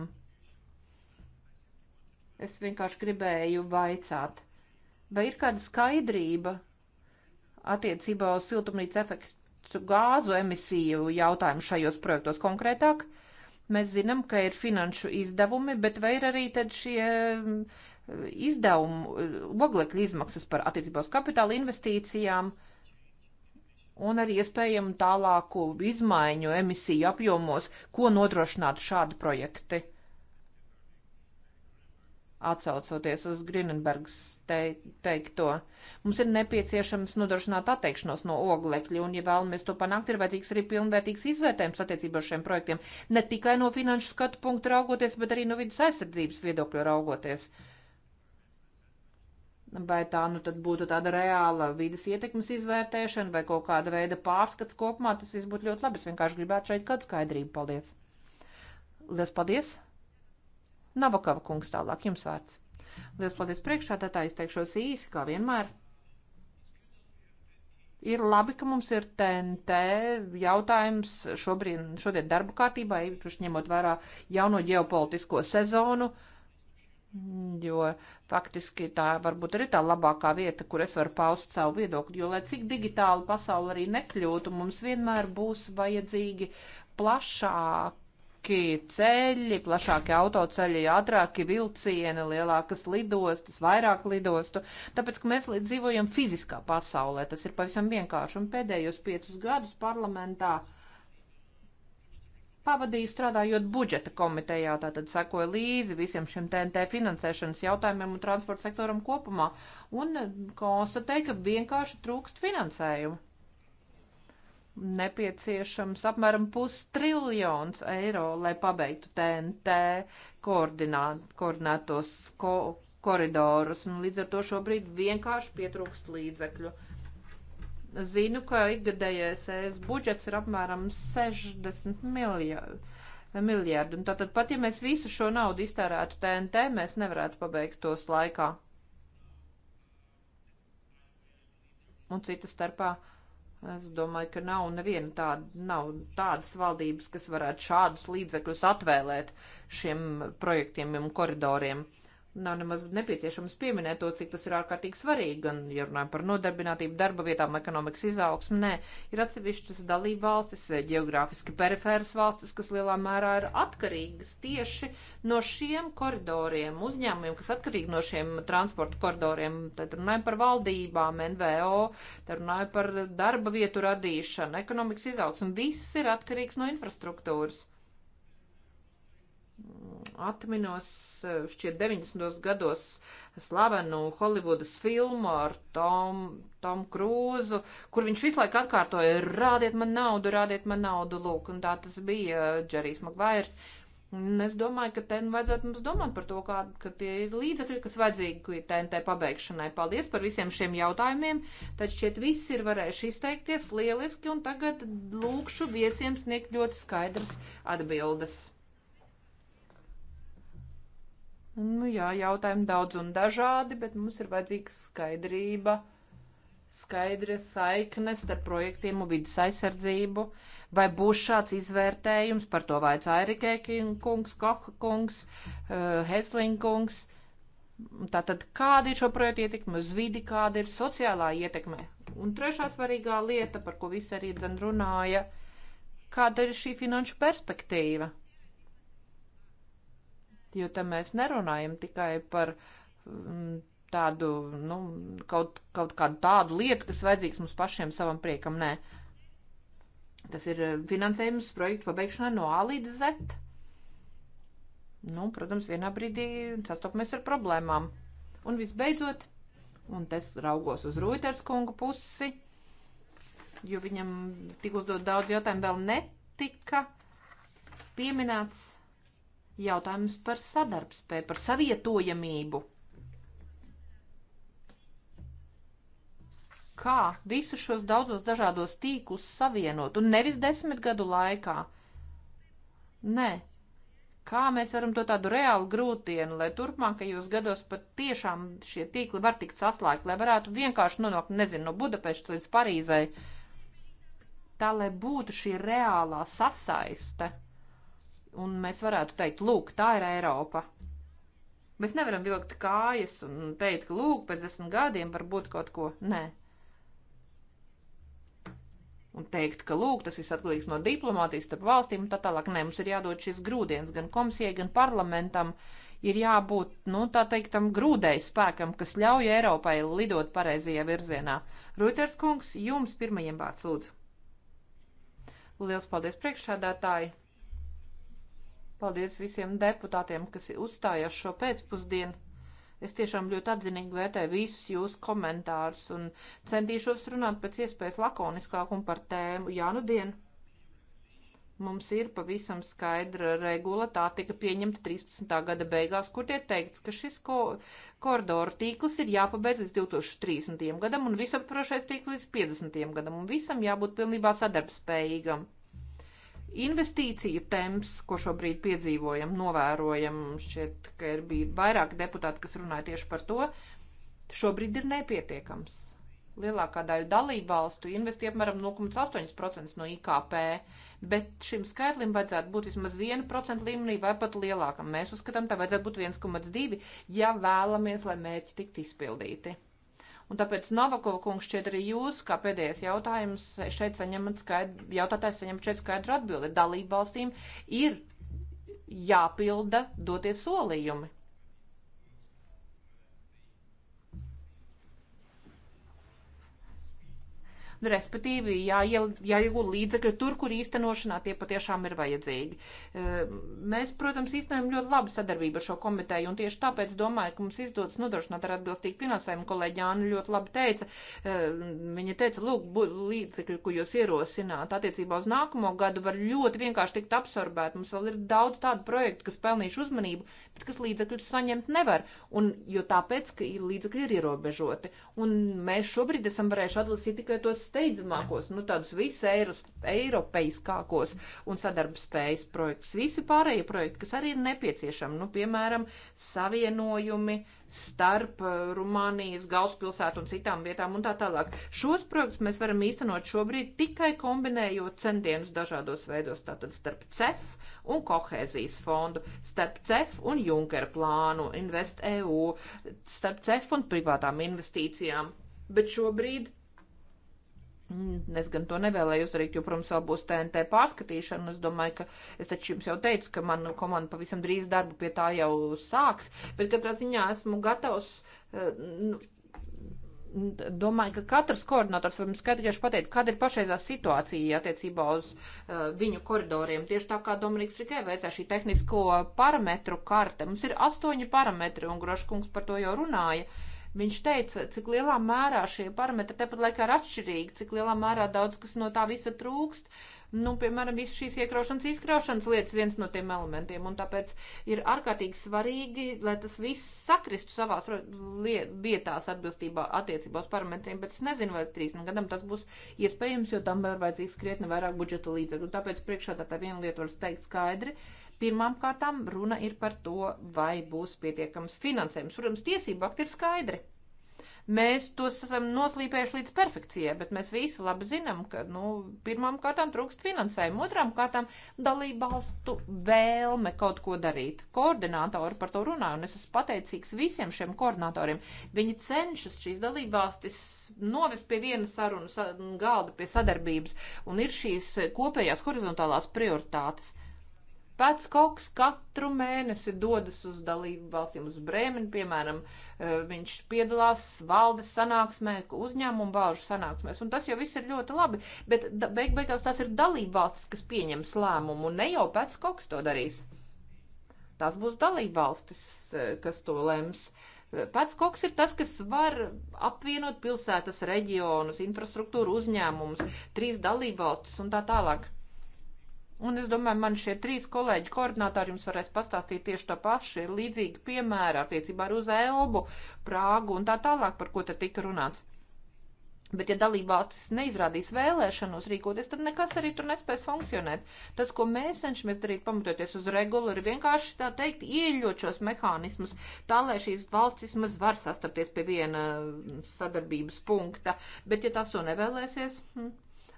Es vienkārši gribēju vaicāt, vai ir kāda skaidrība attiecībā uz siltumnīca efektu gāzu emisiju jautājumu šajos projektos konkrētāk. Mēs zinām, ka ir finanšu izdevumi, bet vai ir arī tad šie mm, izdevumi, oglekļa izmaksas par attiecībā uz kapitāla investīcijām? Uh, un arī iespējamu tālāku izmaiņu emisiju apjomos, ko nodrošinātu šādi projekti. Atcaucoties uz Grinenbergs te, teikto, mums ir nepieciešams nodrošināt atteikšanos no oglekļa, un, ja vēlamies to panākt, ir vajadzīgs arī pilnvērtīgs izvērtējums attiecībā ar šiem projektiem, ne tikai no finanšu skatu punktu raugoties, bet arī no vidas aizsardzības viedokļa raugoties. Uh, Vai tā nu tad būtu tāda reāla vidas ietekmes izvērtēšana vai kaut kāda veida pārskats kopumā, tas viss būtu ļoti labi. Es vienkārši gribētu šeit kādu skaidrību. Paldies! Lielas paldies! Navakava kungs tālāk jums vārds. Lielas paldies priekšā, tā tā izteikšos īsi, kā vienmēr. Ir labi, ka mums ir TNT jautājums šobrīd, šodien darba kārtībā, īpaši ņemot vērā jauno ģeopolitisko sezonu. Uh, jo faktiski tā varbūt arī tā labākā vieta, kur es varu paust savu viedokli, jo lai cik digitāli pasauli arī nekļūtu, mums vienmēr būs vajadzīgi plašāki ceļi, plašāki autoceļi, ātrāki vilcieni, lielākas lidostas, vairāk lidostu, tāpēc, ka mēs dzīvojam fiziskā pasaulē, tas ir pavisam vienkārši, un pēdējos piecus gadus parlamentā pavadīju strādājot budžeta komitejā, tātad sekoju līdzi visiem šiem TNT finansēšanas jautājumiem un transporta sektoram kopumā un eh, konstatēju, ka vienkārši trūkst finansējumu. Nepieciešams apmēram pustriljons eiro, lai pabeigtu TNT koordinētos ko koridorus, un līdz ar to šobrīd vienkārši pietrūkst līdzekļu. Zinu, ka ikgadējais ES budžets ir apmēram 60 miljardi. miljardi. Tātad pat, ja mēs visu šo naudu iztērētu TNT, mēs nevarētu pabeigt tos laikā. Un cita starpā, es domāju, ka nav neviena tāda, nav tādas valdības, kas varētu šādus līdzekļus atvēlēt šiem projektiem un koridoriem. Nav nemaz nepieciešams pieminēt to, cik tas ir ārkārtīgi svarīgi, gan, ja runājam par nodarbinātību, darba vietām, ekonomikas izaugsmu, nē, ir atsevišķas dalība valstis, eh, geogrāfiski perifēras valstis, kas lielā mērā ir atkarīgas tieši no šiem koridoriem, uzņēmumiem, kas atkarīgi no šiem transporta koridoriem. Tad runājam par valdībām, NVO, tad runājam par darba vietu radīšanu, ekonomikas izaugsmu. Viss ir atkarīgs no infrastruktūras atminos e, šķiet 90. gados slavenu Holivudas filmu ar Tom, Tom Krūzu, kur viņš visu laiku atkārtoja, rādiet man naudu, rādiet man naudu, lūk, un tā tas bija Džerijs e, Magvairs. Un es domāju, ka ten vajadzētu mums domāt par to, kā, ka tie ir līdzekļi, kas vajadzīgi TNT pabeigšanai. Paldies par visiem šiem jautājumiem. Tad šķiet visi ir varējuši izteikties lieliski, un tagad lūkšu viesiem sniegt ļoti skaidras atbildes. Nu jā, jautājumi daudz un dažādi, bet mums ir vajadzīga skaidrība, skaidra saikne starp projektiem un vidas aizsardzību. Vai būs šāds izvērtējums, par to vaicāja Rikēki kungs, Koha kungs, eh, Hesling kungs. Tātad, kāda ir šo projektu ietekme uz vidi, kāda ir sociālā ietekme? Un trešā svarīgā lieta, par ko visi arī dzan runāja, kāda ir šī finanšu perspektīva? jo tam mēs nerunājam tikai par mm, tādu, nu, kaut, kaut kādu tādu lietu, kas vajadzīgs mums pašiem savam priekam, nē. Tas ir eh, finansējums projektu pabeigšanai no A līdz Z. Nu, protams, vienā brīdī sastopamies ar problēmām. Un visbeidzot, un es raugos uz Rūters kungu pusi, jo viņam tik uzdot daudz jautājumu vēl netika pieminēts jautājums par sadarbspēju, par savietojamību. Kā visus šos daudzos dažādos tīklus savienot, un nevis desmit gadu laikā? Nē. Kā mēs varam to tādu reālu grūtienu, lai turpmākajos gados pat tiešām šie tīkli var tikt saslēgti, lai varētu vienkārši nonākt, nezinu, no Budapeštas līdz Parīzai, tā lai būtu šī reālā sasaiste un mēs varētu teikt, lūk, tā ir Eiropa. Mēs nevaram vilkt kājas un teikt, ka lūk, pēc desmit gadiem var būt kaut ko. Nē. Un teikt, ka lūk, tas viss atkarīgs no diplomātijas starp valstīm un tā tālāk. Nē, mums ir jādod šis grūdienis gan komisijai, gan parlamentam. Ir jābūt, nu, tā teikt, tam grūdēji spēkam, kas ļauj Eiropai lidot pareizajā virzienā. Rūters kungs, jums pirmajiem vārds lūdzu. Liels paldies priekšsēdētāji! Paldies visiem deputātiem, kas uzstājās šo pēcpusdienu. Es tiešām ļoti atzinīgi vērtēju visus jūsu komentārus un centīšos runāt pēc iespējas lakoniskāk un par tēmu. Jā, nu dien! Mums ir pavisam skaidra regula, tā tika pieņemta 13. gada beigās, kur tiek teikts, ka šis ko koridoru tīkls ir jāpabeidz līdz 2030. gadam un visaptvarošais tīkls līdz 50. gadam un visam jābūt pilnībā sadarbspējīgam. Investīciju temps, ko šobrīd piedzīvojam, novērojam, šķiet, ka ir bija vairāk deputāti, kas runāja tieši par to, šobrīd ir nepietiekams. Lielākā daļa dalību valstu investē apmēram 0,8% no IKP, bet šim skaitlim vajadzētu būt vismaz 1% līmenī vai pat lielākam. Mēs uzskatām, tā vajadzētu būt 1,2, ja vēlamies, lai mērķi tiktu izpildīti. Un tāpēc Novakova kungs šķiet arī jūs, kā pēdējais jautājums, šeit saņemat skaidru, jautātājs saņemat šeit skaidru atbildi. Dalību valstīm ir jāpilda doties solījumi. nu, respektīvi jāiegūt līdzekļi tur, kur īstenošanā tie patiešām ir vajadzīgi. E, mēs, protams, īstenojam ļoti labu sadarbību ar šo komiteju, un tieši tāpēc domāju, ka mums izdodas nodrošināt ar atbilstīgu finansējumu. Kolēģi Jāna ļoti labi teica, e, viņa teica, lūk, līdzekļi, ko jūs ierosināt attiecībā uz nākamo gadu, var ļoti vienkārši tikt absorbēti. Mums vēl ir daudz tādu projektu, kas pelnīšu uzmanību, bet kas līdzekļus saņemt nevar, un, jo tāpēc, ka līdzekļi ir ierobežoti. Un mēs šobrīd esam varējuši atlasīt tikai tos steidzamākos, nu tādus visu eiros, eiropeiskākos un sadarbspējas projektus. Visi pārējie projekti, kas arī ir nepieciešami, nu piemēram, savienojumi starp eh, Rumānijas galvaspilsētu un citām vietām un tā tālāk. Šos projektus mēs varam īstenot šobrīd tikai kombinējot centienus dažādos veidos, tātad starp CEF un kohēzijas fondu, starp CEF un Junkera plānu, Invest EU, starp CEF un privātām investīcijām. Bet šobrīd Mm, es gan to nevēlējos darīt, jo, protams, vēl būs TNT pārskatīšana. Es domāju, ka es taču jums jau teicu, ka mana komanda pavisam drīz darbu pie tā jau sāks, bet katrā ziņā esmu gatavs. Nu, Domāju, ka katrs koordinators var skaidri pateikt, kāda ir pašreizā situācija attiecībā uz uh, viņu koridoriem. Tieši tā kā Dominiks Rikai veicē šī tehnisko parametru karte. Mums ir astoņi parametri, un Groškungs par to jau runāja. Uh, Viņš teica, cik lielā mērā šie parametri tepat laikā ir atšķirīgi, cik lielā mērā daudz kas no tā visa trūkst. Nu, piemēram, visas šīs iekraušanas, izkraušanas lietas viens no tiem elementiem, un tāpēc ir ārkārtīgi svarīgi, lai tas viss sakristu savās vietās atbilstībā attiecībā uz parametriem, bet es nezinu, vai es trīs nu gadam tas būs iespējams, jo tam vēl vajadzīgs krietni vairāk budžeta līdzekļu. Tāpēc priekšā tā, tā viena lieta var teikt skaidri, uh, Pirmām kārtām runa ir par to, vai būs pietiekams finansējums. Protams, tiesību akti ir skaidri. Mēs tos esam noslīpējuši līdz perfekcijai, bet mēs visi labi zinām, ka nu, pirmām kārtām trūkst finansējumu, otrām kārtām dalībvalstu vēlme kaut ko darīt. Koordinātori par to runā, un es esmu pateicīgs visiem šiem koordinātoriem. Viņi cenšas šīs dalībvalstis novest pie viena saruna galda, pie sadarbības, un ir šīs kopējās horizontālās prioritātes. Pats Koks katru mēnesi dodas uz dalību valstīm, uz Brēmeni, piemēram, eh, viņš piedalās valdes sanāksmē, uzņēmumu valžu sanāksmēs, un tas jau viss ir ļoti labi, bet beig beigās tās ir dalību valstis, kas pieņems lēmumu, un ne jau pats Koks to darīs. Tās būs dalību valstis, eh, kas to lems. Pats koks ir tas, kas var apvienot pilsētas, reģionus, infrastruktūru, uzņēmumus, trīs dalībvalstis un tā tālāk. Un es domāju, man šie trīs kolēģi koordinātori jums varēs pastāstīt tieši to pašu, ir līdzīgi piemēra attiecībā ar uz Elbu, Prāgu un tā tālāk, par ko te tika runāts. Bet, ja dalībvalstis neizrādīs vēlēšanos rīkoties, tad nekas arī tur nespēs funkcionēt. Tas, ko mēs cenšamies darīt, pamatoties uz regulu, ir vienkārši tā teikt, ieļot šos mehānismus, tā lai šīs valsts vismaz var sastapties pie viena mm, sadarbības punkta. Bet, ja tās to nevēlēsies, hm,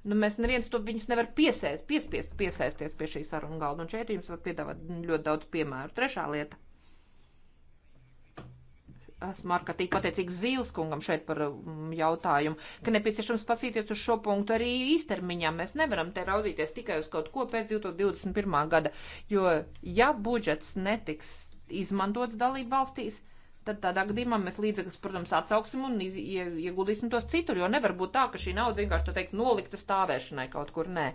Nu, mēs neviens to viņus nevar piesēst, piespiest piesaisties pie šī saruna galda. Un šeit jums var piedāvāt ļoti daudz piemēru. Trešā lieta. Esmu ārkārtīgi pateicīgs Zīles kungam šeit par mm, jautājumu, ka nepieciešams pasīties uz šo punktu arī īstermiņā. Mēs nevaram te raudzīties tikai uz kaut ko pēc 2021. gada, jo ja budžets netiks izmantots dalību valstīs, tad tādā gadījumā mēs līdzekļus, protams, atsauksim un ieguldīsim tos citur, jo nevar būt tā, ka šī nauda vienkārši, tā teikt, nolikta stāvēšanai kaut kur, nē.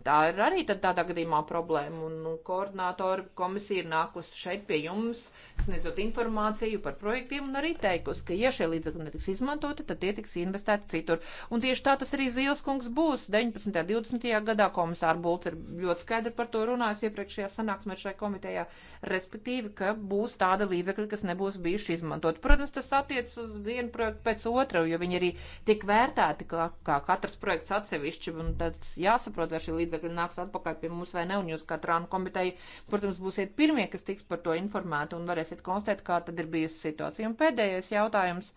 Tā ir arī tad tādā gadījumā problēma, un, un nu, koordinātori komisija ir nākusi šeit pie jums, sniedzot informāciju par projektiem un arī teikusi, ka, ja šie līdzekļi netiks izmantoti, tad tie tiks investēti citur. Un tieši tā tas arī Zīles kungs būs 19. un 20. gadā komisāra Bulc ir ļoti skaidri par to runājis iepriekšējā sanāksmē šai komitejā, respektīvi, ka būs tāda līdzekļa, kas nebūs bijuši tikuši izmantot. Protams, tas attiec uz vienu projektu pēc otru, jo viņi arī tik vērtēti, kā, kā katrs projekts atsevišķi, un tas jāsaprot, vai šī līdzekļa nāks atpakaļ pie mums vai ne, un jūs kā trānu komiteja, protams, būsiet pirmie, kas tiks par to informēti un varēsiet konstatēt, kā tad ir bijusi situācija. Un pēdējais jautājums.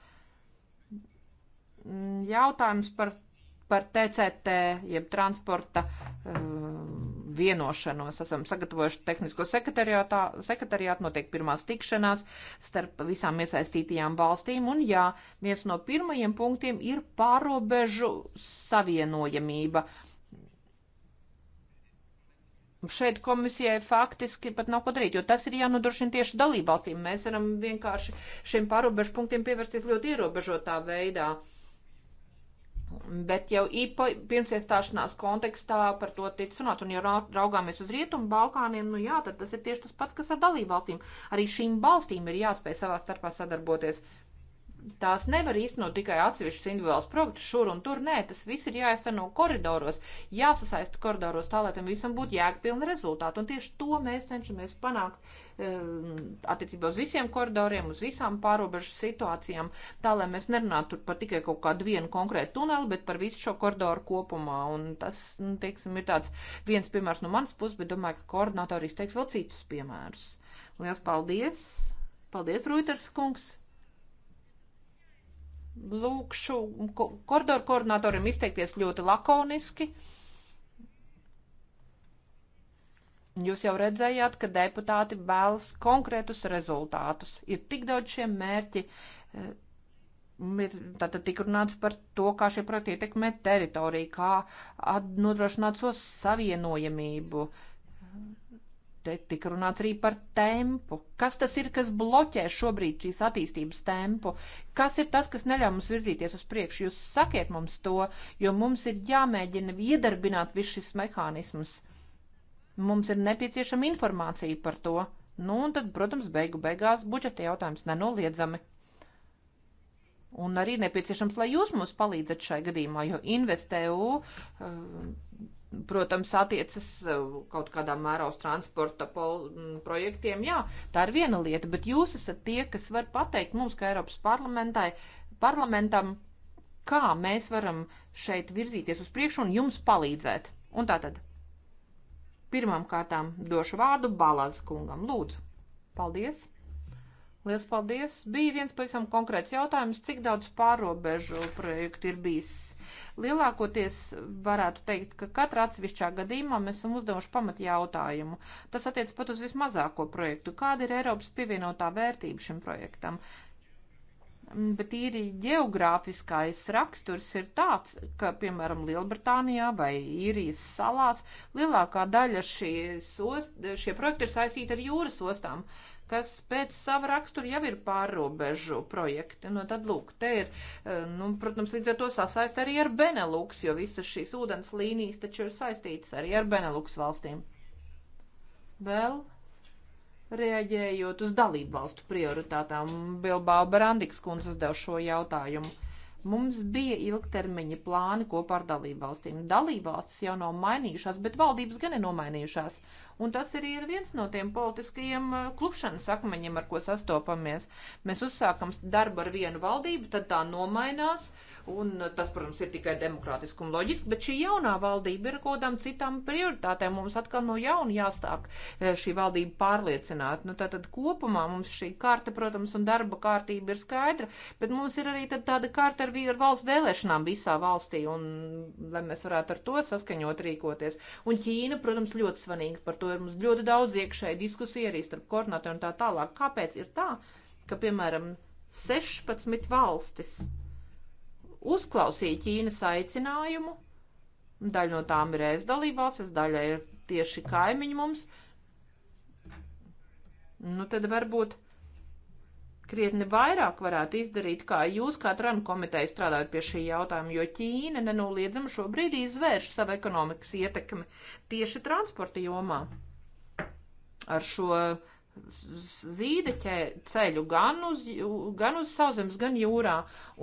Mm, jautājums par, par TCT, jeb transporta. Um, vienošanos. Esam sagatavojuši tehnisko sekretariātu, notiek pirmās tikšanās starp visām iesaistītajām valstīm, un jā, viens no pirmajiem punktiem ir pārobežu savienojamība. Šeit komisijai faktiski pat nav ko darīt, jo tas ir jānodrošina tieši dalībvalstīm. Mēs varam vienkārši šiem pārobežu punktiem pievērsties ļoti ierobežotā veidā. Uh, Bet jau IPA pirms iestāšanās kontekstā par to tic runāts, un ja raugāmies uz Rietumu Balkāniem, nu jā, tad tas ir tieši tas pats, kas ar dalībvalstīm. Arī šīm valstīm ir jāspēj savā starpā sadarboties. Tās nevar īstenot tikai atsevišķus individuālus projektus šur un tur. Nē, tas viss ir jāizteno koridoros, jāsasaista koridoros tā, lai tam visam būtu jēgpilni rezultāti. Un tieši to mēs cenšamies panākt um, attiecībā uz visiem koridoriem, uz visām pārobežu situācijām, tā, lai mēs nerunātu par tikai kaut kādu vienu konkrētu tuneli, bet par visu šo koridoru kopumā. Un tas, nu, teiksim, ir tāds viens piemērs no manas puses, bet domāju, ka koordinātori izteiks vēl citus piemērus. Lielas paldies! Paldies, Ruiters kungs! lūkšu koridoru koordinatoriem izteikties ļoti lakoniski. Jūs jau redzējāt, ka deputāti vēlas konkrētus rezultātus. Ir tik daudz šie mērķi, eh, ir tātad tik runāts par to, kā šie projekti ietekmē teritoriju, kā nodrošināt šo savienojamību Te tika runāts arī par tempu. Kas tas ir, kas bloķē šobrīd šīs attīstības tempu? Kas ir tas, kas neļauj mums virzīties uz priekšu? Jūs sakiet mums to, jo mums ir jāmēģina iedarbināt viss šis mehānisms. Mums ir nepieciešama informācija par to. Nu, un tad, protams, beigu beigās budžeta jautājums nenoliedzami. Un arī nepieciešams, lai jūs mums palīdzat šai gadījumā, jo investēju. Uh, protams, attiecas eh, kaut kādā mērā uz transporta mm, projektiem. Jā, tā ir viena lieta, bet jūs esat tie, kas var pateikt mums, kā Eiropas parlamentam, kā mēs varam šeit virzīties uz priekšu un jums palīdzēt. Un tā tad pirmām kārtām došu vārdu Balāza kungam. Lūdzu! Paldies! Lielas paldies! Bija viens pavisam konkrēts jautājums, cik daudz pārobežu projektu ir bijis. Lielākoties varētu teikt, ka katrā atsevišķā gadījumā mēs esam uzdevuši pamat jautājumu. Tas attiec pat uz vismazāko projektu. Kāda ir Eiropas pievienotā vērtība šim projektam? Mm, bet īri geogrāfiskais raksturs ir tāds, ka, piemēram, Lielbritānijā vai īrijas salās lielākā daļa šie, sost, šie projekti ir saistīti ar jūras ostām. Uh, kas pēc sava rakstura jau ir pārrobežu projekti. Nu, tad, lūk, te ir, eh, nu, protams, līdz ar to sasaist arī ar Benelux, jo visas šīs ūdens līnijas taču ir saistītas arī ar Benelux valstīm. Vēl reaģējot uz dalību valstu prioritātām, Bilbao Brandiks kundze uzdev šo jautājumu. Mums bija ilgtermiņa plāni kopā ar dalību valstīm. Dalību valstis jau nav mainījušās, bet valdības gan ir nomainījušās. Uh, Un tas arī ir viens no tiem politiskajiem eh, klupšanas akmeņiem, ar ko sastopamies. Mēs uzsākam darbu ar vienu valdību, tad tā nomainās, un tas, protams, ir tikai demokrātiski un loģiski, bet šī jaunā valdība ir kodām citām prioritātēm. Mums atkal no jauna jāstāk eh, šī valdība pārliecināt. Nu, tātad kopumā mums šī karta, protams, un darba kārtība ir skaidra, bet mums ir arī tāda karta ar, ar valsts vēlēšanām visā valstī, un lai mēs varētu ar to saskaņot rīkoties. Un Ķīna, protams, ļoti svarīga, par to ir mums ļoti daudz iekšēja diskusija arī starp koordinatoriem un tā tālāk. Kāpēc ir tā, ka, piemēram, 16 valstis uzklausīja Ķīnas aicinājumu. Daļa no tām ir ES dalībvalstis, daļa ir tieši kaimiņi mums. Nu, tad varbūt krietni vairāk varētu izdarīt, kā jūs, kā Trumpa komiteja, strādājat pie šī jautājuma, jo Ķīna nenoliedzami šobrīd izvērš savu ekonomikas ietekmi tieši transporta jomā ar šo uh, zīda ceļu gan uz, gan uz sauszemes, gan jūrā.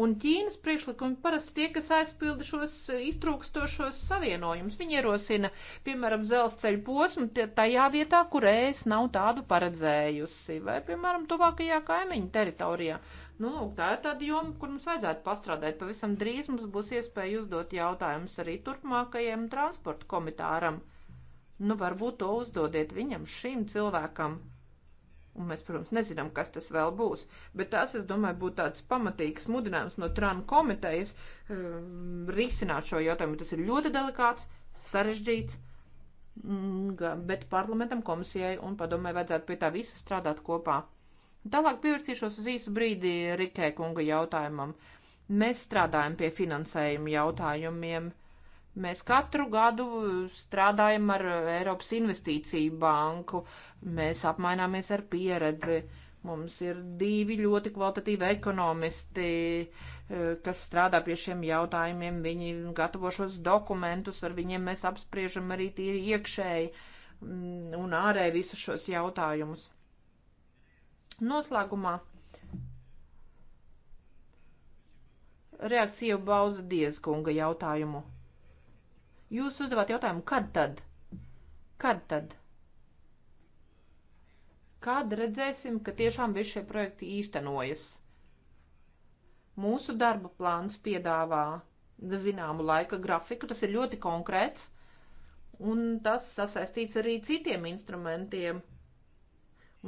Un Ķīnas priekšlikumi parasti tie, kas aizpilda šos iztrūkstošos savienojumus. Viņi ierosina, piemēram, dzelzceļa posmu tajā vietā, kur es nav tādu paredzējusi, vai, piemēram, tuvākajā kaimiņu teritorijā. Nu, lūk, tā ir tāda joma, kur mums vajadzētu pastrādāt. Pavisam drīz mums būs iespēja uzdot jautājumus arī turpmākajiem transporta komitāram. Nu, varbūt to uzdodiet viņam, šim cilvēkam. Un mēs, protams, nezinām, kas tas vēl būs. Bet tas, es domāju, būtu tāds pamatīgs mudinājums no Trānu komitejas um, risināt šo jautājumu. Tas ir ļoti delikāts, sarežģīts, mm, bet parlamentam, komisijai un padomē vajadzētu pie tā visa strādāt kopā. Tālāk pievērsīšos uz īsu brīdi Rikē kunga jautājumam. Mēs strādājam pie finansējuma jautājumiem. Uh, Mēs katru gadu strādājam ar Eiropas Investīciju banku, mēs apmaināmies ar pieredzi. Mums ir divi ļoti kvalitatīvi ekonomisti, eh, kas strādā pie šiem jautājumiem. Viņi gatavo šos dokumentus, ar viņiem mēs apspriežam arī tīri iekšēji mm, un ārēji visus šos jautājumus. Noslēgumā reakcija Bauza Diezkunga jautājumu. Jūs uzdevāt jautājumu, kad tad? Kad tad? Kad redzēsim, ka tiešām visi šie projekti īstenojas? Mūsu darba plāns piedāvā zināmu laika grafiku, tas ir ļoti konkrēts, un tas sasaistīts arī citiem instrumentiem.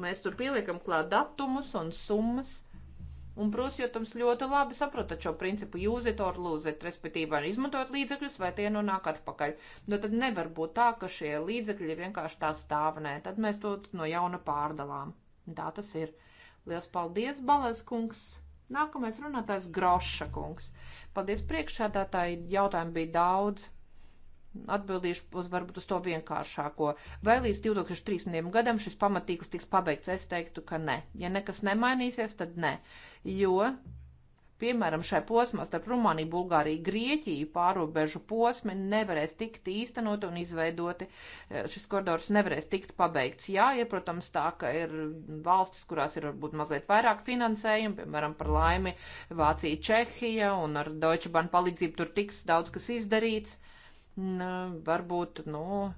Mēs tur pieliekam klāt datumus un summas Un Brūss, jo jums ļoti labi saprotat šo principu use it or lose it, respektīvi ar izmantot līdzekļus, vai tie nonāk atpakaļ. Nu, tad nevar būt tā, ka šie līdzekļi vienkārši tā stāvnē, tad mēs to no jauna pārdalām. Tā tas ir. Liels paldies, Balēs kungs! Nākamais runātājs Groša kungs. Paldies priekšādātāji, jautājumu bija daudz. Atbildīšu uz varbūt uz to vienkāršāko. Vai līdz 2030. gadam šis pamatīgs tiks pabeigts? Es teiktu, ka nē. Ja nekas nemainīsies, tad nē. Jo, piemēram, šai posmā starp Rumāniju, Bulgāriju, Grieķiju pārobežu posmi nevarēs tikt īstenot un izveidoti. E, šis koridors nevarēs tikt pabeigts. Jā, ir, protams, tā, ka ir valstis, kurās ir varbūt mazliet vairāk finansējumu, piemēram, par laimi Vācija, Čehija, un ar Deutsche Bank palīdzību tur tiks daudz kas izdarīts varbūt, nu,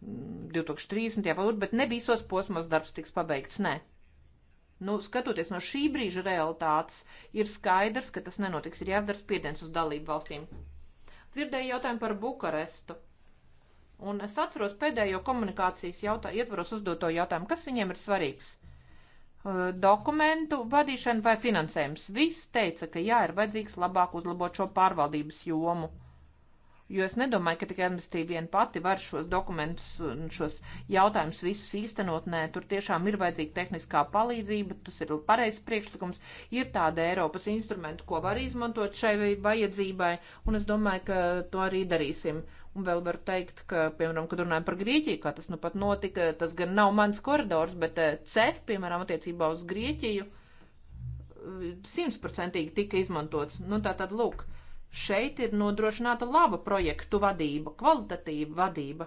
2030. varbūt, bet ne visos posmos darbs tiks pabeigts, nē. Nu, skatoties no šī brīža realitātes, ir skaidrs, ka tas nenotiks, ir jāsdara spiediens uz dalību valstīm. Dzirdēju jautājumu par Bukarestu. Un es atceros pēdējo komunikācijas jautā, ietvaros uzdoto jautājumu, kas viņiem ir svarīgs dokumentu vadīšana vai finansējums. Viss teica, ka jā, ir vajadzīgs labāk uzlabot šo pārvaldības jomu jo es nedomāju, ka tikai amnestija vien pati var šos dokumentus un šos jautājumus visus īstenot. Nē, tur tiešām ir vajadzīga tehniskā palīdzība, tas ir pareizs priekšlikums, ir tāda Eiropas instrumenta, ko var izmantot šai vajadzībai, un es domāju, ka to arī darīsim. Un vēl varu teikt, ka, piemēram, kad runājam par Grieķiju, kā tas nu pat notika, tas gan nav mans koridors, bet eh, CEF, piemēram, attiecībā uz Grieķiju, eh, simtprocentīgi tika izmantots. Nu, tā tad, lūk, uh, Šeit ir nodrošināta laba projektu vadība, kvalitatīva vadība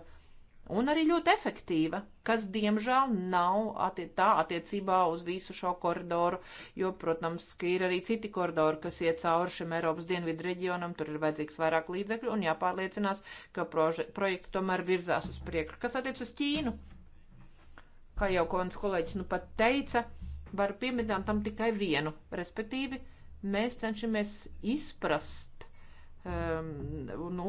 un arī ļoti efektīva, kas, diemžēl, nav attie tā attiecībā uz visu šo koridoru, jo, protams, ka ir arī citi koridori, kas iet cauri šim Eiropas dienvidu reģionam, tur ir vajadzīgs vairāk līdzekļu un jāpārliecinās, ka projekti tomēr virzās uz priekšu. Kas attiec uz Ķīnu? Kā jau kāds kolēģis nu pat teica, var pieminēt tam tikai vienu, respektīvi, mēs cenšamies izprast um,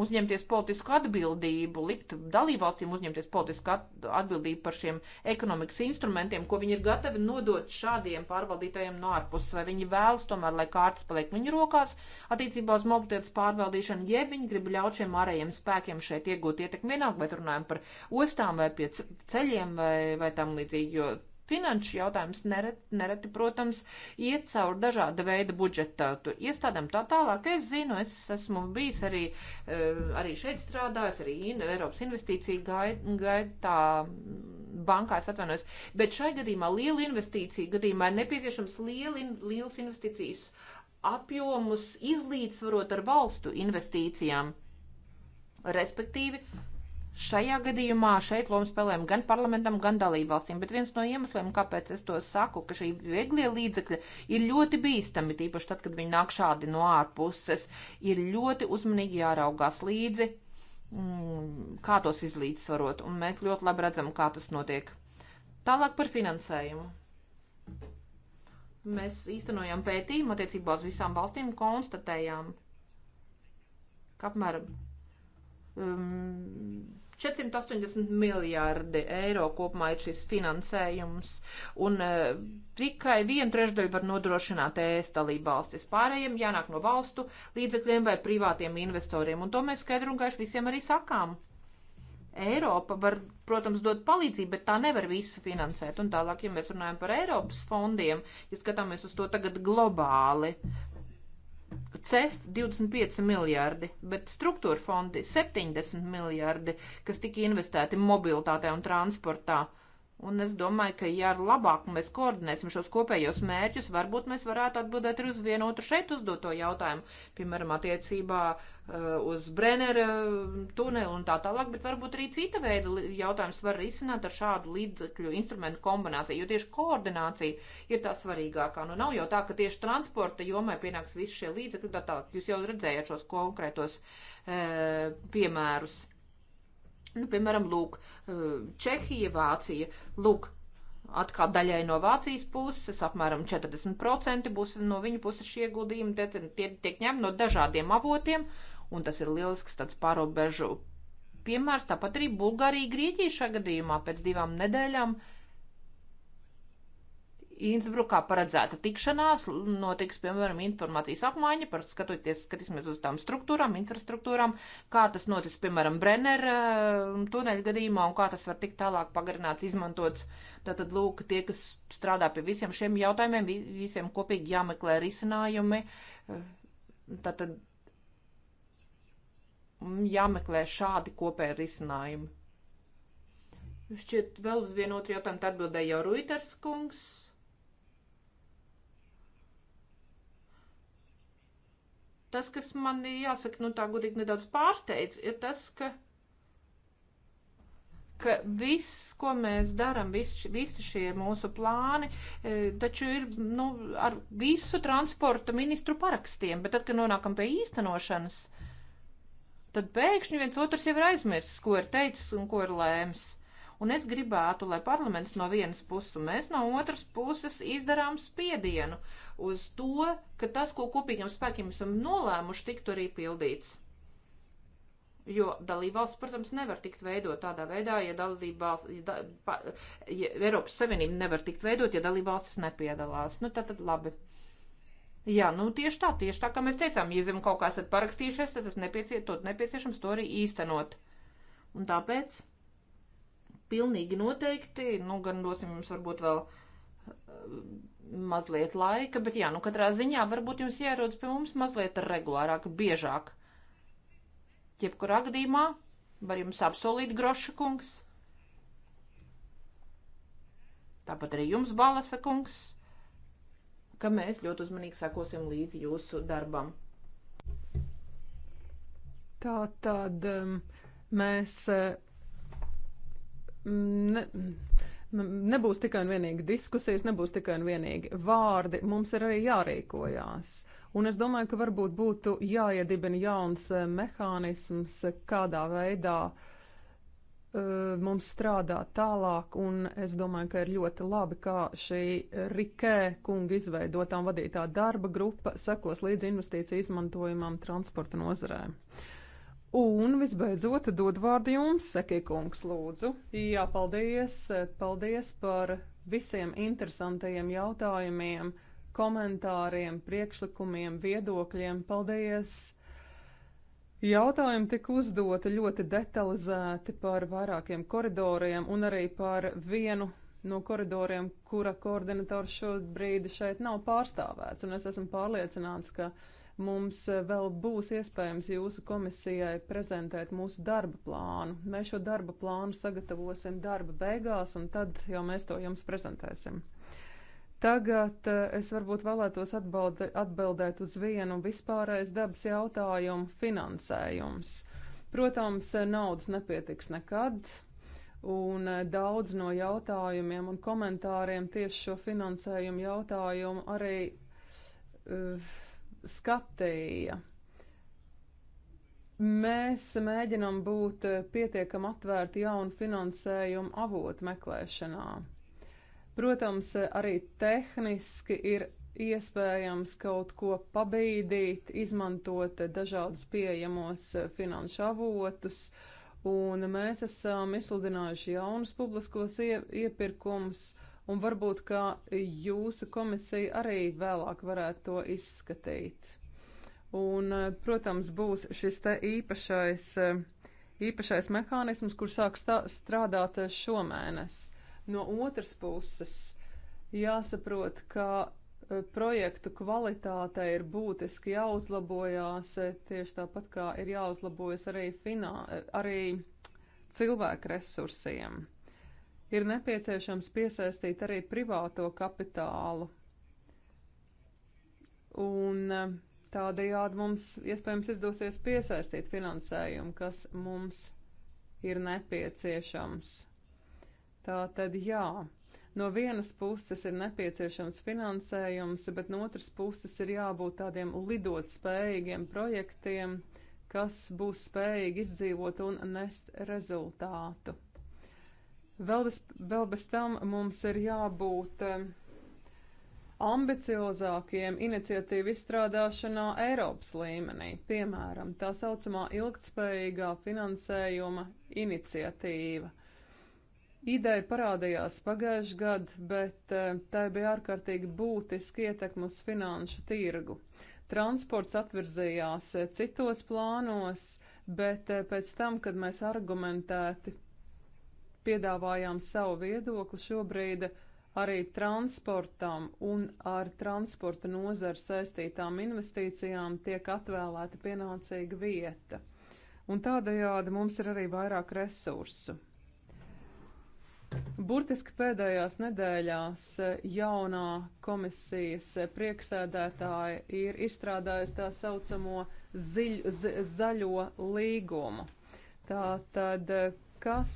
uzņemties politisku atbildību, likt dalībvalstīm uzņemties politisku atbildību par šiem ekonomikas instrumentiem, ko viņi ir gatavi nodot šādiem pārvaldītājiem no ārpuses, vai viņi vēlas tomēr, lai kārtas paliek viņu rokās attiecībā uz mobilitātes pārvaldīšanu, ja viņi grib ļaut šiem ārējiem spēkiem šeit iegūt ietekmi vienalga, vai runājam par ostām vai pie ceļiem vai, vai tam līdzīgi, jo Finanšu jautājums nereti, nereti protams, iet cauri dažāda veida budžeta iestādēm tā tālāk. Es zinu, es esmu bijis arī, e, arī šeit strādājis, arī in, Eiropas investīcija gaitā gai, bankā, es atvainojos, bet šai gadījumā liela investīcija gadījumā ir nepieciešams liela, liels investīcijas apjomus izlīdzsvarot ar valstu investīcijām. Respektīvi, Šajā gadījumā šeit lomu spēlēm gan parlamentam, gan dalībvalstīm, bet viens no iemesliem, kāpēc es to saku, ka šī vieglie līdzekļi ir ļoti bīstami, tīpaši tad, kad viņi nāk šādi no ārpuses, ir ļoti uzmanīgi jāraugās līdzi, mm, kā tos izlīdzsvarot, un mēs ļoti labi redzam, kā tas notiek. Tālāk par finansējumu. Mēs īstenojām pētījumu attiecībā uz visām valstīm, konstatējām, ka apmēram um, 480 miljārdi eiro kopumā ir šis finansējums, un uh, tikai vienu trešdaļu var nodrošināt ES dalība valstis. Pārējiem jānāk no valstu līdzekļiem vai privātiem investoriem, un to mēs skaidru un gaišu visiem arī sakām. Eiropa var, protams, dot palīdzību, bet tā nevar visu finansēt. Un tālāk, ja mēs runājam par Eiropas fondiem, ja skatāmies uz to tagad globāli, CEF 25 miljardi, bet struktūra fondi 70 miljardi, kas tika investēti mobilitātē un transportā. Un es domāju, ka, ja ar labāk mēs koordinēsim šos kopējos mērķus, varbūt mēs varētu atbildēt arī uz vienu otru šeit uzdoto jautājumu, piemēram, attiecībā eh, uz Brennera eh, tuneli un tā tālāk, bet varbūt arī cita veida jautājums var risināt ar šādu līdzekļu instrumentu kombināciju, jo tieši koordinācija ir tā svarīgākā. Nu, nav jau tā, ka tieši transporta jomai pienāks visi šie līdzekļi un tā tālāk. Jūs jau redzējāt šos konkrētos e, piemērus. Nu, piemēram, lūk, e, Čehija, Vācija. Lūk, atkal daļai no Vācijas puses, apmēram 40% būs no viņu puses šie ieguldījumi, tie, tie tiek ņemti no dažādiem avotiem, un tas ir lielisks tāds pārobežu piemērs. Tāpat arī Bulgārija, Grieķija šajā gadījumā pēc divām nedēļām uh, Innsbrukā paredzēta tikšanās, notiks, piemēram, informācijas apmaiņa par skatoties, skatīsimies uz tām struktūrām, infrastruktūrām, kā tas notiks, piemēram, Brenner um, tuneļu gadījumā un kā tas var tik tālāk pagarināts, izmantots. Tātad, lūk, tie, kas strādā pie visiem šiem jautājumiem, visiem kopīgi jāmeklē risinājumi. Uh, tātad mm, jāmeklē šādi kopēji risinājumi. Šķiet, vēl uz vienu otru jautājumu atbildēja jau Ruiters kungs. Tas, kas man jāsaka, nu tā gudīgi nedaudz pārsteidz, ir tas, ka, ka viss, ko mēs darām, vis, visi šie mūsu plāni, e, taču ir nu, ar visu transporta ministru parakstiem, bet tad, kad nonākam pie īstenošanas, tad pēkšņi viens otrs jau ir aizmirsis, ko ir teicis un ko ir lēmis. Un es gribētu, lai parlaments no vienas puses, un mēs no otras puses izdarām spiedienu uz to, ka tas, ko kopīgiem spēkiem esam nolēmuši, tiktu arī pildīts. Jo dalībvalsts, protams, nevar tikt veidot tādā veidā, ja, valsts, ja, da, pa, ja Eiropas Savienība nevar tikt veidot, ja dalībvalstis nepiedalās. Nu, tad, tad labi. Jā, nu tieši tā, tieši tā, kā mēs teicām, ja zem kaut kā esat parakstījušies, tad tas nepiecie, to, nepieciešams to arī īstenot. Un tāpēc pilnīgi noteikti, nu, gan dosim jums varbūt vēl eh, mazliet laika, bet jā, nu, katrā ziņā varbūt jums jāierodas pie mums mazliet regulārāk, biežāk. Jebkurā gadījumā var jums apsolīt groša kungs. Tāpat arī jums balasa kungs, ka mēs ļoti uzmanīgi sakosim līdzi jūsu darbam. Tā tad mēs eh, ne, nebūs tikai un vienīgi diskusijas, nebūs tikai un vienīgi vārdi, mums ir arī jārīkojās. Un es domāju, ka varbūt būtu jāiedibina jauns e, mehānisms, kādā veidā uh, mums strādā tālāk, un es domāju, ka ir ļoti labi, kā šī Rikē kunga izveidotā un vadītā darba grupa sekos līdz investīciju izmantojumam transporta nozarē. Uh, Un visbeidzot dod vārdu jums, Sekikungs, lūdzu. Jā, paldies, paldies par visiem interesantajiem jautājumiem, komentāriem, priekšlikumiem, viedokļiem. Paldies! Jautājumi tika uzdoti ļoti detalizēti par vairākiem koridoriem un arī par vienu no koridoriem, kura koordinators šobrīd šeit nav pārstāvēts. Un es esmu pārliecināts, ka Mums eh, vēl būs iespējams jūsu komisijai prezentēt mūsu darba plānu. Mēs šo darba plānu sagatavosim darba beigās, un tad jau mēs to jums prezentēsim. Tagad eh, es varbūt vēlētos atbalde, atbildēt uz vienu vispārreiz dabas jautājumu - finansējums. Protams, eh, naudas nepietiks nekad, un daudz no jautājumiem un komentāriem tieši šo finansējumu jautājumu arī uh, skatīja. Mēs mēģinam būt pietiekam atvērti jaunu finansējumu avotu meklēšanā. Protams, arī tehniski ir iespējams kaut ko pabīdīt, izmantot dažādus pieejamos finanšu avotus, un mēs esam izsludinājuši jaunus publiskos iepirkumus, un varbūt, ka jūsu komisija arī vēlāk varētu to izskatīt. Un, eh, protams, būs šis te īpašais, eh, īpašais mehānisms, kur sāk strādāt eh, šomēnes. No otras puses, jāsaprot, ka projektu kvalitāte ir būtiski jāuzlabojās, tieši tāpat kā ir jāuzlabojas arī, finā, arī cilvēku resursiem ir nepieciešams piesaistīt arī privāto kapitālu. Un eh, tādējādi mums iespējams izdosies piesaistīt finansējumu, kas mums ir nepieciešams. Tā tad jā, no vienas puses ir nepieciešams finansējums, bet no otras puses ir jābūt tādiem lidot spējīgiem projektiem, kas būs spējīgi izdzīvot un nest rezultātu. Vēl bez, vēl bez tam mums ir jābūt eh, ambiciozākiem iniciatīvu izstrādāšanā Eiropas līmenī, piemēram, tā saucamā ilgtspējīgā finansējuma iniciatīva. Ideja parādījās pagājuši gadu, bet eh, tai bija ārkārtīgi būtiski ietekmi uz finanšu tirgu. Transports atvirzījās eh, citos plānos, bet pēc tam, kad mēs argumentēti piedāvājām savu viedokli šobrīd arī transportam un ar transporta nozaru saistītām investīcijām tiek atvēlēta pienācīga vieta. Un tādējādi mums ir arī vairāk resursu. Burtiski pēdējās nedēļās jaunā komisijas prieksēdētāja ir izstrādājusi tā saucamo ziļ, z, zaļo līgumu. Tā tad kas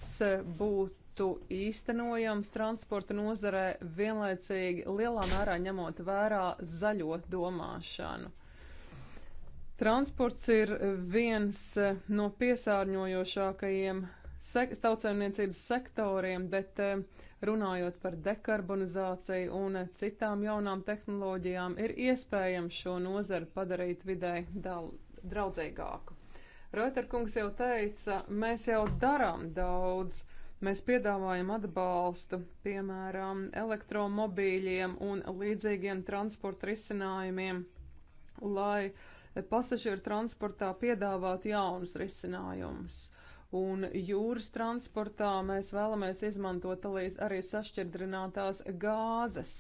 būtu īstenojams transporta nozarē vienlaicīgi lielā mērā ņemot vērā zaļo domāšanu. Transports ir viens no piesārņojošākajiem sek tautsēmniecības sektoriem, bet eh, runājot par dekarbonizāciju un citām jaunām tehnoloģijām, ir iespējams šo nozaru padarīt vidē draudzīgāku. Rotarkungs jau teica, mēs jau darām daudz. Mēs piedāvājam atbalstu, piemēram, elektromobīļiem un līdzīgiem transporta risinājumiem, lai pasažieru transportā piedāvātu jaunus risinājumus. Un jūras transportā mēs vēlamies izmantot arī sašķidrinātās gāzes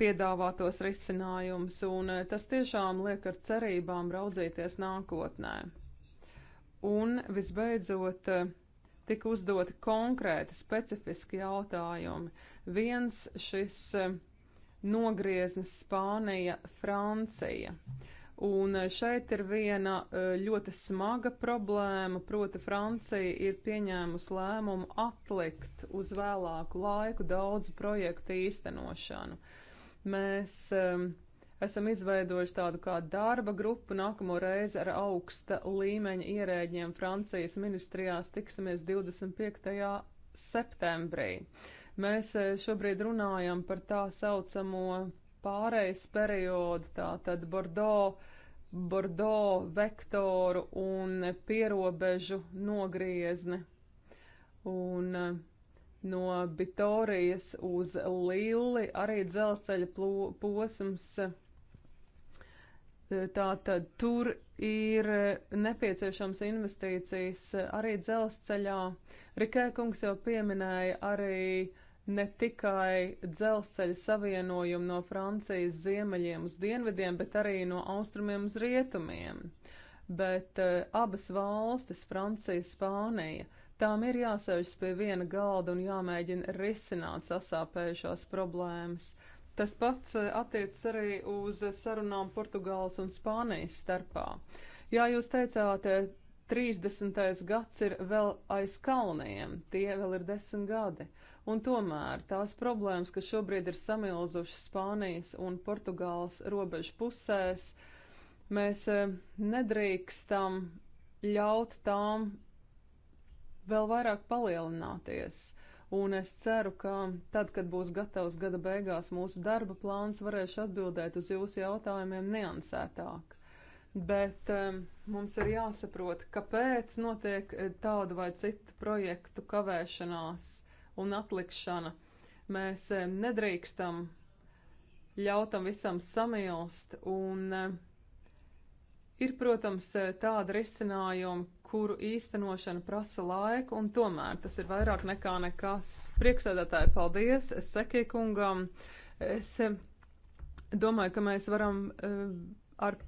piedāvātos risinājumus, un eh, tas tiešām liek ar cerībām raudzīties nākotnē. Un visbeidzot, eh, tika uzdoti konkrēti, specifiski jautājumi. Viens šis eh, nogrieznis Spānija, Francija. Un šeit ir viena ļoti smaga problēma, proti Francija ir pieņēmusi lēmumu atlikt uz vēlāku laiku daudzu projektu īstenošanu. Uh, Mēs um, esam izveidojuši tādu kā darba grupu. Nākamo reizi ar augsta līmeņa ierēģiem Francijas ministrijās tiksimies 25. septembrī. Mēs eh, šobrīd runājam par tā saucamo pārejas periodu, tātad Bordeaux, Bordeaux vektoru un pierobežu nogriezni. Un, uh, no Bitorijas uz Lilli arī dzelzceļa posms. Tātad tur ir nepieciešams investīcijas arī dzelzceļā. Rikēkungs jau pieminēja arī ne tikai dzelzceļa savienojumu no Francijas ziemeļiem uz dienvidiem, bet arī no austrumiem uz rietumiem. Bet uh, abas valstis, Francija, Spānija, uh, Tām ir jāsēžas pie viena galda un jāmēģina risināt sasāpējušās problēmas. Tas pats eh, attiecas arī uz sarunām Portugāles un Spānijas starpā. Jā, jūs teicāt, 30. Eh, gads ir vēl aiz kalniem, tie vēl ir desmit gadi, un tomēr tās problēmas, kas šobrīd ir samilzušas Spānijas un Portugāles robežu pusēs, mēs eh, nedrīkstam ļaut tām vēl vairāk palielināties. Un es ceru, ka tad, kad būs gatavs gada beigās mūsu darba plāns, varēšu atbildēt uz jūsu jautājumiem niansētāk. Bet um, mums ir jāsaprot, kāpēc notiek eh, tādu vai citu projektu kavēšanās un atlikšana. Mēs nedrīkstam ļautam visam samilst un um, Ir, protams, eh, tāda risinājuma, kuru īstenošana prasa laiku, un tomēr tas ir vairāk nekā nekas. Priekšsēdētāji, paldies Sekī kungam. Es eh, domāju, ka mēs varam eh, ar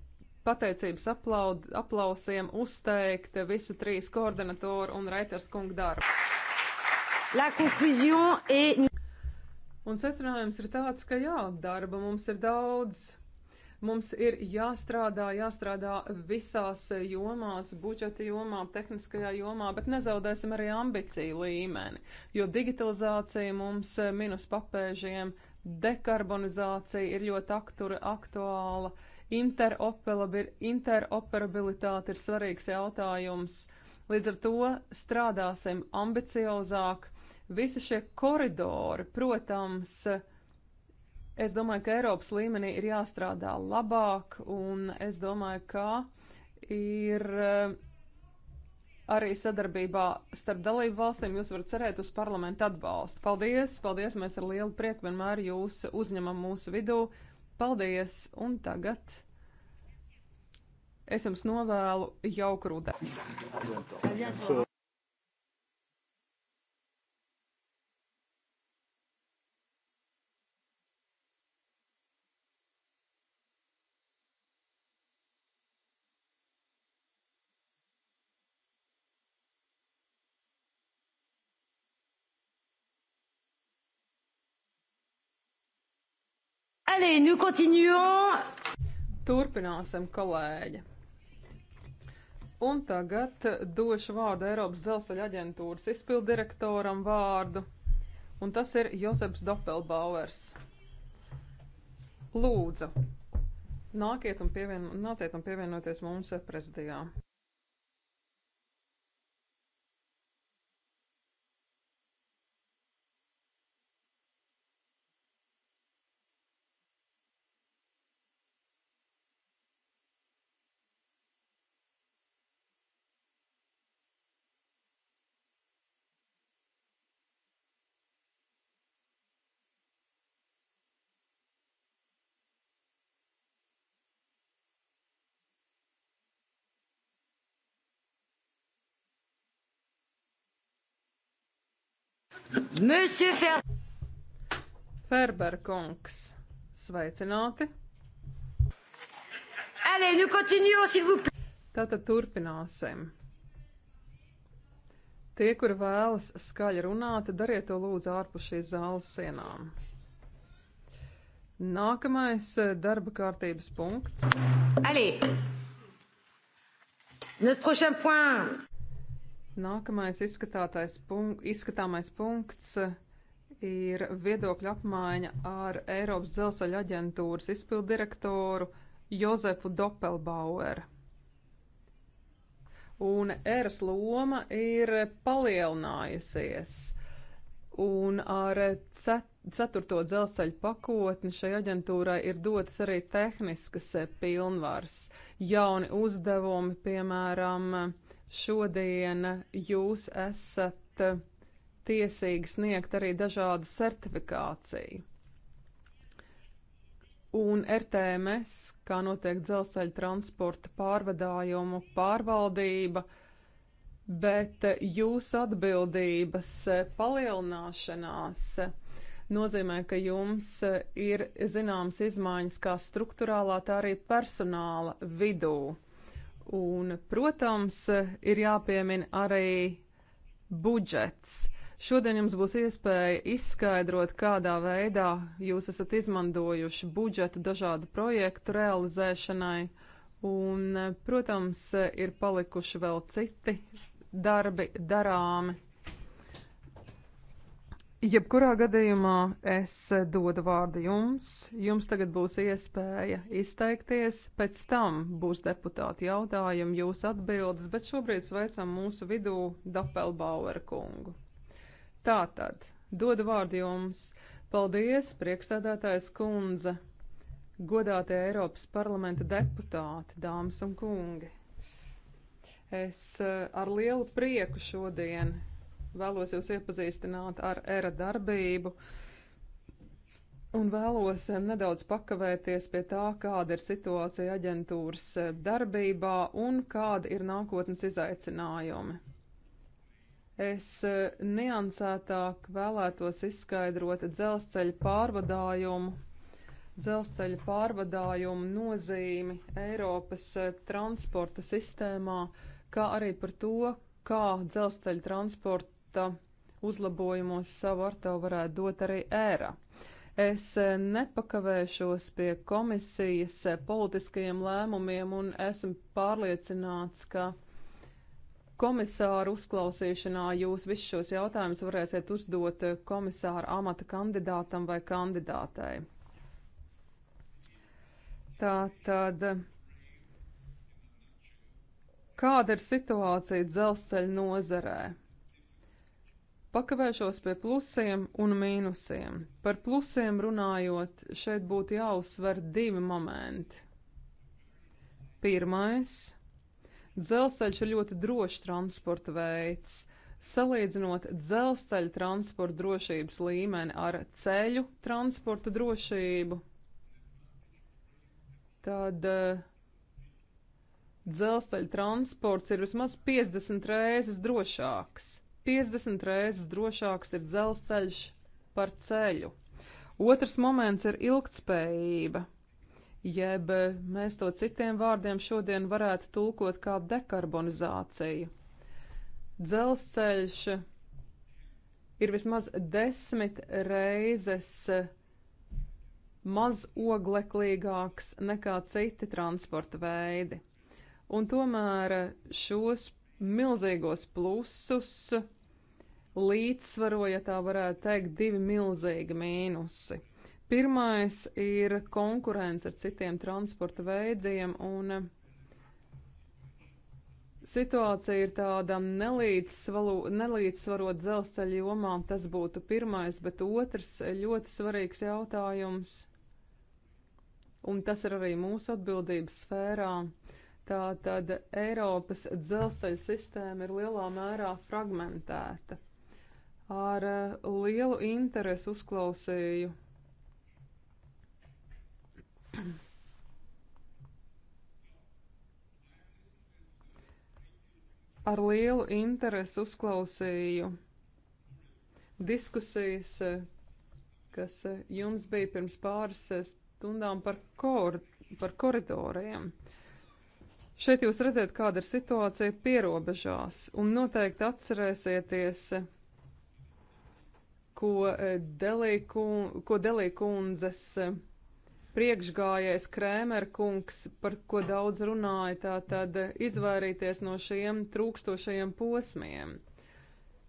pateicības aplaud, aplausiem uzteikt visu trīs koordinatoru un Reiters kungu darbu. La conclusion est... Un secinājums ir tāds, ka jā, darba mums ir daudz. Mums ir jāstrādā, jāstrādā visās jomās, budžeta jomā, tehniskajā jomā, bet nezaudēsim arī ambiciju līmeni, jo digitalizācija mums eh, minus papēžiem, dekarbonizācija ir ļoti aktura, aktuāla, interoperabilitāte ir svarīgs jautājums. Līdz ar to strādāsim ambiciozāk. Visi šie koridori, protams, uh, Es domāju, ka Eiropas līmenī ir jāstrādā labāk, un es domāju, ka ir eh, arī sadarbībā starp dalību valstīm jūs varat cerēt uz parlamentu atbalstu. Paldies, paldies, mēs ar lielu prieku vienmēr jūs uzņemam mūsu vidū. Paldies, un tagad es jums novēlu jauku rudenu. Allez, nous continuons. Turpināsim, kolēģi. Un tagad došu vārdu Eiropas dzelzceļa aģentūras izpildirektoram vārdu, un tas ir Jozefs Doppelbauers. Lūdzu, nāciet un, pievien, nāciet un pievienoties mums prezidijā. Fer... Ferberkungs, sveicināti! Allez, nous continuons, s'il vous plaît! Tātad turpināsim. Tie, kuri vēlas skaļi runāt, dariet to lūdzu ārpus šīs zāles sienām. Nākamais eh, darba kārtības punkts. Allez! Notre prochain point. Nākamais punk izskatāmais punkts ir viedokļa apmaiņa ar Eiropas dzelzceļa aģentūras izpildirektoru Jozefu Doppelbaueru. Un eras loma ir palielinājusies. Un ar ceturto dzelzceļa pakotni šai aģentūrai ir dotas arī tehniskas pilnvars, jauni uzdevumi, piemēram, Šodien jūs esat tiesīgi sniegt arī dažādu certifikāciju. Un RTMS, kā notiek dzelzceļa transporta pārvadājumu pārvaldība, bet jūsu atbildības palielināšanās nozīmē, ka jums ir zināmas izmaiņas kā struktūrālā, tā arī personāla vidū. Un, protams, ir jāpiemina arī budžets. Šodien jums būs iespēja izskaidrot, kādā veidā jūs esat izmantojuši budžetu dažādu projektu realizēšanai, un, protams, ir palikuši vēl citi darbi darāmi. Jebkurā gadījumā es dodu vārdu jums. Jums tagad būs iespēja izteikties, pēc tam būs deputāti jautājumi, jūs atbildes, bet šobrīd sveicam mūsu vidū Dapelbauer kungu. Tātad, dodu vārdu jums. Paldies, priekšsēdētājs kundze, godātie Eiropas parlamenta deputāti, dāmas un kungi. Es eh, ar lielu prieku šodien Vēlos jūs iepazīstināt ar ERA darbību un vēlos eh, nedaudz pakavēties pie tā, kāda ir situācija aģentūras eh, darbībā un kāda ir nākotnes izaicinājumi. Es eh, niansētāk vēlētos izskaidrot dzelzceļa pārvadājumu dzelzceļa pārvadājumu nozīmi Eiropas transporta sistēmā, kā arī par to, kā dzelzceļa transporta transporta uzlabojumos savu ar to varētu dot arī ēra. Es e, nepakavēšos pie komisijas e, politiskajiem lēmumiem un esmu pārliecināts, ka komisāru uzklausīšanā jūs visus šos jautājumus varēsiet uzdot e, komisāra amata kandidātam vai kandidātei. Tā tad. Kāda ir situācija dzelzceļa nozarē? Pakavēšos pie plusiem un mīnusiem. Par plusiem runājot, šeit būtu jāuzsver divi momenti. Pirmais - dzelzceļš ir ļoti drošs transporta veids. Salīdzinot dzelzceļa transporta drošības līmeni ar ceļu transporta drošību, tad uh, dzelzceļa transports ir vismaz 50 reizes drošāks. 50 reizes drošāks ir dzelzceļš par ceļu. Otrs moments ir ilgtspējība, jeb mēs to citiem vārdiem šodien varētu tulkot kā dekarbonizāciju. Dzelzceļš ir vismaz desmit reizes mazoglekļīgāks nekā citi transporta veidi. Un tomēr šos milzīgos plusus līdzsvaro, ja tā varētu teikt, divi milzīgi mīnusi. Pirmais ir konkurence ar citiem transporta veidiem, un eh, situācija ir tāda nelīdzsvarot dzelzceļa jomā. Tas būtu pirmais, bet otrs ļoti svarīgs jautājums, un tas ir arī mūsu atbildības sfērā. Tātad Eiropas dzelzceļa sistēma ir lielā mērā fragmentēta. Ar eh, lielu interesi uzklausīju ar lielu interesi uzklausīju diskusijas, eh, kas eh, jums bija pirms pāris stundām par, kor par koridoriem. Šeit jūs redzat, kāda ir situācija pierobežās, un noteikti atcerēsieties ko eh, Delīkundzes eh, priekšgājais Krēmerkungs, par ko daudz runāja, tā tad eh, izvairīties no šiem trūkstošajiem posmiem.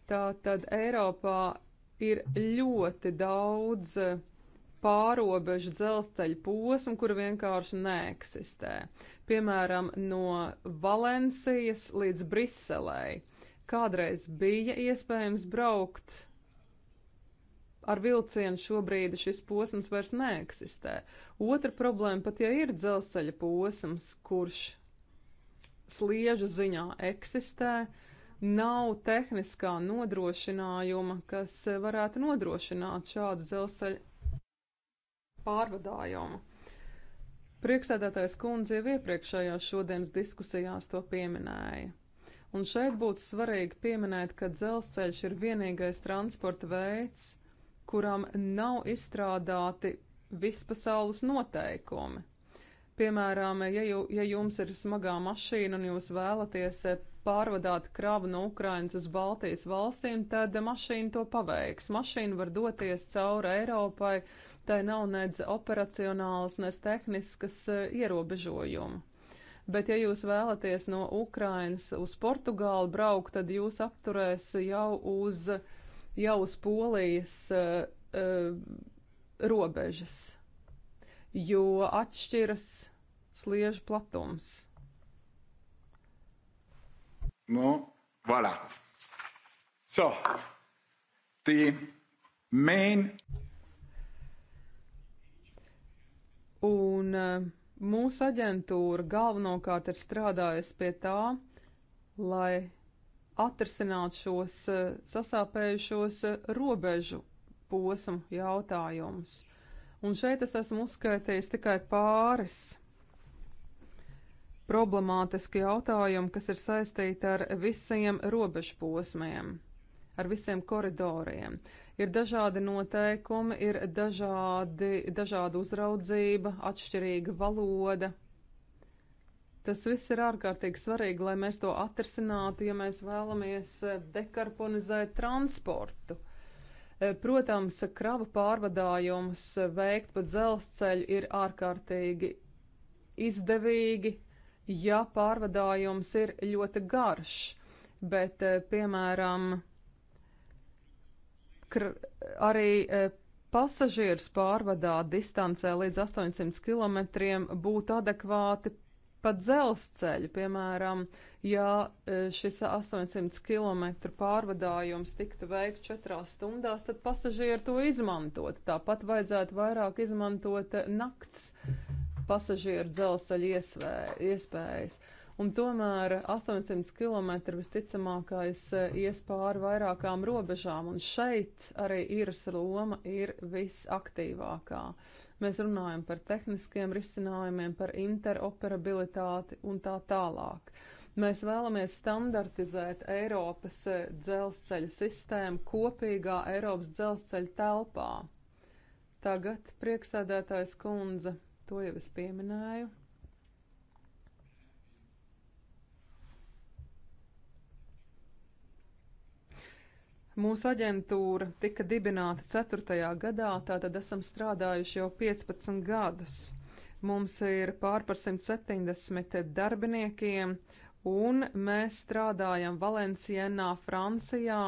Tā tad Eiropā ir ļoti daudz pārobežu dzelzceļa posmu, kur vienkārši neeksistē. Piemēram, no Valencijas līdz Briselei. Kādreiz bija iespējams braukt Ar vilcienu šobrīd šis posms vairs neeksistē. Otra problēma pat ja ir dzelzceļa posms, kurš sliežu ziņā eksistē, nav tehniskā nodrošinājuma, kas varētu nodrošināt šādu dzelzceļa pārvadājumu. Priekšsēdētājs kundze jau iepriekšējās šodienas diskusijās to pieminēja. Un šeit būtu svarīgi pieminēt, ka dzelzceļš ir vienīgais transporta veids, kuram nav izstrādāti vispasaules noteikumi. Piemēram, ja, jū, ja jums ir smagā mašīna un jūs vēlaties eh, pārvadāt kravu no Ukrainas uz Baltijas valstīm, tad mašīna to paveiks. Mašīna var doties cauri Eiropai, tai nav nedz operacionāls, nedz tehniskas eh, ierobežojumu. Bet, ja jūs vēlaties no Ukrainas uz Portugāli braukt, tad jūs apturēs jau uz uh, jau uz polijas uh, uh, robežas, jo atšķiras sliežu platums. Bon, nu, voilà. So, the main. Un uh, mūsu aģentūra galvenokārt ir strādājusi pie tā, lai atrisināt šos eh, sasāpējušos eh, robežu posmu jautājumus. Un šeit es esmu uzskaitījis tikai pāris problemātiski jautājumi, kas ir saistīti ar visiem robežu posmiem, ar visiem koridoriem. Ir dažādi noteikumi, ir dažādi, dažāda uzraudzība, atšķirīga valoda, Tas viss ir ārkārtīgi svarīgi, lai mēs to atrisinātu, ja mēs vēlamies eh, dekarbonizēt transportu. Eh, protams, krava pārvadājums eh, veikt pa dzelzceļu ir ārkārtīgi izdevīgi, ja pārvadājums ir ļoti garš, bet, piemēram, arī pasažierus pārvadā distancē līdz 800 km būtu adekvāti pa dzelzceļu, piemēram, ja e, šis 800 km pārvadājums tiktu veikt 4 stundās, tad pasažieri to izmantot. Tāpat vajadzētu vairāk izmantot nakts pasažieru dzelzceļa iespējas. Un tomēr 800 km visticamākais e, ies pāri vairākām robežām, un šeit arī īras loma ir visaktīvākā. Uh, Mēs runājam par tehniskiem risinājumiem, par interoperabilitāti un tā tālāk. Mēs vēlamies standartizēt Eiropas eh, dzelzceļa sistēmu kopīgā Eiropas dzelzceļa telpā. Tagad, prieksēdētājs kundze, to jau es pieminēju. Mūsu aģentūra tika dibināta 4. gadā, tātad esam strādājuši jau 15 gadus. Mums ir pār par 170 darbiniekiem, un mēs strādājam Valencienā, Francijā.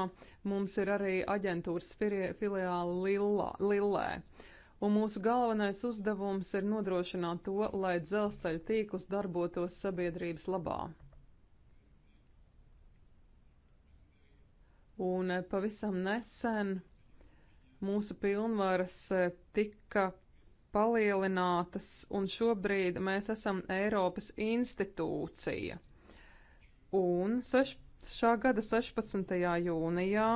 Mums ir arī aģentūras filiāla Lillā, Lillē. Un mūsu galvenais uzdevums ir nodrošināt to, lai dzelzceļa tīkls darbotos sabiedrības labā. un eh, pavisam nesen mūsu pilnvaras eh, tika palielinātas, un šobrīd mēs esam Eiropas institūcija. Un seš, šā gada 16. jūnijā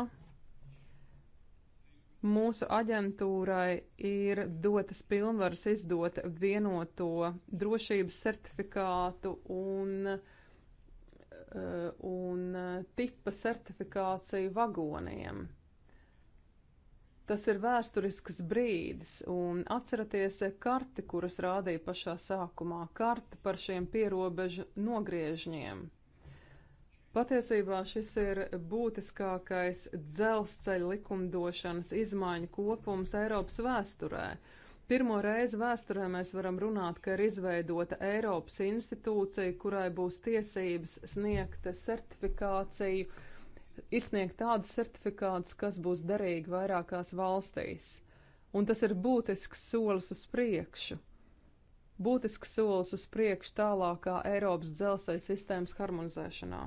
mūsu aģentūrai ir dotas pilnvaras izdot vienoto drošības certifikātu un uh, Eh, un eh, tipa certifikāciju vagoniem. Tas ir vēsturisks brīdis, un atceraties eh, karti, kuras rādīja pašā sākumā, karti par šiem pierobežu nogriežņiem. Patiesībā šis ir būtiskākais dzelzceļa likumdošanas izmaiņu kopums Eiropas vēsturē, Pirmo reizi vēsturē mēs varam runāt, ka ir izveidota Eiropas institūcija, kurai būs tiesības sniegt certifikāciju, izsniegt tādus certifikātus, kas būs derīgi vairākās valstīs. Un tas ir būtisks solis uz priekšu. Būtisks solis uz priekšu tālākā Eiropas dzelzceļa sistēmas harmonizēšanā.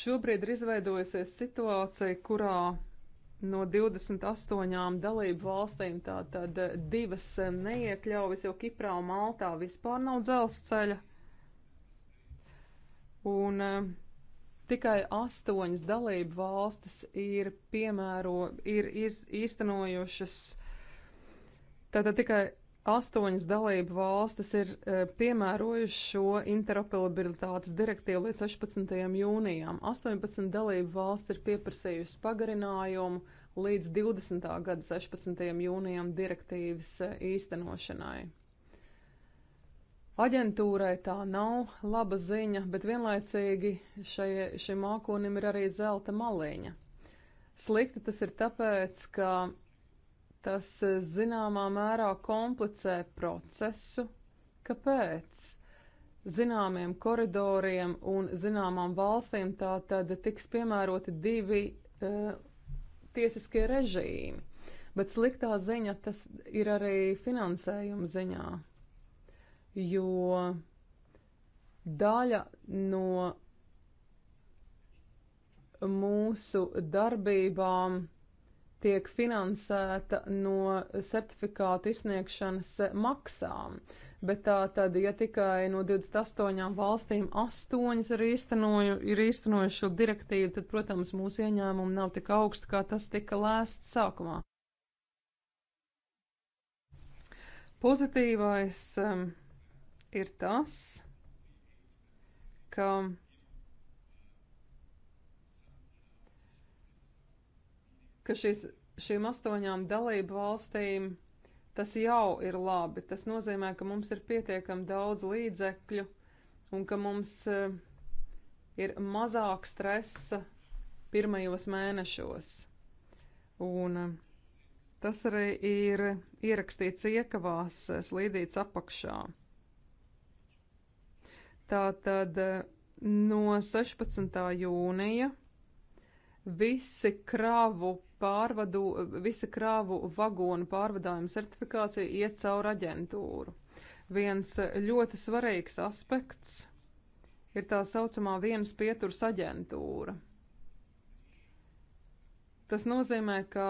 Šobrīd ir izveidojusies situācija, kurā no 28 dalību valstīm tātad eh, divas eh, neiekļaujas, jo Kiprā un Maltā vispār nav dzelzceļa. Un eh, tikai astoņas dalību valstis ir piemēro, ir iz, īstenojušas, tātad tikai Astoņas dalību valstis ir e, piemērojuši šo interoperabilitātes direktīvu līdz 16. jūnijam. 18 dalību valsts ir pieprasījusi pagarinājumu līdz 20. gada 16. jūnijam direktīvas e, īstenošanai. Aģentūrai tā nav laba ziņa, bet vienlaicīgi šai, šim mākonim ir arī zelta maliņa. Slikti tas ir tāpēc, ka Tas eh, zināmā mērā komplicē procesu. Kāpēc? Zināmiem koridoriem un zināmām valstīm tā tad tiks piemēroti divi uh, tiesiskie režīmi. Bet sliktā ziņa tas ir arī finansējuma ziņā, jo daļa no mūsu darbībām uh, tiek finansēta no certifikātu izsniegšanas maksām. Bet tā tad, ja tikai no 28 valstīm 8 ir, īstenoju, ir īstenojuši šo direktīvu, tad, protams, mūsu ieņēmumi nav tik augsti, kā tas tika lēsts sākumā. Pozitīvais um, ir tas, ka ka šis, šīm astoņām dalību valstīm tas jau ir labi. Tas nozīmē, ka mums ir pietiekami daudz līdzekļu un ka mums eh, ir mazāk stresa pirmajos mēnešos. Un eh, tas arī ir ierakstīts iekavās eh, slīdīts apakšā. Tātad no 16. jūnija visi kravu pārvadu, visa krāvu vagonu pārvadājuma certifikācija iet caur aģentūru. Viens ļoti svarīgs aspekts ir tā saucamā vienas pieturas aģentūra. Tas nozīmē, ka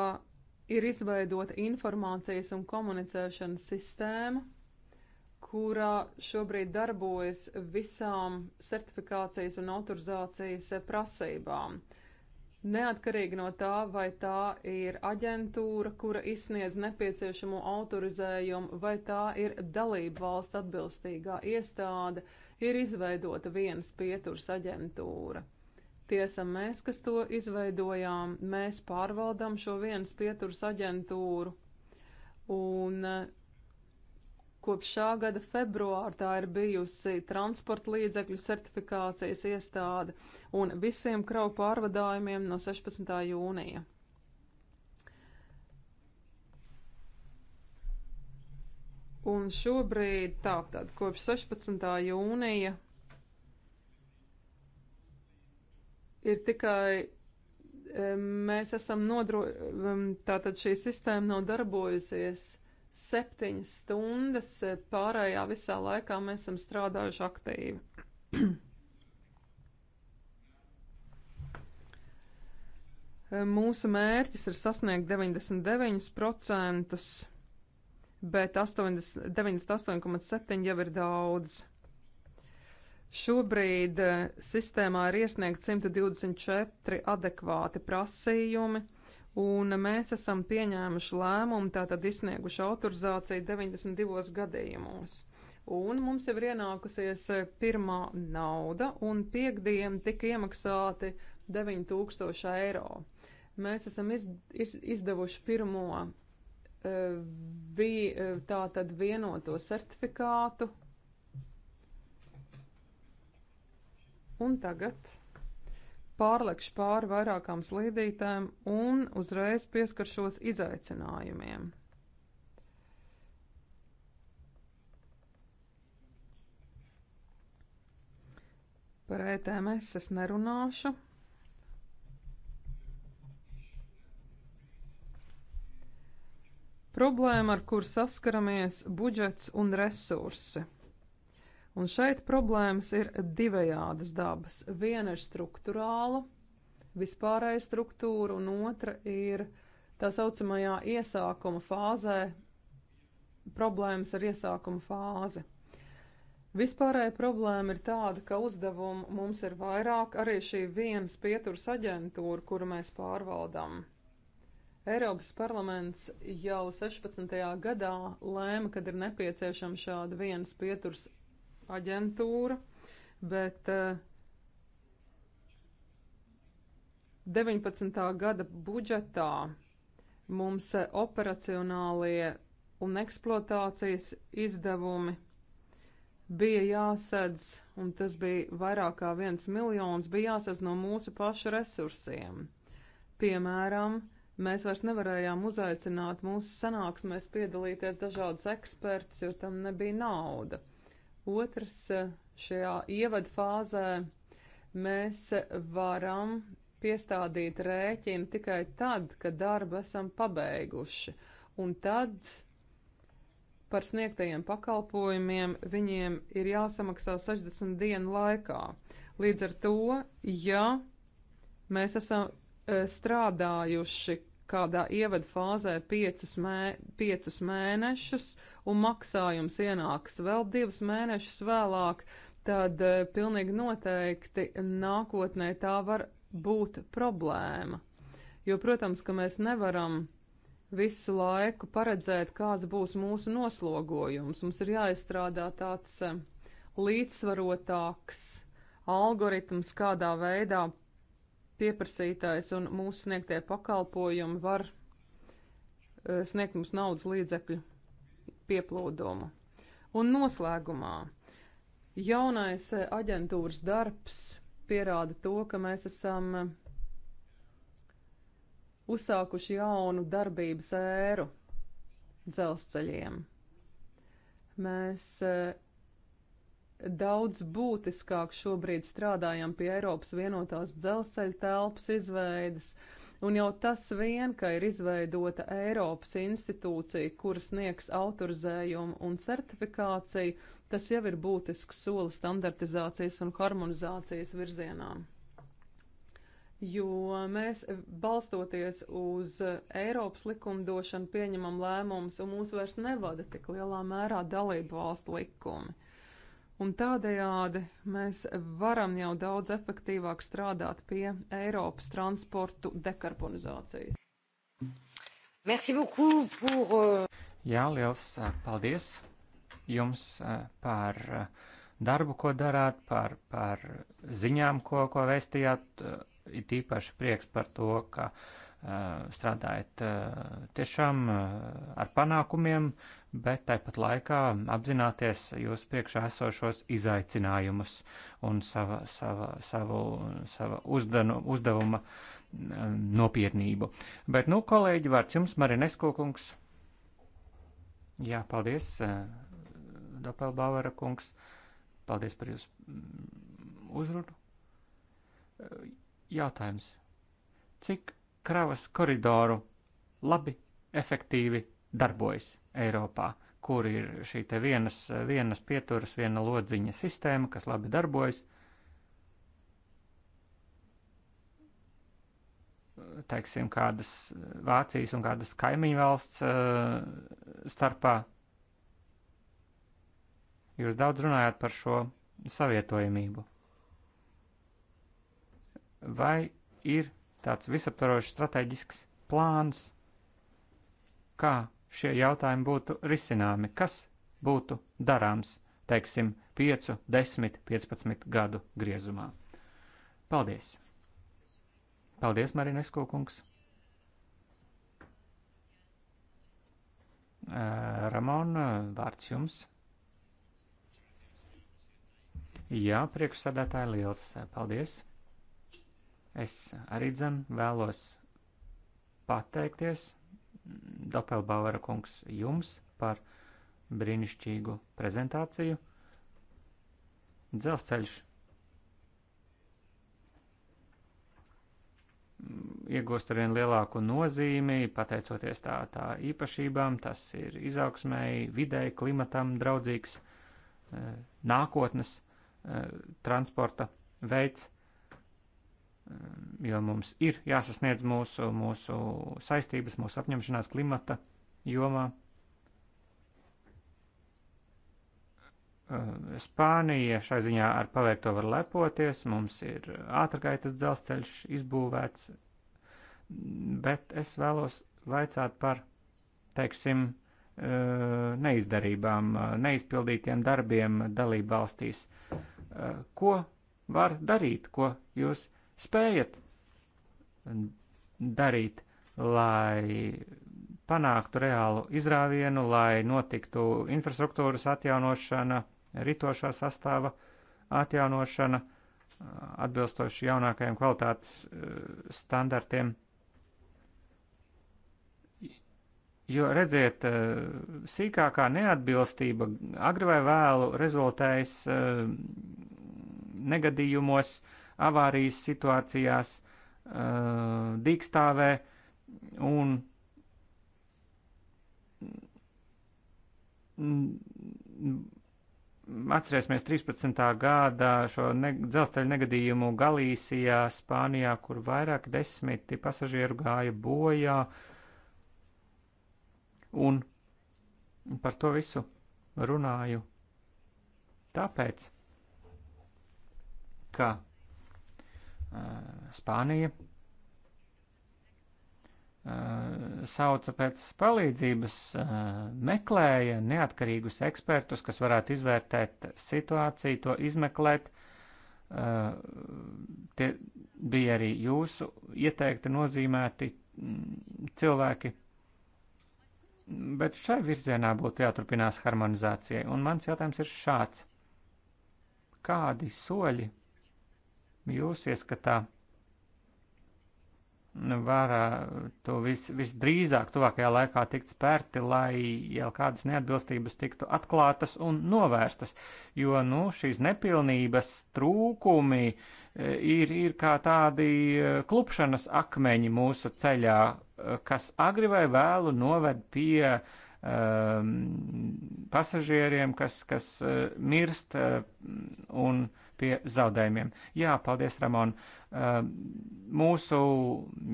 ir izveidota informācijas un komunicēšanas sistēma, kurā šobrīd darbojas visām certifikācijas un autorizācijas prasībām. Uh, Neatkarīgi no tā, vai tā ir aģentūra, kura izsniedz nepieciešamo autorizējumu, vai tā ir dalība valsts atbilstīgā iestāde, ir izveidota vienas pieturas aģentūra. Tiesa mēs, kas to izveidojām, mēs pārvaldām šo vienas pieturas aģentūru, un Kopš šā gada februāra tā ir bijusi transporta līdzekļu certifikācijas iestāde un visiem kravu pārvadājumiem no 16. jūnija. Un šobrīd tātad kopš 16. jūnija ir tikai mēs esam nodro, tātad šī sistēma nav darbojusies septiņas stundas, eh, pārējā visā laikā mēs esam strādājuši aktīvi. Eh, mūsu mērķis ir sasniegt 99%, bet 98,7% jau ir daudz. Šobrīd eh, sistēmā ir iesniegt 124 adekvāti prasījumi un mēs esam pieņēmuši lēmumu, tātad izsnieguši autorizāciju 92 gadījumos. Un mums jau ir ienākusies eh, pirmā nauda, un piekdien tika iemaksāti 9000 eiro. Mēs esam iz, iz, izdevuši pirmo bija eh, eh, tātad vienoto certifikātu. Un tagad pārlekšu pāri vairākām slīdītēm un uzreiz pieskaršos izaicinājumiem. Par ETMS es nerunāšu. Problēma, ar kur saskaramies, budžets un resursi. Un šeit problēmas ir divējādas dabas. Viena ir struktūrāla, vispārēja struktūra, un otra ir tā saucamajā iesākuma fāzē problēmas ar iesākuma fāzi. Vispārēja problēma ir tāda, ka uzdevumu mums ir vairāk arī šī vienas pieturas aģentūra, kuru mēs pārvaldām. Eiropas parlaments jau 16. gadā lēma, kad ir nepieciešama šāda vienas pieturas aģentūra, bet 19. Eh, gada budžetā mums eh, operacionālie un eksploatācijas izdevumi bija jāsadz, un tas bija vairāk kā viens miljons, bija jāsadz no mūsu pašu resursiem. Piemēram, mēs vairs nevarējām uzaicināt mūsu sanāksmēs piedalīties dažādus ekspertus, jo tam nebija nauda. Otrs eh, šajā ievada fāzē mēs varam piestādīt rēķinu tikai tad, kad darbu esam pabeiguši, un tad par sniegtajiem pakalpojumiem viņiem ir jāsamaksā 60 dienu laikā. Līdz ar to, ja mēs esam eh, strādājuši kādā ievada fāzē piecus, mē, piecus mēnešus un maksājums ienāks vēl divus mēnešus vēlāk, tad eh, pilnīgi noteikti nākotnē tā var būt problēma. Jo, protams, ka mēs nevaram visu laiku paredzēt, kāds būs mūsu noslogojums. Mums ir jāizstrādā tāds eh, līdzsvarotāks algoritms, kādā veidā pieprasītājs un mūsu sniegtie pakalpojumi var eh, sniegt mums naudas līdzekļu pieplūdumu. Un noslēgumā jaunais eh, aģentūras darbs pierāda to, ka mēs esam eh, uzsākuši jaunu darbības ēru dzelzceļiem. Mēs daudz būtiskāk šobrīd strādājam pie Eiropas vienotās dzelzceļa telpas izveidas. Un jau tas vien, ka ir izveidota Eiropas institūcija, kuras sniegs autorizējumu un certifikāciju, tas jau ir būtisks solis standartizācijas un harmonizācijas virzienā. Jo mēs, balstoties uz Eiropas likumdošanu, pieņemam lēmumus, un mūs vairs nevada tik lielā mērā dalību valstu likumi. Un tādējādi mēs varam jau daudz efektīvāk strādāt pie Eiropas transportu dekarbonizācijas. Merci beaucoup pour. Euh, Jā, liels paldies jums par darbu, ko darāt, par, par ziņām, ko, ko vēstījāt. Ir tīpaši prieks par to, ka strādājat tiešām ar panākumiem, uh, bet tāpat laikā apzināties jūs priekšā esošos izaicinājumus un sava, sava, savu, sava uzdanu, uzdevuma mm, nopietnību. Bet, nu, kolēģi, vārds jums, Marinesko kungs. Jā, paldies, eh, Dopelbauera kungs. Paldies par jūsu mm, uzrunu. Eh, jautājums. Cik kravas koridoru labi, efektīvi darbojas Eiropā, kur ir šī te vienas, vienas pieturas, viena lodziņa sistēma, kas labi darbojas. Teiksim, kādas Vācijas un kādas kaimiņu valsts uh, starpā. Jūs daudz runājāt par šo savietojamību. Vai ir tāds visaptvarošs strateģisks plāns, kā šie jautājumi būtu risināmi, kas būtu darāms, teiksim, 5, 10, 15 gadu griezumā. Paldies! Paldies, Marinesko kungs! Ramon, vārds jums. Jā, priekšsādātāji, liels paldies! Es arī dzem vēlos pateikties Dapelbauera kungs jums par brīnišķīgu prezentāciju. Dzelzceļš iegūst arvien lielāku nozīmi, pateicoties tā, tā īpašībām, tas ir izaugsmēji, videi, klimatam draudzīgs, eh, nākotnes eh, transporta veids Um, jo mums ir jāsasniedz mūsu, mūsu saistības, mūsu apņemšanās klimata jomā. Um, Spānija šai ziņā ar paveikto var lepoties, mums ir ātrgaitas dzelzceļš izbūvēts, bet es vēlos vaicāt par, teiksim, uh, neizdarībām, uh, neizpildītiem darbiem dalību valstīs. Uh, ko var darīt, ko jūs darīt? spējat darīt, lai panāktu reālu izrāvienu, lai notiktu infrastruktūras atjaunošana, ritošā sastāva atjaunošana, atbilstoši jaunākajiem kvalitātes eh, standartiem. Jo redziet, eh, sīkākā neatbilstība agri vai vēlu rezultējas eh, negadījumos, uh, avārijas situācijās, uh, dīkstāvē un atcerēsimies 13. gada šo ne, dzelzceļa negadījumu Galīsijā, Spānijā, kur vairāk desmiti pasažieru gāja bojā. Un par to visu runāju tāpēc, ka Eh, Spānija eh, sauca pēc palīdzības, eh, meklēja neatkarīgus ekspertus, kas varētu izvērtēt situāciju, to izmeklēt. Tie bija arī jūsu ieteikti nozīmēti mm, cilvēki. Bet šai virzienā būtu jāturpinās harmonizācijai, un mans jautājums ir šāds. Kādi soļi jūs ieskatā var to vis, visdrīzāk tuvākajā laikā tikt spērti, lai jau kādas neatbilstības tiktu atklātas un novērstas, jo, nu, šīs nepilnības trūkumi e, ir, ir kā tādi e, klupšanas akmeņi mūsu ceļā, e, kas agri vai vēlu noved pie um, pasažieriem, kas, kas uh, mirst uh, un uh, pie zaudējumiem. Jā, paldies, Ramon. Ehm, mūsu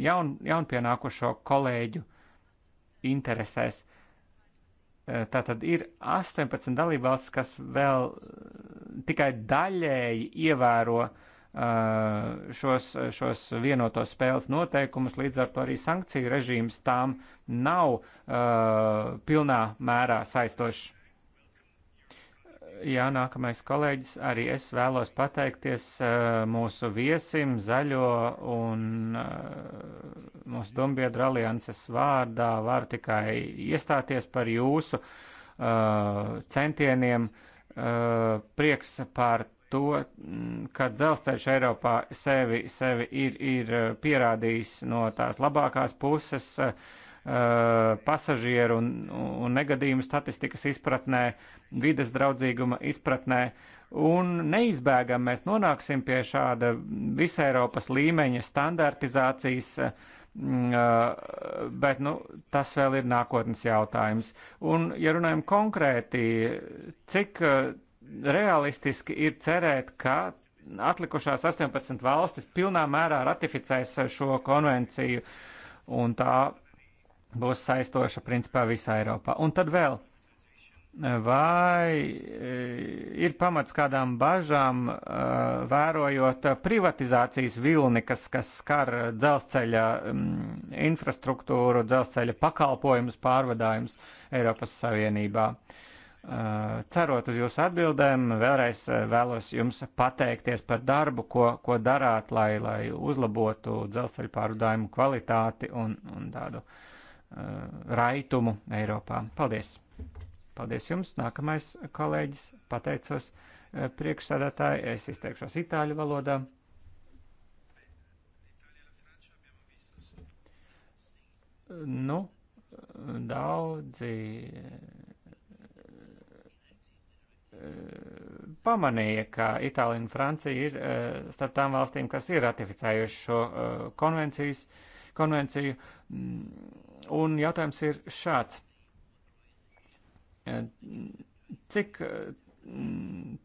jaun, jaunpienākušo kolēģu interesēs. Eh, Tā tad ir 18 dalībvalsts, kas vēl eh, tikai daļēji ievēro eh, šos, šos vienoto spēles noteikumus, līdz ar to arī sankciju režīms tām nav uh, pilnā mērā saistošs. Jā, nākamais kolēģis, arī es vēlos pateikties mūsu viesim zaļo un mūsu dombiedra alianses vārdā. Var tikai iestāties par jūsu centieniem. Prieks par to, ka dzelzceļš Eiropā sevi, sevi ir, ir pierādījis no tās labākās puses. Uh, Uh, pasažieru un, un negadījumu statistikas izpratnē, vides draudzīguma izpratnē. Un neizbēgam mēs nonāksim pie šāda visai Eiropas līmeņa standartizācijas uh, bet nu, tas vēl ir nākotnes jautājums. Un, ja runājam konkrēti, cik uh, realistiski ir cerēt, ka atlikušās 18 valstis pilnā mērā ratificēs šo konvenciju un tā būs saistoša principā visā Eiropā. Un tad vēl, vai eh, ir pamats kādām bažām eh, vērojot privatizācijas vilni, kas, kas skar dzelzceļa mm, infrastruktūru, dzelzceļa pakalpojumus, pārvadājumus Eiropas Savienībā? Eh, cerot uz jūsu atbildēm, vēlreiz vēlos jums pateikties par darbu, ko, ko darāt, lai, lai uzlabotu dzelzceļa pārvadājumu kvalitāti un, un tādu uh, Eh, raitumu Eiropā. Paldies! Paldies jums! Nākamais kolēģis pateicos eh, priekšsēdētāji, es izteikšos itāļu valodā. Nu, daudzi eh, pamanīja, ka Itālija un Francija ir starp tām valstīm, kas ir ratificējuši šo konvencijas, konvenciju. Mm, Un jautājums ir šāds. E, cik e,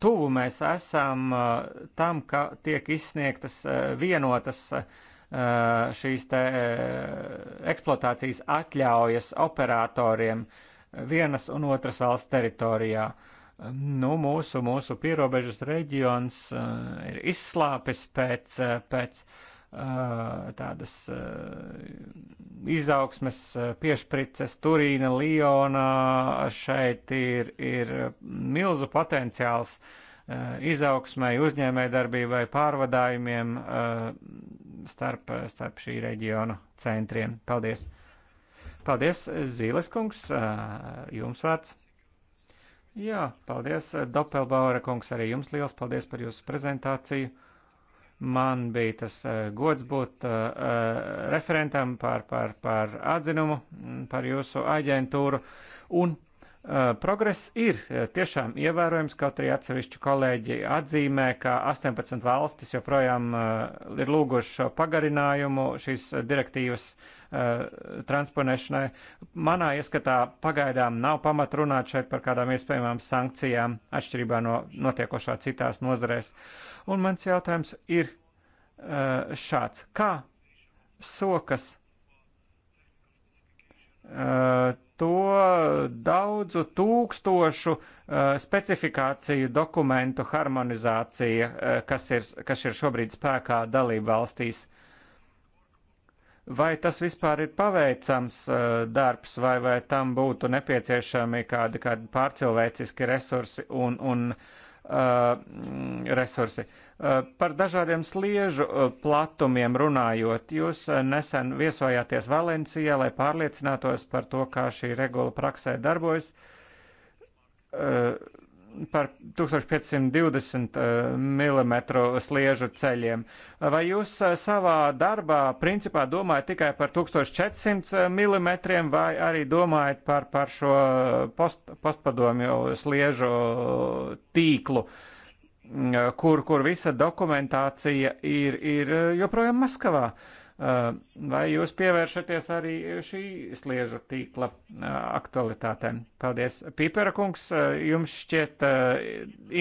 tuvu mēs esam e, tam, ka tiek izsniegtas vienotas šīs te eksploatācijas atļaujas operatoriem vienas un otras valsts teritorijā? Nu, mūsu, mūsu pierobežas reģions ir izslāpis pēc, pēc uh, tādas izaugsmes piešprices Turīna, Lionā. Šeit ir, ir milzu potenciāls izaugsmai, uzņēmējdarbībai, pārvadājumiem starp, starp šī reģiona centriem. Paldies! Paldies, Zīles kungs, jums vārds. Jā, paldies, Doppelbaura kungs, arī jums liels paldies par jūsu prezentāciju. Man bija tas eh, gods būt eh, eh, referentam par, par, par atzinumu mm, par jūsu aģentūru un Progress ir tiešām ievērojams, kaut arī atsevišķi kolēģi atzīmē, ka 18 valstis joprojām ir lūguši šo pagarinājumu šīs direktīvas transponēšanai. Manā ieskatā pagaidām nav pamat runāt šeit par kādām iespējamām sankcijām atšķirībā no notiekošā citās nozarēs. Un mans jautājums ir šāds. Kā sokas? to daudzu tūkstošu uh, specifikāciju dokumentu harmonizācija, uh, kas, ir, kas ir šobrīd spēkā dalību valstīs. Vai tas vispār ir paveicams uh, darbs, vai, vai tam būtu nepieciešami kādi, kādi pārcilvēciski resursi un, un uh, resursi? Uh, Eh, par dažādiem sliežu eh, platumiem runājot, jūs eh, nesen viesojāties Valencijā, lai pārliecinātos par to, kā šī regula praksē darbojas. Par 1520 mm sliežu ceļiem. Vai jūs savā darbā principā domājat tikai par 1400 mm vai arī domājat par, par šo post, postpadomju sliežu tīklu? Uh, kur, kur visa dokumentācija ir, ir eh, joprojām Maskavā. Eh, vai jūs pievēršaties arī šī sliežu tīkla eh, aktualitātēm? Paldies. Pīpera kungs, jums šķiet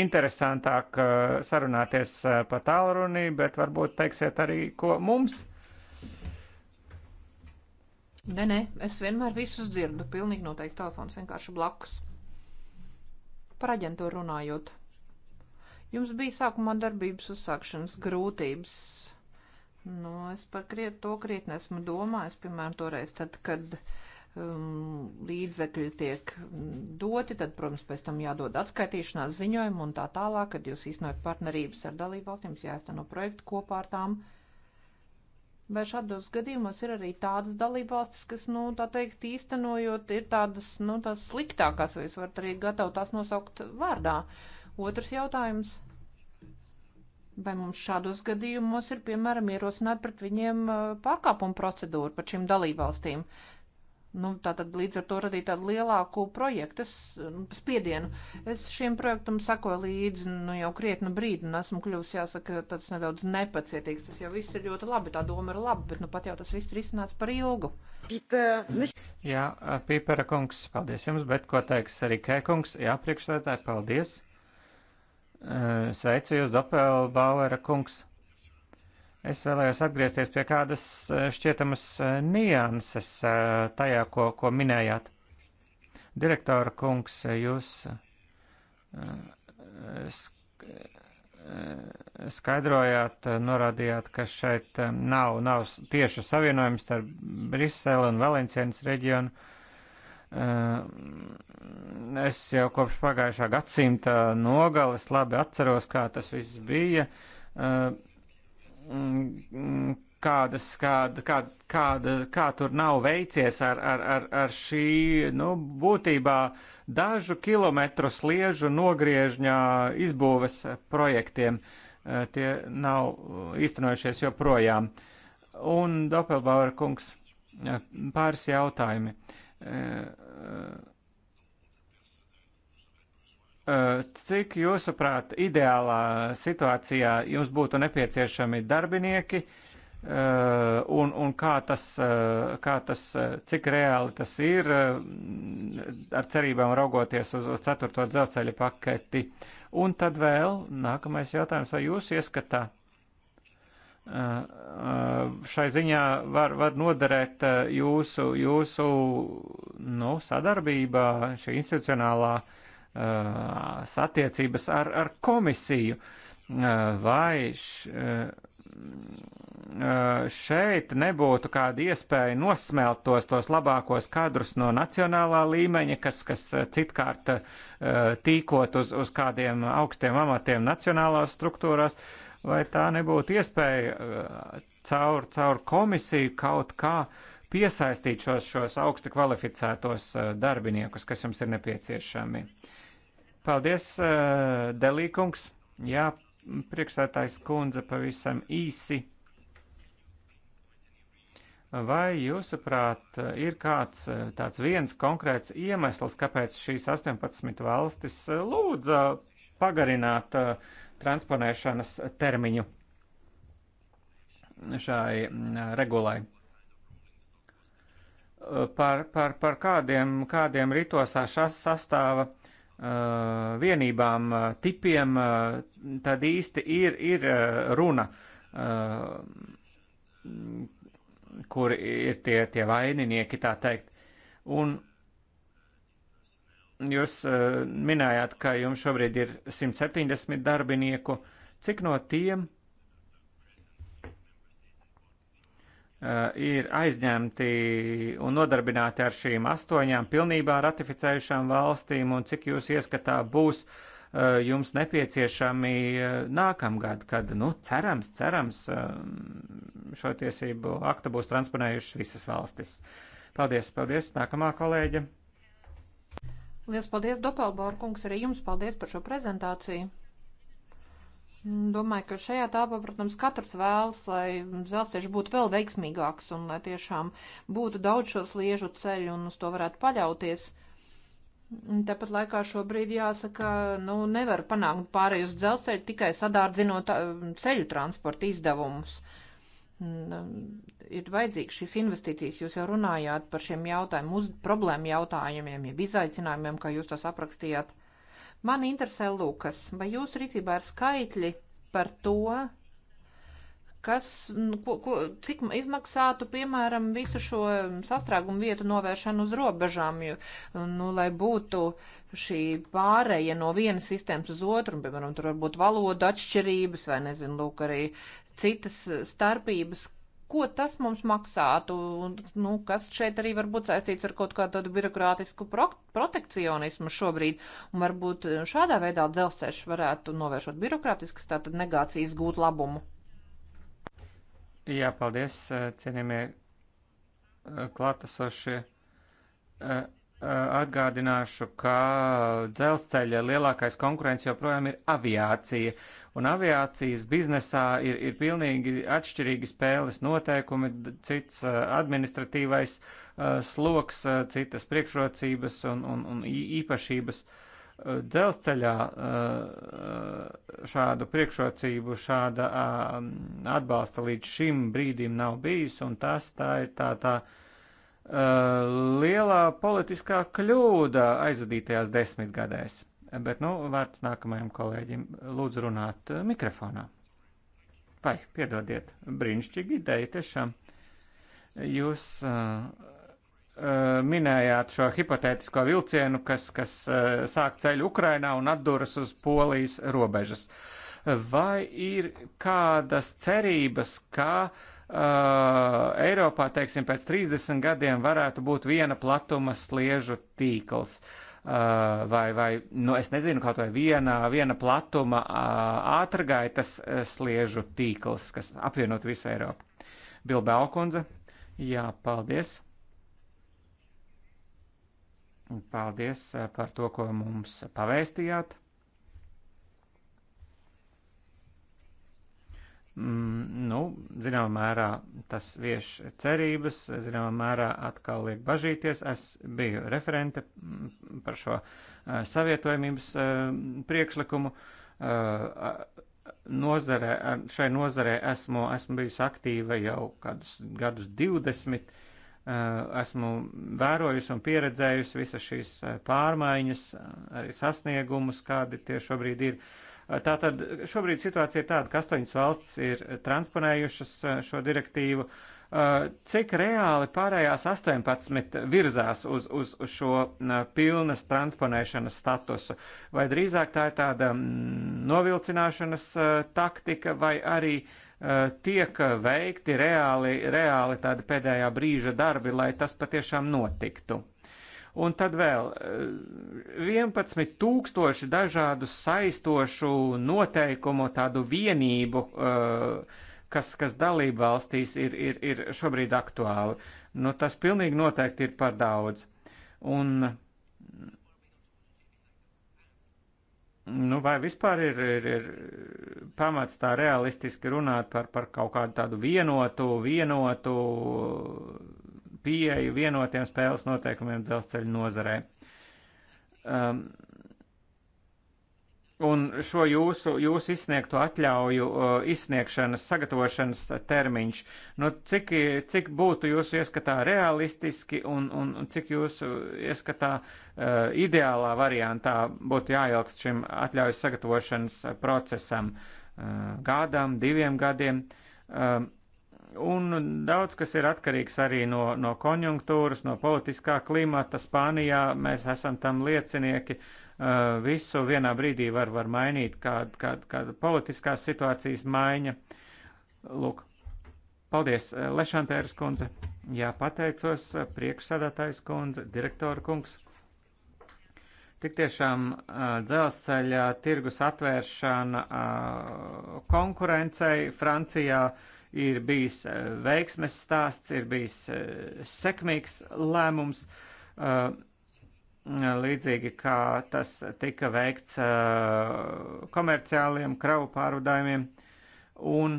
interesantāk sarunāties pa tālruni, bet varbūt teiksiet arī, ko mums. Nē, nē, es vienmēr visus dzirdu. Pilnīgi noteikti telefons vienkārši blakus. Par aģentūru runājot. Jums bija sākumā darbības uzsākšanas grūtības. Nu, es par kriet, to krietni esmu domājis, piemēram, toreiz, tad, kad um, līdzekļi tiek mm, doti, tad, protams, pēc tam jādod atskaitīšanās ziņojumu un tā tālāk, kad jūs īstenojat partnerības ar dalībvalstīm, jāizteno projektu kopā ar tām. Vai šādos gadījumos ir arī tādas dalībvalstis, kas, nu, tā teikt, īstenojot, ir tādas, nu, tās sliktākās, vai jūs varat arī gatavu tās nosaukt vārdā? Uh, Otrs jautājums. Vai mums šādos gadījumos ir, piemēram, ierosināt pret viņiem uh, pārkāpumu procedūru par šīm dalībvalstīm? Nu, tā tad līdz ar to radīt tādu lielāku projektu es, nu, spiedienu. Es šiem projektam sakoju līdzi nu, jau krietnu brīdi un esmu kļuvusi, jāsaka, tāds nedaudz nepacietīgs. Tas jau viss ir ļoti labi, tā doma ir laba, bet nu pat jau tas viss ir izsnāts par ilgu. Jā, Pīpera kungs, paldies jums, bet ko teiks arī Kē kungs? Jā, priekšlētāji, paldies. Eh, sveicu jūs, Doppelbauera kungs. Es vēlējos atgriezties pie kādas eh, šķietamas eh, nianses tajā, ko, ko minējāt. Direktora kungs, jūs skaidrojāt, norādījāt, ka šeit nav, nav tieša savienojums starp Briseli un Valencienas reģionu. Eh, es jau kopš pagājušā gadsimta nogales labi atceros, kā tas viss bija, eh, kādas, kāda, kāda, kāda, kā tur nav veicies ar, ar, ar, ar šī, nu, būtībā dažu kilometru sliežu nogriežņā izbūves projektiem. Eh, tie nav īstenojušies joprojām. Un Doppelbauer kungs, pāris jautājumi. Uh, Cik jūsuprāt, ideālā situācijā jums būtu nepieciešami darbinieki un, un kā, tas, kā tas, cik reāli tas ir ar cerībām raugoties uz ceturto dzelceļa paketi? Un tad vēl nākamais jautājums, vai jūs ieskatāt? Eh, šai ziņā var, var noderēt eh, jūsu, jūsu nu, sadarbība, šī institucionālā eh, satiecības ar, ar komisiju. Vai š, šeit nebūtu kāda iespēja nosmelt tos, tos labākos kadrus no nacionālā līmeņa, kas, kas citkārt tīkot uz, uz kādiem augstiem amatiem nacionālās struktūrās, uh, vai tā nebūtu iespēja eh, caur, caur komisiju kaut kā piesaistīt šos, šos augsti kvalificētos eh, darbiniekus, kas jums ir nepieciešami. Paldies, eh, Delīkungs. Jā, priekšsētājs kundze pavisam īsi. Vai jūsuprāt ir kāds tāds viens konkrēts iemesls, kāpēc šīs 18 valstis lūdza pagarināt transponēšanas termiņu šai regulai. Par, par, par kādiem, kādiem ritošā sastāva vienībām, tipiem, tad īsti ir, ir runa, kur ir tie, tie vaininieki, tā teikt. Un, Jūs eh, minējāt, ka jums šobrīd ir 170 darbinieku. Cik no tiem eh, ir aizņemti un nodarbināti ar šīm astoņām pilnībā ratificējušām valstīm, un cik jūs ieskatā būs eh, jums nepieciešami nākamgad, kad, nu, cerams, cerams, šo tiesību aktu būs transponējušas visas valstis. Paldies, paldies, nākamā kolēģa. Lielas paldies, Dopelbāra kungs, arī jums paldies par šo prezentāciju. Domāju, ka šajā tāpā, protams, katrs vēlas, lai dzelzceļš būtu vēl veiksmīgāks un lai tiešām būtu daudz šo sliežu ceļu un uz to varētu paļauties. Tāpat laikā šobrīd jāsaka, nu, nevar panākt pārējus dzelzceļu tikai sadārdzinot uh, ceļu transporta izdevumus. Uh, Mm, ir vajadzīgs šīs investīcijas. Jūs jau runājāt par šiem jautājumiem, uz problēmu jautājumiem, jeb izaicinājumiem, kā jūs tos aprakstījāt. Man interesē Lūkas, vai jūsu rīcībā ir skaitļi par to, kas, mm, ko, ko, cik izmaksātu, piemēram, visu šo sastrēgumu vietu novēršanu uz robežām, jo, nu, lai būtu šī pāreja no vienas sistēmas uz otru, un, piemēram, tur var būt valoda atšķirības, vai, nezinu, lūk, arī citas eh, starpības, ko tas mums maksātu, un nu, kas šeit arī var būt saistīts ar kaut kādu tādu birokrātisku pro protekcionismu šobrīd, un varbūt eh, šādā veidā dzelzceļš varētu novēršot birokrātiskas tātad negācijas gūt labumu. Jā, paldies, eh, cienījamie klātesošie. Eh, atgādināšu, ka dzelzceļa lielākais konkurents joprojām ir aviācija, un aviācijas biznesā ir, ir pilnīgi atšķirīgi spēles noteikumi, cits eh, administratīvais eh, sloks, citas priekšrocības un, un, un īpašības. Dzelzceļā šādu priekšrocību, šāda atbalsta līdz šim brīdim nav bijis, un tas tā ir tā tā. tā lielā politiskā kļūda aizvadītajās desmitgadēs. Bet, nu, vārds nākamajam kolēģim lūdzu runāt eh, mikrofonā. Vai, piedodiet, brīnišķīgi ideja tiešām. Jūs uh, minējāt šo hipotētisko vilcienu, kas, kas sāk ceļu Ukrainā un atduras uz Polijas robežas. Vai ir kādas cerības, ka uh, Uh, Eiropā, teiksim, pēc 30 gadiem varētu būt viena platuma sliežu tīkls. Uh, vai, vai, nu, es nezinu, kaut vai viena, viena platuma uh, ātrgaitas uh, sliežu tīkls, kas apvienot visu Eiropu. Bilbao kundze, jā, paldies. Paldies uh, par to, ko mums pavēstījāt. mm, nu, zināmā mērā tas vieš cerības, zināmā mērā atkal liek bažīties. Es biju referente mm, par šo uh, eh, savietojumības uh, eh, priekšlikumu. Uh, nozare, šai nozarē esmu, esmu bijusi aktīva jau kādus gadus 20. Esmu vērojusi un pieredzējusi visas šīs pārmaiņas, arī sasniegumus, kādi tie šobrīd ir. Uh, Tātad šobrīd situācija ir tāda, ka astoņas valsts ir transponējušas eh, šo direktīvu. Eh, cik reāli pārējās 18 virzās uz, uz, uz šo eh, pilnas transponēšanas statusu? Vai drīzāk tā ir tāda mm, novilcināšanas taktika, vai arī tiek veikti reāli, reāli tādi pēdējā brīža darbi, lai tas patiešām notiktu? Un tad vēl 11 eh, tūkstoši dažādu saistošu noteikumu, tādu vienību, eh, kas, kas dalību valstīs ir, ir, ir šobrīd aktuāli. Nu, tas pilnīgi noteikti ir par daudz. Un, nu, vai vispār ir, ir, ir pamats tā realistiski runāt par, par kaut kādu tādu vienotu, vienotu pieeju vienotiem spēles noteikumiem dzelzceļa nozarē. Um, un šo jūsu, jūsu izsniegto atļauju uh, izsniegšanas, sagatavošanas termiņš, nu, cik, cik būtu jūsu ieskatā realistiski un, un, un cik jūsu ieskatā uh, ideālā variantā būtu jāilgst šim atļauju sagatavošanas procesam uh, gadam, diviem gadiem? Uh, Un daudz kas ir atkarīgs arī no, no konjunktūras, no politiskā klimata. Spānijā mēs esam tam liecinieki. Eh, visu vienā brīdī var, var mainīt kāda, kāda, kāda politiskās situācijas maiņa. Lūk, paldies, eh, Lešantēras kundze. Jā, pateicos, eh, priekšsādātājs kundze, direktora kungs. Tik tiešām dzelzceļa tirgus atvēršana konkurencei Francijā ir bijis eh, veiksmes stāsts, ir bijis eh, sekmīgs lēmums, eh, līdzīgi kā tas tika veikts komerciāliem kravu pārvadājumiem. Un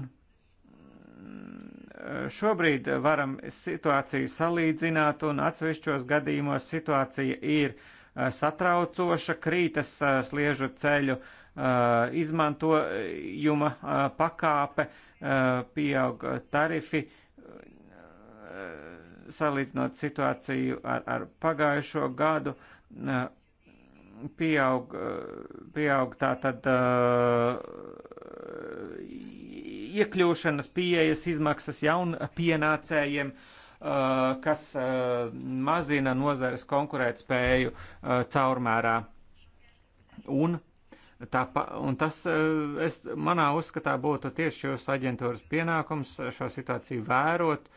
šobrīd varam situāciju salīdzināt, un atsevišķos gadījumos situācija ir satraucoša, krītas sliežu ceļu uh, Uh, izmantojuma uh, pakāpe, uh, pieaug tarifi salīdzinot situāciju ar, ar pagājušo gadu, pieaug, pieaug tā tad iekļūšanas pieejas izmaksas jaunpienācējiem, kas mazina nozares konkurētspēju caurmērā. Un Tā, un tas, eh, es, manā uzskatā, būtu tieši jūsu aģentūras pienākums šo situāciju vērot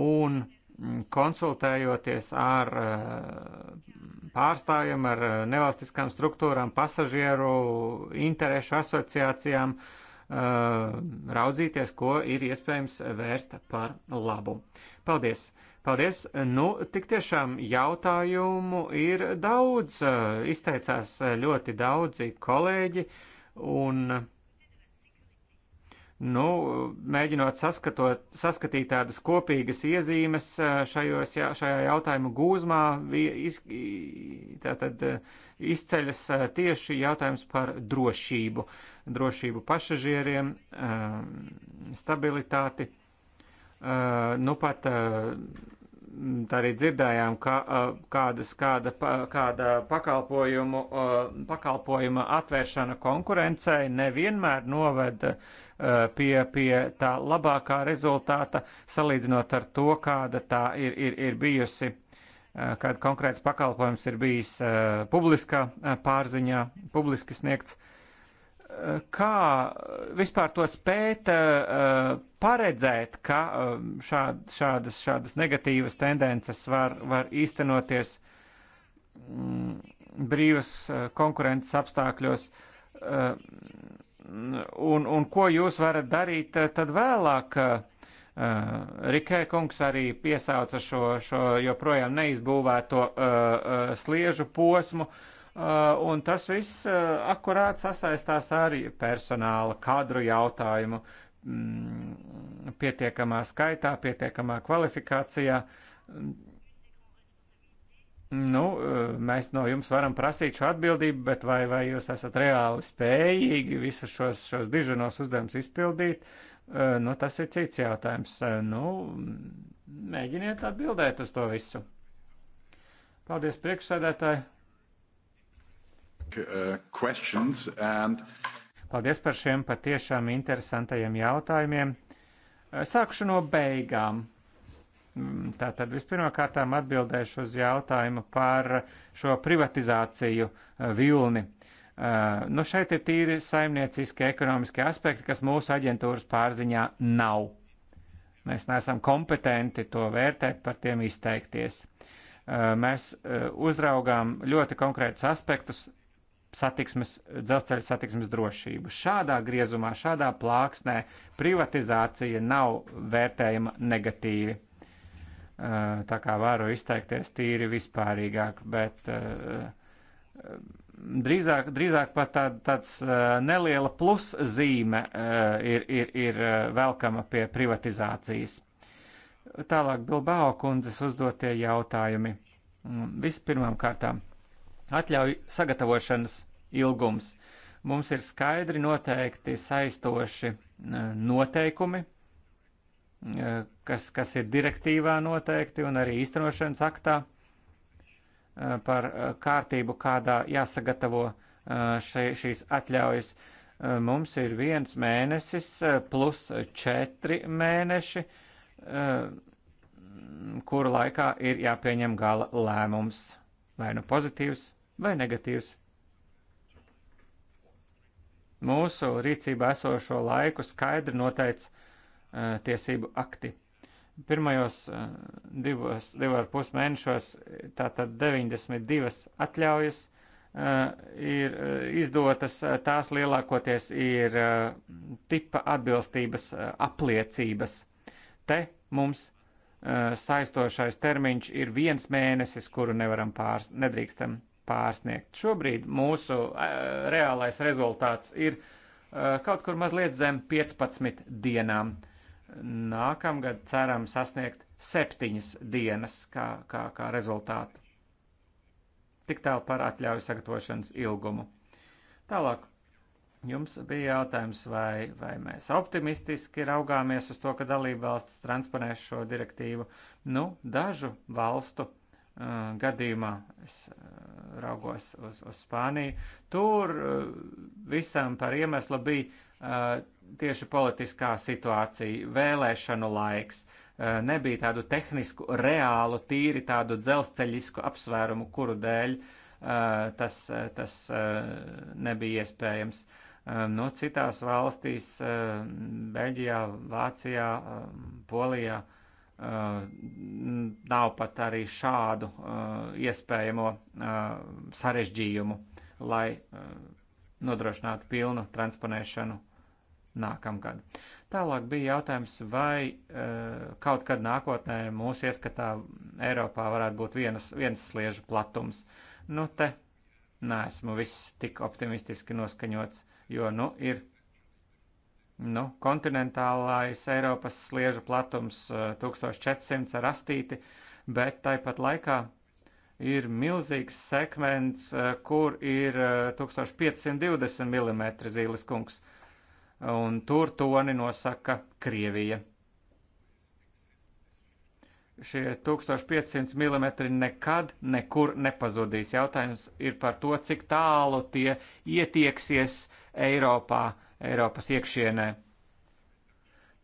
un mm, konsultējoties ar eh, pārstāvjiem, ar eh, nevalstiskām struktūrām, pasažieru interešu asociācijām, raudzīties, ko ir iespējams vērst par labu. Paldies! Paldies! Nu, tik tiešām jautājumu ir daudz, izteicās ļoti daudzi kolēģi, un, nu, mēģinot saskatot, saskatīt tādas kopīgas iezīmes šajos, šajā jautājumu gūzmā, iz, tātad izceļas tieši jautājums par drošību, drošību pasažieriem, stabilitāti Eh, nu pat eh, arī dzirdējām, ka eh, kādas, kāda, kāda pakalpojumu, pakalpojuma atvēršana konkurencei nevienmēr noveda pie, pie tā labākā rezultāta, salīdzinot ar to, kāda tā ir, ir, ir bijusi, kāda konkrēts pakalpojums ir bijis publiskā pārziņā, publiski sniegts kā vispār to spēt uh, paredzēt, ka uh, šād, šādas, šādas negatīvas tendences var, var īstenoties mm, brīvas uh, konkurences apstākļos? Un, un ko jūs varat darīt tad vēlāk? Rikē kungs arī piesauca šo, šo joprojām neizbūvēto sliežu posmu. Uh, Uh, un tas viss uh, akurāt sasaistās arī personāla kadru jautājumu mm, pietiekamā skaitā, pietiekamā kvalifikācijā. Nu, uh, mēs no jums varam prasīt šo atbildību, bet vai, vai jūs esat reāli spējīgi visus šos, šos diženos uzdevumus izpildīt, nu, tas ir cits jautājums. Nu, mēģiniet atbildēt uz to visu. Paldies priekšsēdētāji! Uh, and... Paldies par šiem patiešām interesantajiem jautājumiem. Uh, Sākšu no beigām. Mm, tātad vispirmkārt atbildēšu uz jautājumu par šo privatizāciju uh, vilni. Nu, šeit ir tīri saimnieciskie, ekonomiskie aspekti, kas mūsu aģentūras pārziņā nav. Mēs neesam kompetenti to vērtēt, par tiem izteikties. Mēs uzraugām ļoti konkrētus aspektus satiksmes, dzelzceļa satiksmes drošību. Šādā griezumā, šādā plāksnē privatizācija nav vērtējama negatīvi. Eh, tā kā varu izteikties tīri vispārīgāk, bet eh, drīzāk, drīzāk pat tā, tāds eh, neliela pluszīme ir, ir, ir velkama pie privatizācijas. Tālāk Bilbao kundzes uzdotie jautājumi. Mm, vispirmām kārtām Atļauj sagatavošanas ilgums. Mums ir skaidri noteikti saistoši noteikumi, kas, kas ir direktīvā noteikti un arī īstenošanas aktā par e, kārtību, kādā jāsagatavo še, šīs atļaujas. E, mums ir viens mēnesis e, plus četri mēneši, kuru laikā ir jāpieņem gala lēmums. Vai nu pozitīvs, vai negatīvs. Mūsu rīcībā esošo laiku skaidri noteic uh, tiesību akti. Pirmajos uh, divos, divu ar pus mēnešos tātad 92 atļaujas uh, ir uh, izdotas, uh, tās lielākoties ir uh, tipa atbilstības uh, apliecības. Te mums saistošais termiņš ir viens mēnesis, kuru nevaram pārs, nedrīkstam pārsniegt. Šobrīd mūsu eh, reālais rezultāts ir eh, kaut kur mazliet zem 15 dienām. Nākamgad ceram sasniegt septiņas dienas kā, kā, kā rezultātu. Tik tālu par atļauju sagatavošanas ilgumu. Tālāk Jums bija jautājums, vai, vai mēs optimistiski raugāmies uz to, ka dalība valstis transponēs šo direktīvu. Nu, dažu valstu uh, gadījumā es uh, raugos uz, uz Spāniju. Tur eh, visam par iemeslu bija eh, tieši politiskā situācija, vēlēšanu laiks. Eh, nebija tādu tehnisku, reālu, tīri tādu dzelzceļisku apsvērumu, kuru dēļ tas, tas nebija iespējams. No citās valstīs, Beļģijā, Vācijā, Polijā Uh, nav pat arī šādu uh, iespējamo uh, sarežģījumu, lai nodrošinātu pilnu transponēšanu nākamgad. Tālāk bija jautājums, vai kaut kad nākotnē mūsu ieskatā Eiropā varētu būt vienas, viens sliežu platums. Nu te neesmu viss tik optimistiski noskaņots, jo nu ir Nu, kontinentālais Eiropas sliežu platums 1400 eh, ar astīti, bet tāpat laikā ir milzīgs segments, eh, kur ir 1520 eh, mm zīles kungs, un tur toni nosaka Krievija. Šie 1500 mm nekad nekur nepazudīs. Jautājums ir par to, cik tālu tie ietieksies Eiropā Eiropas iekšienē.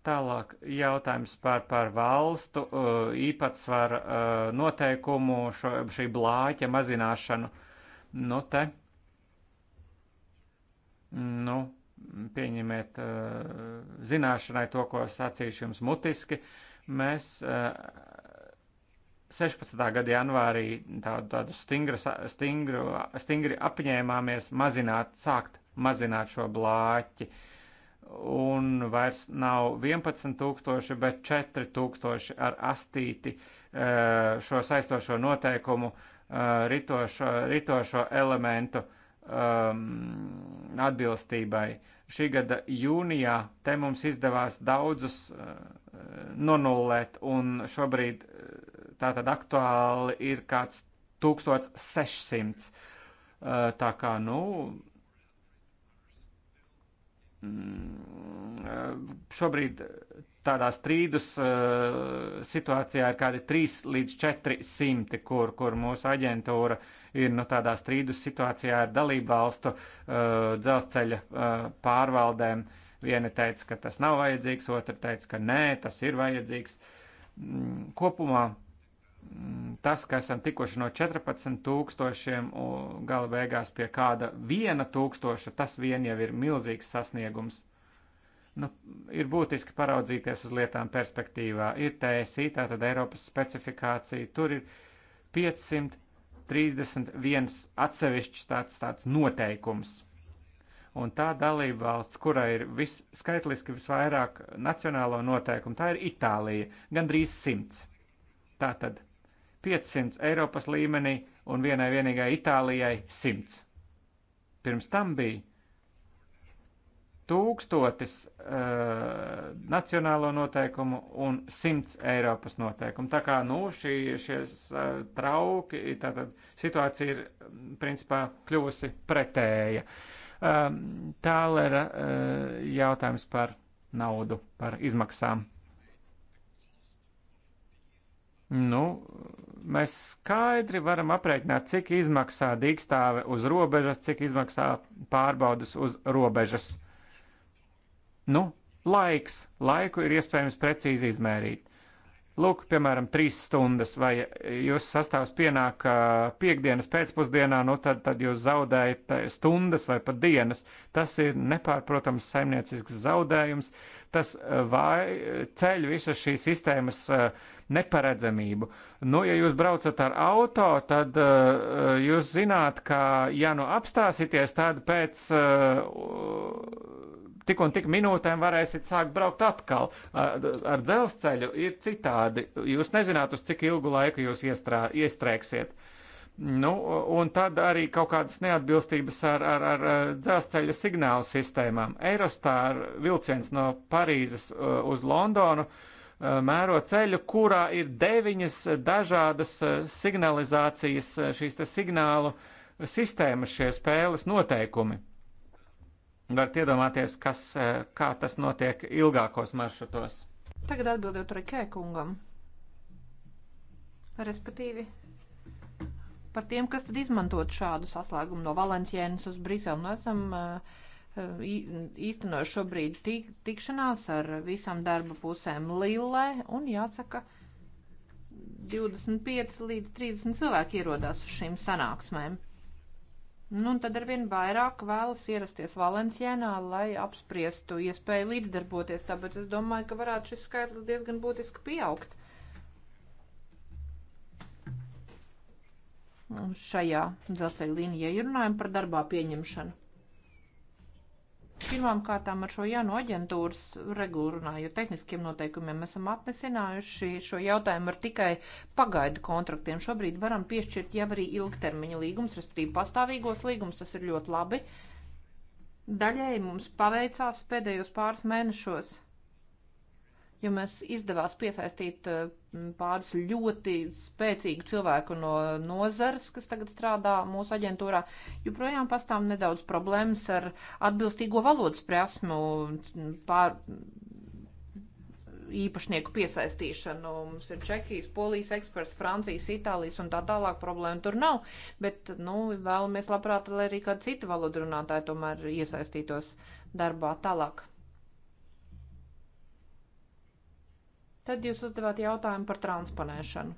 Tālāk jautājums par, par valstu uh, īpatsvaru uh, noteikumu, šo, šī blāķa mazināšanu. Nu, te, nu, pieņemiet uh, zināšanai to, ko sacīšu jums mutiski. Mēs 16. gada janvārī tādu, tādu stingru, stingru, stingri apņēmāmies mazināt, sākt mazināt šo blāķi. Un vairs nav 11,000, bet 4,000 ar astīti eh, šo saistošo noteikumu, eh, ritošo, ritošo elementu ehm, atbilstībai. Šī gada jūnijā te mums izdevās daudzus eh, nonullēt, un šobrīd tātad aktuāli ir kāds 1600. Tā kā, nu, Mm, eh, šobrīd tādā strīdus eh, situācijā ir kādi 3 līdz 400, kur, kur mūsu aģentūra ir nu, tādā strīdus situācijā ar dalību valstu eh, dzelzceļa pārvaldēm. Viena teica, ka tas nav vajadzīgs, otra teica, ka nē, tas ir vajadzīgs. Mm, kopumā Mm, tas, ka esam tikuši no 14 tūkstošiem gala beigās pie kāda viena tūkstoša, tas vien jau ir milzīgs sasniegums. Nu, ir būtiski paraudzīties uz lietām perspektīvā. Ir TSI, tātad Eiropas specifikācija, tur ir 531 atsevišķs tāds, tāds noteikums. Un tā dalība valsts, kurai ir vis, skaitliski visvairāk nacionālo noteikumu, tā ir Itālija, gandrīz simts. Tātad 500 Eiropas līmenī un vienai vienīgai Itālijai 100. Pirms tam bija tūkstotis uh, nacionālo noteikumu un 100 Eiropas noteikumu. Tā kā nu, šī, šies uh, eh, trauki, tātad situācija ir mm, principā kļuvusi pretēja. Um, Tālera uh, jautājums par naudu, par izmaksām. Nu, Mēs skaidri varam aprēķināt, cik izmaksā dīkstāve uz robežas, cik izmaksā pārbaudas uz robežas. Nu, laiks, laiku ir iespējams precīzi izmērīt. Lūk, piemēram, trīs stundas, vai jūs sastāvs pienāk piekdienas pēcpusdienā, nu tad, tad jūs zaudējat stundas vai pat dienas. Tas ir nepārprotams saimniecisks zaudējums, tas vai ceļ visas šīs sistēmas neparedzamību. Nu, ja jūs braucat ar auto, tad uh, jūs zināt, ka ja nu apstāsieties, tad pēc uh, tik un tik minūtēm varēsiet sākt braukt atkal. Ar, eh, ar dzelzceļu ir citādi. Jūs nezināt, uz cik ilgu laiku jūs iestrā, iestrēgsiet. Nu, un tad arī kaut kādas neatbilstības ar, ar, ar dzelzceļa signālu sistēmām. Eurostar vilciens no Parīzes uz Londonu uh, Uh, mēro ceļu, kurā ir deviņas dažādas uh, signalizācijas, uh, šīs signālu sistēmas, šie spēles noteikumi. Varat iedomāties, kas, kā tas notiek ilgākos maršrutos. Tagad atbildot Rekē kungam. Respektīvi, par tiem, kas tad izmantot šādu saslēgumu no Valencienas uz Briselu, nu esam uh, īstenoju šobrīd tik, tikšanās ar visām darba pusēm Lillē, un jāsaka, 25 līdz 30 cilvēki ierodās uz šīm sanāksmēm. Nu, un tad arvien vairāk vēlas ierasties Valencijānā, lai apspriestu iespēju līdzdarboties, tāpēc es domāju, ka varētu šis skaitlis diezgan būtiski pieaugt. Un šajā dzelceļa līnijā runājam par darbā pieņemšanu. Pirmām kārtām ar šo jaunu aģentūras regulu runāju tehniskiem noteikumiem esam atnesinājuši šo jautājumu ar tikai pagaidu kontraktiem. Šobrīd varam piešķirt jau arī ilgtermiņa līgums, respektīvi pastāvīgos līgums, tas ir ļoti labi. Daļēji mums paveicās pēdējos pāris mēnešos jo mēs izdevās piesaistīt eh, pāris ļoti spēcīgu cilvēku no nozares, kas tagad strādā mūsu aģentūrā. Joprojām pastāv nedaudz problēmas ar atbilstīgo valodas prasmu pār īpašnieku piesaistīšanu. Mums ir Čehijas, Polijas eksperts, Francijas, Itālijas un tā tālāk problēma tur nav, bet, nu, vēlamies labprāt, lai arī kāda cita valoda runātāja tomēr iesaistītos darbā tālāk. Tad jūs uzdevāt jautājumu par transponēšanu.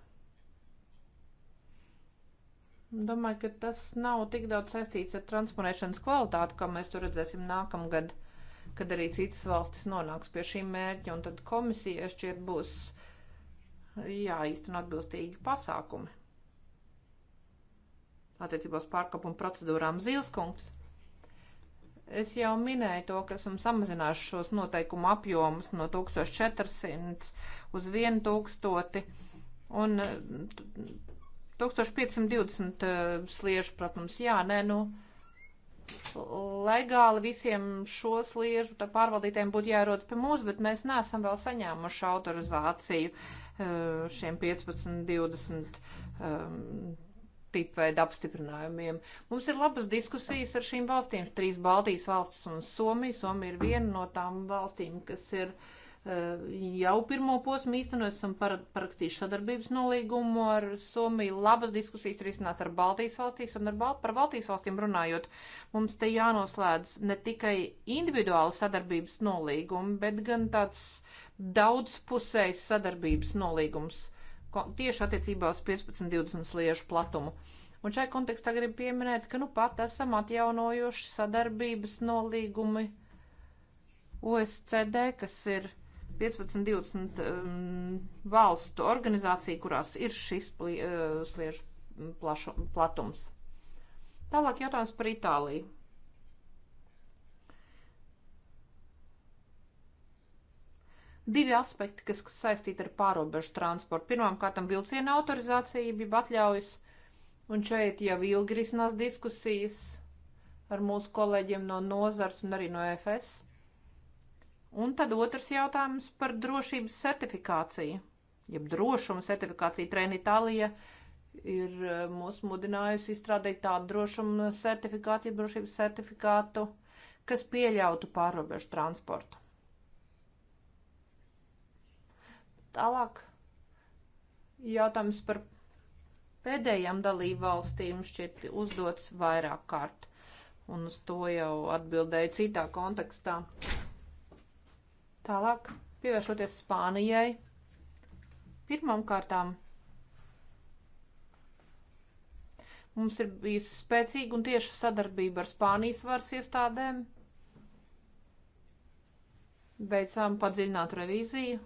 Domāju, ka tas nav tik daudz saistīts ar transponēšanas kvalitāti, kā mēs to redzēsim nākamgad, kad arī citas valstis nonāks pie šī mērķa, un tad komisija šķiet būs jāīsten atbilstīgi pasākumi. Attiecībā uz pārkāpumu procedūrām Zīleskungs. Es jau minēju to, ka esam samazinājuši šos noteikumu apjomus no 1400 uz 1000 un 1520 eh, eh, sliežu, protams, jā, nē, nu legāli visiem šo sliežu pārvaldītājiem būtu jārod pie mums, bet mēs neesam vēl saņēmuši autorizāciju eh, šiem 15, 20 tipveida apstiprinājumiem. Mums ir labas diskusijas ar šīm valstīm, trīs Baltijas valstis un Somija. Somija ir viena no tām valstīm, kas ir eh, jau pirmo posmu īstenojis, esam par, parakstījuši sadarbības nolīgumu ar Somiju. Labas diskusijas risinās ar Baltijas valstīs un ar, par Baltijas valstīm runājot. Mums te jānoslēdz ne tikai individuāli sadarbības nolīgumi, bet gan tāds daudzpusējs sadarbības nolīgums tieši attiecībā uz 15-20 sliežu platumu. Un šai kontekstā gribu pieminēt, ka nu pat esam atjaunojuši sadarbības nolīgumi OSCD, kas ir 15-20 um, valstu organizācija, kurās ir šis plie, uh, sliežu plašu, platums. Tālāk jautājums par Itāliju. divi aspekti, kas saistīti ar pārobežu transportu. Pirmkārt, vilciena autorizācija, jeb atļaujas, un šeit jau ilgi risinās diskusijas ar mūsu kolēģiem no nozars un arī no FS. Un tad otrs jautājums par drošības certifikāciju, jeb drošuma certifikāciju. Trenitālija ir e, mūs mudinājusi izstrādāt tādu drošuma certifikātu, jeb drošības certifikātu, kas pieļautu pārobežu transportu. Tālāk jautājums par pēdējām dalību valstīm šķiet uzdots vairāk kārt, un uz to jau atbildēja citā kontekstā. Tālāk, pievēršoties Spānijai, pirmām kārtām mums ir bijusi spēcīga un tieša sadarbība ar Spānijas varas iestādēm. Beidzām padziļināt revīziju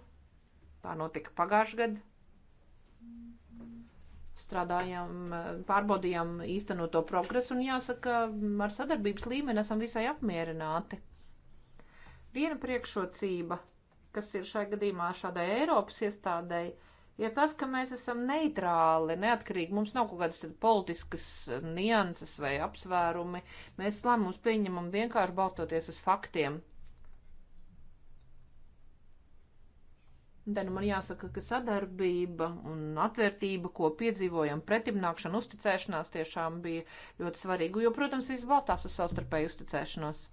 Tā notika pagājušajā gadā. Strādājām, pārbaudījām īstenoto progresu un jāsaka, ar sadarbības līmeni esam visai apmierināti. Viena priekšrocība, kas ir šai gadījumā šādai Eiropas iestādēji, ir tas, ka mēs esam neitrāli, neatkarīgi. Mums nav kaut kādas politiskas nianses vai apsvērumi. Mēs lēmumus pieņemam vienkārši balstoties uz faktiem. Te nu man jāsaka, ka sadarbība un atvērtība, ko piedzīvojam, pretimnākšana, uzticēšanās tiešām bija ļoti svarīga, jo, protams, viss balstās uz savstarpēju uzticēšanos.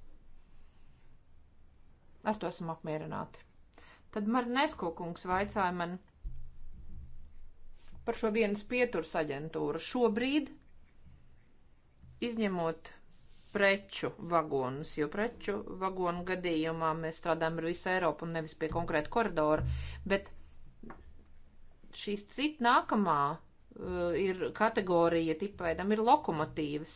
Ar to esam apmierināti. Tad Marinesko kungs vaicāja man par šo vienas pieturas aģentūru. Šobrīd, izņemot preču vagonus, jo preču vagonu gadījumā mēs strādājam ar visu Eiropu un nevis pie konkrēta koridora, bet šīs cita nākamā uh, ir kategorija tipveidam ir lokomotīvas,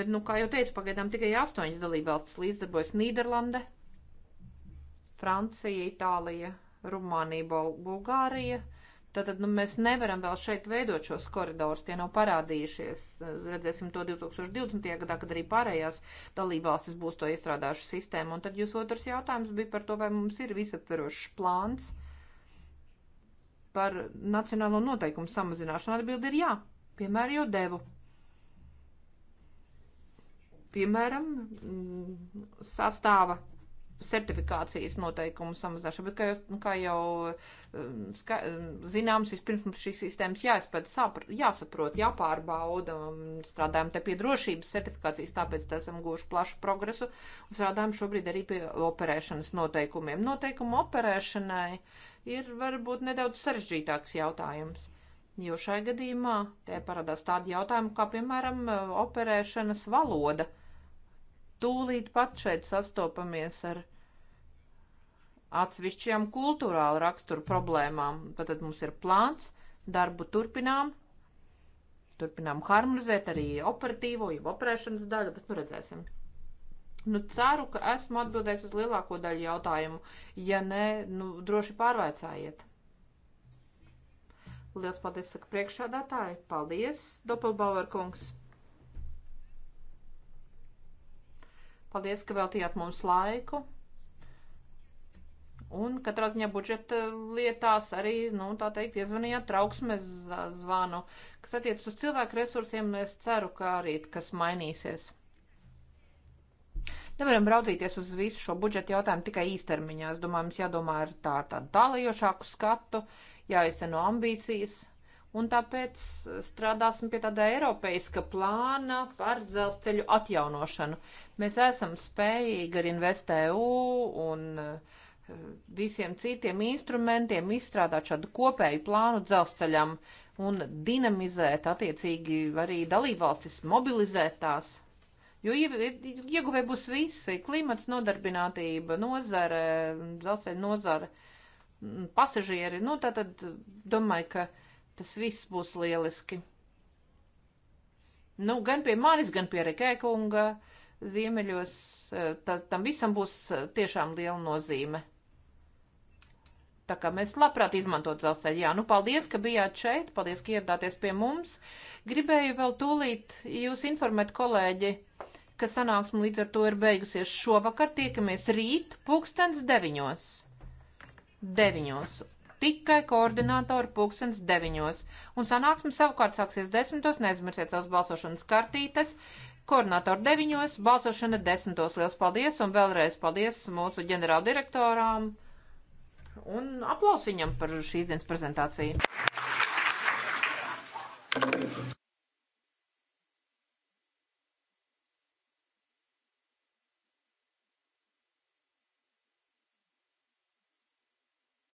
bet, nu, kā jau teicu, pagaidām tikai astoņas dalībvalstis līdzdarbojas Nīderlande, Francija, Itālija, Rumānija, Bulgārija, Tātad nu, mēs nevaram vēl šeit veidot šos koridorus, tie nav parādījušies. Redzēsim to 2020. gadā, kad arī pārējās dalībvalstis būs to iestrādājuši sistēmu. Un tad jūs otrs jautājums bija par to, vai mums ir visaptverošs plāns par nacionālo noteikumu samazināšanu. Atbildi ir jā, piemēram, jau devu. Piemēram, mm, sastāva certifikācijas noteikumu samazināšanu, bet kā jau, nu, kā jau um, ska, um, zināms, vispirms mums šīs sistēmas jāizpēt, sapr, jāsaprot, jāpārbauda, um, strādājam te pie drošības certifikācijas, tāpēc tā esam guvuši plašu progresu, un strādājam šobrīd arī pie operēšanas noteikumiem. Noteikumu operēšanai ir varbūt nedaudz sarežģītāks jautājums. Jo šai gadījumā te parādās tādi jautājumi, kā piemēram operēšanas valoda. Uh, tūlīt pat šeit sastopamies ar atsevišķiem kultūrālu raksturu problēmām. Tātad mums ir plāns, darbu turpinām, turpinām harmonizēt arī operatīvo, jau operēšanas daļu, bet nu redzēsim. Nu, ceru, ka esmu atbildējis uz lielāko daļu jautājumu. Ja nē, nu, droši pārvaicājiet. Lielas paldies, saka priekšādātāji. Paldies, Doppelbauer kungs. Paldies, ka veltījāt mums laiku. Un katrā ziņā budžeta lietās arī, nu, tā teikt, iezvanījāt trauksmes zvanu, kas attiecas uz cilvēku resursiem, un es ceru, ka arī kas mainīsies. Nevaram raudzīties uz visu šo budžeta jautājumu tikai īstermiņā. Es domāju, mums jādomā ar tā, tādu tālajošāku skatu, jāizceno ambīcijas, Un tāpēc eh, strādāsim pie tāda eiropeiska plāna par dzelzceļu atjaunošanu. Mēs esam spējīgi ar InvestEU un eh, visiem citiem instrumentiem izstrādāt šādu kopēju plānu dzelzceļam un dinamizēt attiecīgi arī dalībvalstis, mobilizēt tās. Jo ieguvēji būs visi - klimats, nodarbinātība, nozare, dzelzceļa nozare, pasažieri. Nu, tātad domāju, ka Tas viss būs lieliski. Nu, gan pie manis, gan pie Rekēkunga ziemeļos, eh, tā, tam visam būs eh, tiešām liela nozīme. Tā kā mēs labprāt izmantot dzelzceļu. Jā, nu paldies, ka bijāt šeit, paldies, ka ieradāties pie mums. Gribēju vēl tūlīt jūs informēt, kolēģi, ka sanāksme līdz ar to ir beigusies šovakar. Tiekamies rīt pulkstens deviņos. Deviņos tikai koordinātori pulkstens deviņos. Un sanāksme savukārt sāksies desmitos, neaizmirsiet savus balsošanas kartītes. Koordinātori deviņos, balsošana desmitos. Liels paldies un vēlreiz paldies mūsu ģenerāldirektorām. Un aplaus viņam par šīs dienas prezentāciju. Thank you.